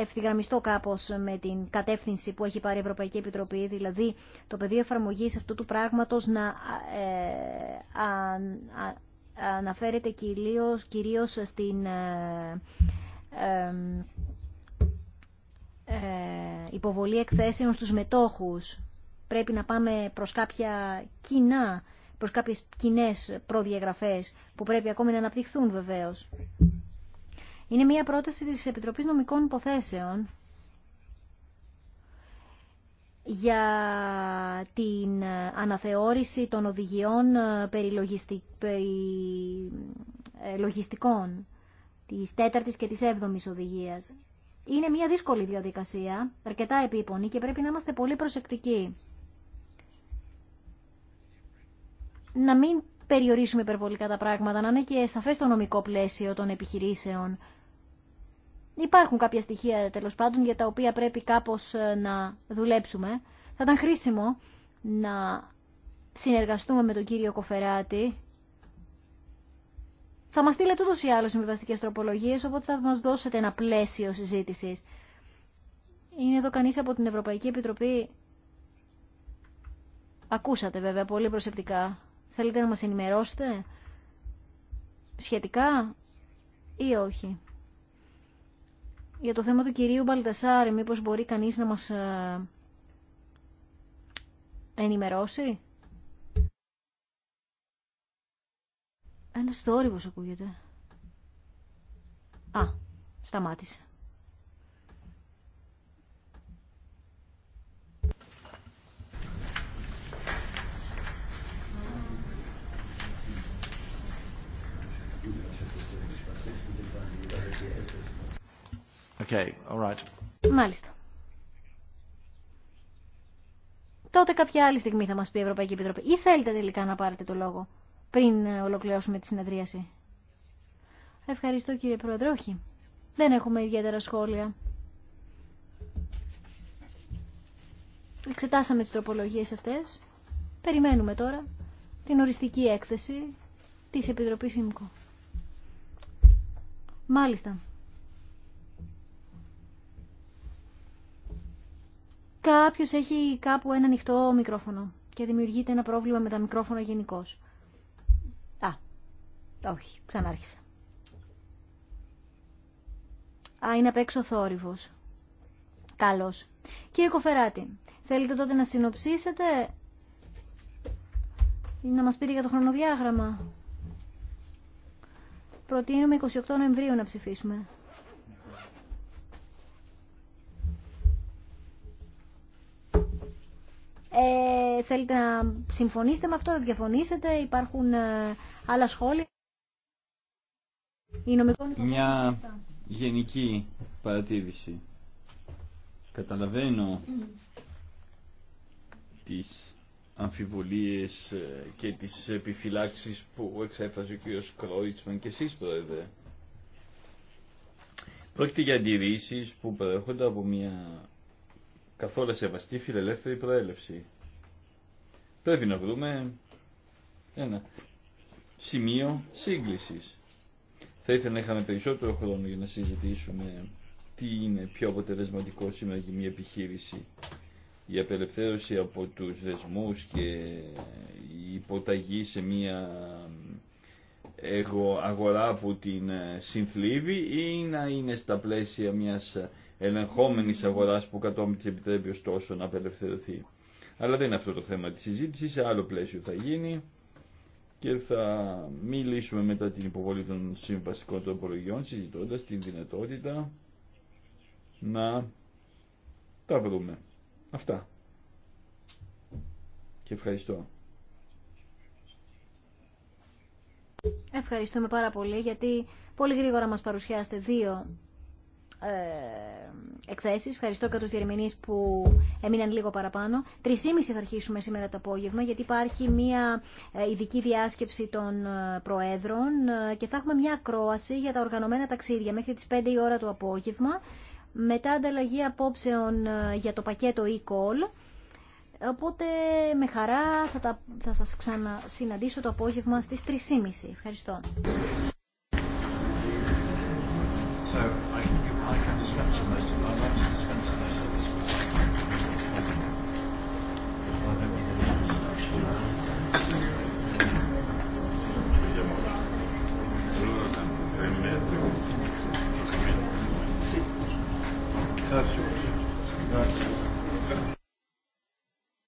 ευθυγραμμιστώ κάπως με την κατεύθυνση που έχει πάρει η Ευρωπαϊκή Επιτροπή, δηλαδή το πεδίο εφαρμογής αυτού του πράγματος να ε, αναφέρεται κυρίως, στην ε, ε, υποβολή εκθέσεων στους μετόχους. Πρέπει να πάμε προς κάποια κοινά, προς κάποιες κοινέ προδιαγραφές που πρέπει ακόμη να αναπτυχθούν βεβαίως. Είναι μια πρόταση της Επιτροπής Νομικών Υποθέσεων για την αναθεώρηση των οδηγιών περί ε, λογιστικών της τέταρτης και της έβδομης οδηγίας. Είναι μια δύσκολη διαδικασία, αρκετά επίπονη και πρέπει να είμαστε πολύ προσεκτικοί. Να μην περιορίσουμε υπερβολικά τα πράγματα, να είναι και σαφές το νομικό πλαίσιο των επιχειρήσεων Υπάρχουν κάποια στοιχεία τέλο πάντων για τα οποία πρέπει κάπως ε, να δουλέψουμε. Θα ήταν χρήσιμο να συνεργαστούμε με τον κύριο Κοφεράτη. Θα μας στείλετε ούτω ή άλλω συμβιβαστικέ τροπολογίες, οπότε θα μας δώσετε ένα πλαίσιο συζήτησης. Είναι εδώ κανείς από την Ευρωπαϊκή Επιτροπή. Ακούσατε βέβαια πολύ προσεκτικά. Θέλετε να μας ενημερώσετε σχετικά ή όχι για το θέμα του κυρίου Μπαλτασάρη, μήπως μπορεί κανείς να μας ε, ενημερώσει. Ένας θόρυβος ακούγεται. Α, σταμάτησε. Okay, all right. Μάλιστα. Τότε κάποια άλλη στιγμή θα μας πει η Ευρωπαϊκή Επιτροπή. Ή θέλετε τελικά να πάρετε το λόγο πριν ε, ολοκληρώσουμε τη συνεδρίαση. Ευχαριστώ κύριε Πρόεδρε. Όχι. Δεν έχουμε ιδιαίτερα σχόλια. Εξετάσαμε τις τροπολογίες αυτές. Περιμένουμε τώρα την οριστική έκθεση της Επιτροπής ΥΜΚΟ. Μάλιστα. Κάποιο έχει κάπου ένα ανοιχτό μικρόφωνο και δημιουργείται ένα πρόβλημα με τα μικρόφωνα γενικώ. Α, όχι, ξανάρχισα. Α, είναι απ' έξω θόρυβο. Καλώ. Κύριε Κοφεράτη, θέλετε τότε να συνοψίσετε ή να μας πείτε για το χρονοδιάγραμμα. Προτείνουμε 28 Νοεμβρίου να ψηφίσουμε. Ε, θέλετε να συμφωνήσετε με αυτό, να διαφωνήσετε, υπάρχουν ε, άλλα σχόλια. Μια γενική παρατήρηση. Καταλαβαίνω mm. τις αμφιβολίες ε, και τις επιφυλάξεις που εξέφαζε ο κ. Κρόιτσμαν και εσείς πρόεδρε. Πρόκειται για αντιρρήσεις που προέρχονται από μια καθόλου σεβαστή φιλελεύθερη προέλευση. Πρέπει να βρούμε ένα σημείο σύγκλησης. Θα ήθελα να είχαμε περισσότερο χρόνο για να συζητήσουμε τι είναι πιο αποτελεσματικό σήμερα για μια επιχείρηση. Η απελευθέρωση από τους δεσμούς και η υποταγή σε μια αγορά που την ε, συνθλίβει ή να είναι στα πλαίσια μιας ελεγχόμενη αγορά που κατόπιν τη επιτρέπει ωστόσο να απελευθερωθεί. Αλλά δεν είναι αυτό το θέμα τη συζήτηση, σε άλλο πλαίσιο θα γίνει και θα μιλήσουμε μετά την υποβολή των συμβαστικών τροπολογιών συζητώντα την δυνατότητα να τα βρούμε. Αυτά. Και ευχαριστώ. Ευχαριστούμε πάρα πολύ γιατί πολύ γρήγορα μας παρουσιάσετε δύο ε, εκθέσεις. Ευχαριστώ και τους διερμηνείς που έμειναν λίγο παραπάνω. 3.30 θα αρχίσουμε σήμερα το απόγευμα γιατί υπάρχει μια ε, ειδική διάσκεψη των ε, προέδρων και θα έχουμε μια ακρόαση για τα οργανωμένα ταξίδια μέχρι τις 5 η ώρα το απόγευμα μετά ανταλλαγή απόψεων για το πακέτο e-call. Οπότε με χαρά θα, τα, θα σας ξανασυναντήσω το απόγευμα στις 3.30. Ευχαριστώ.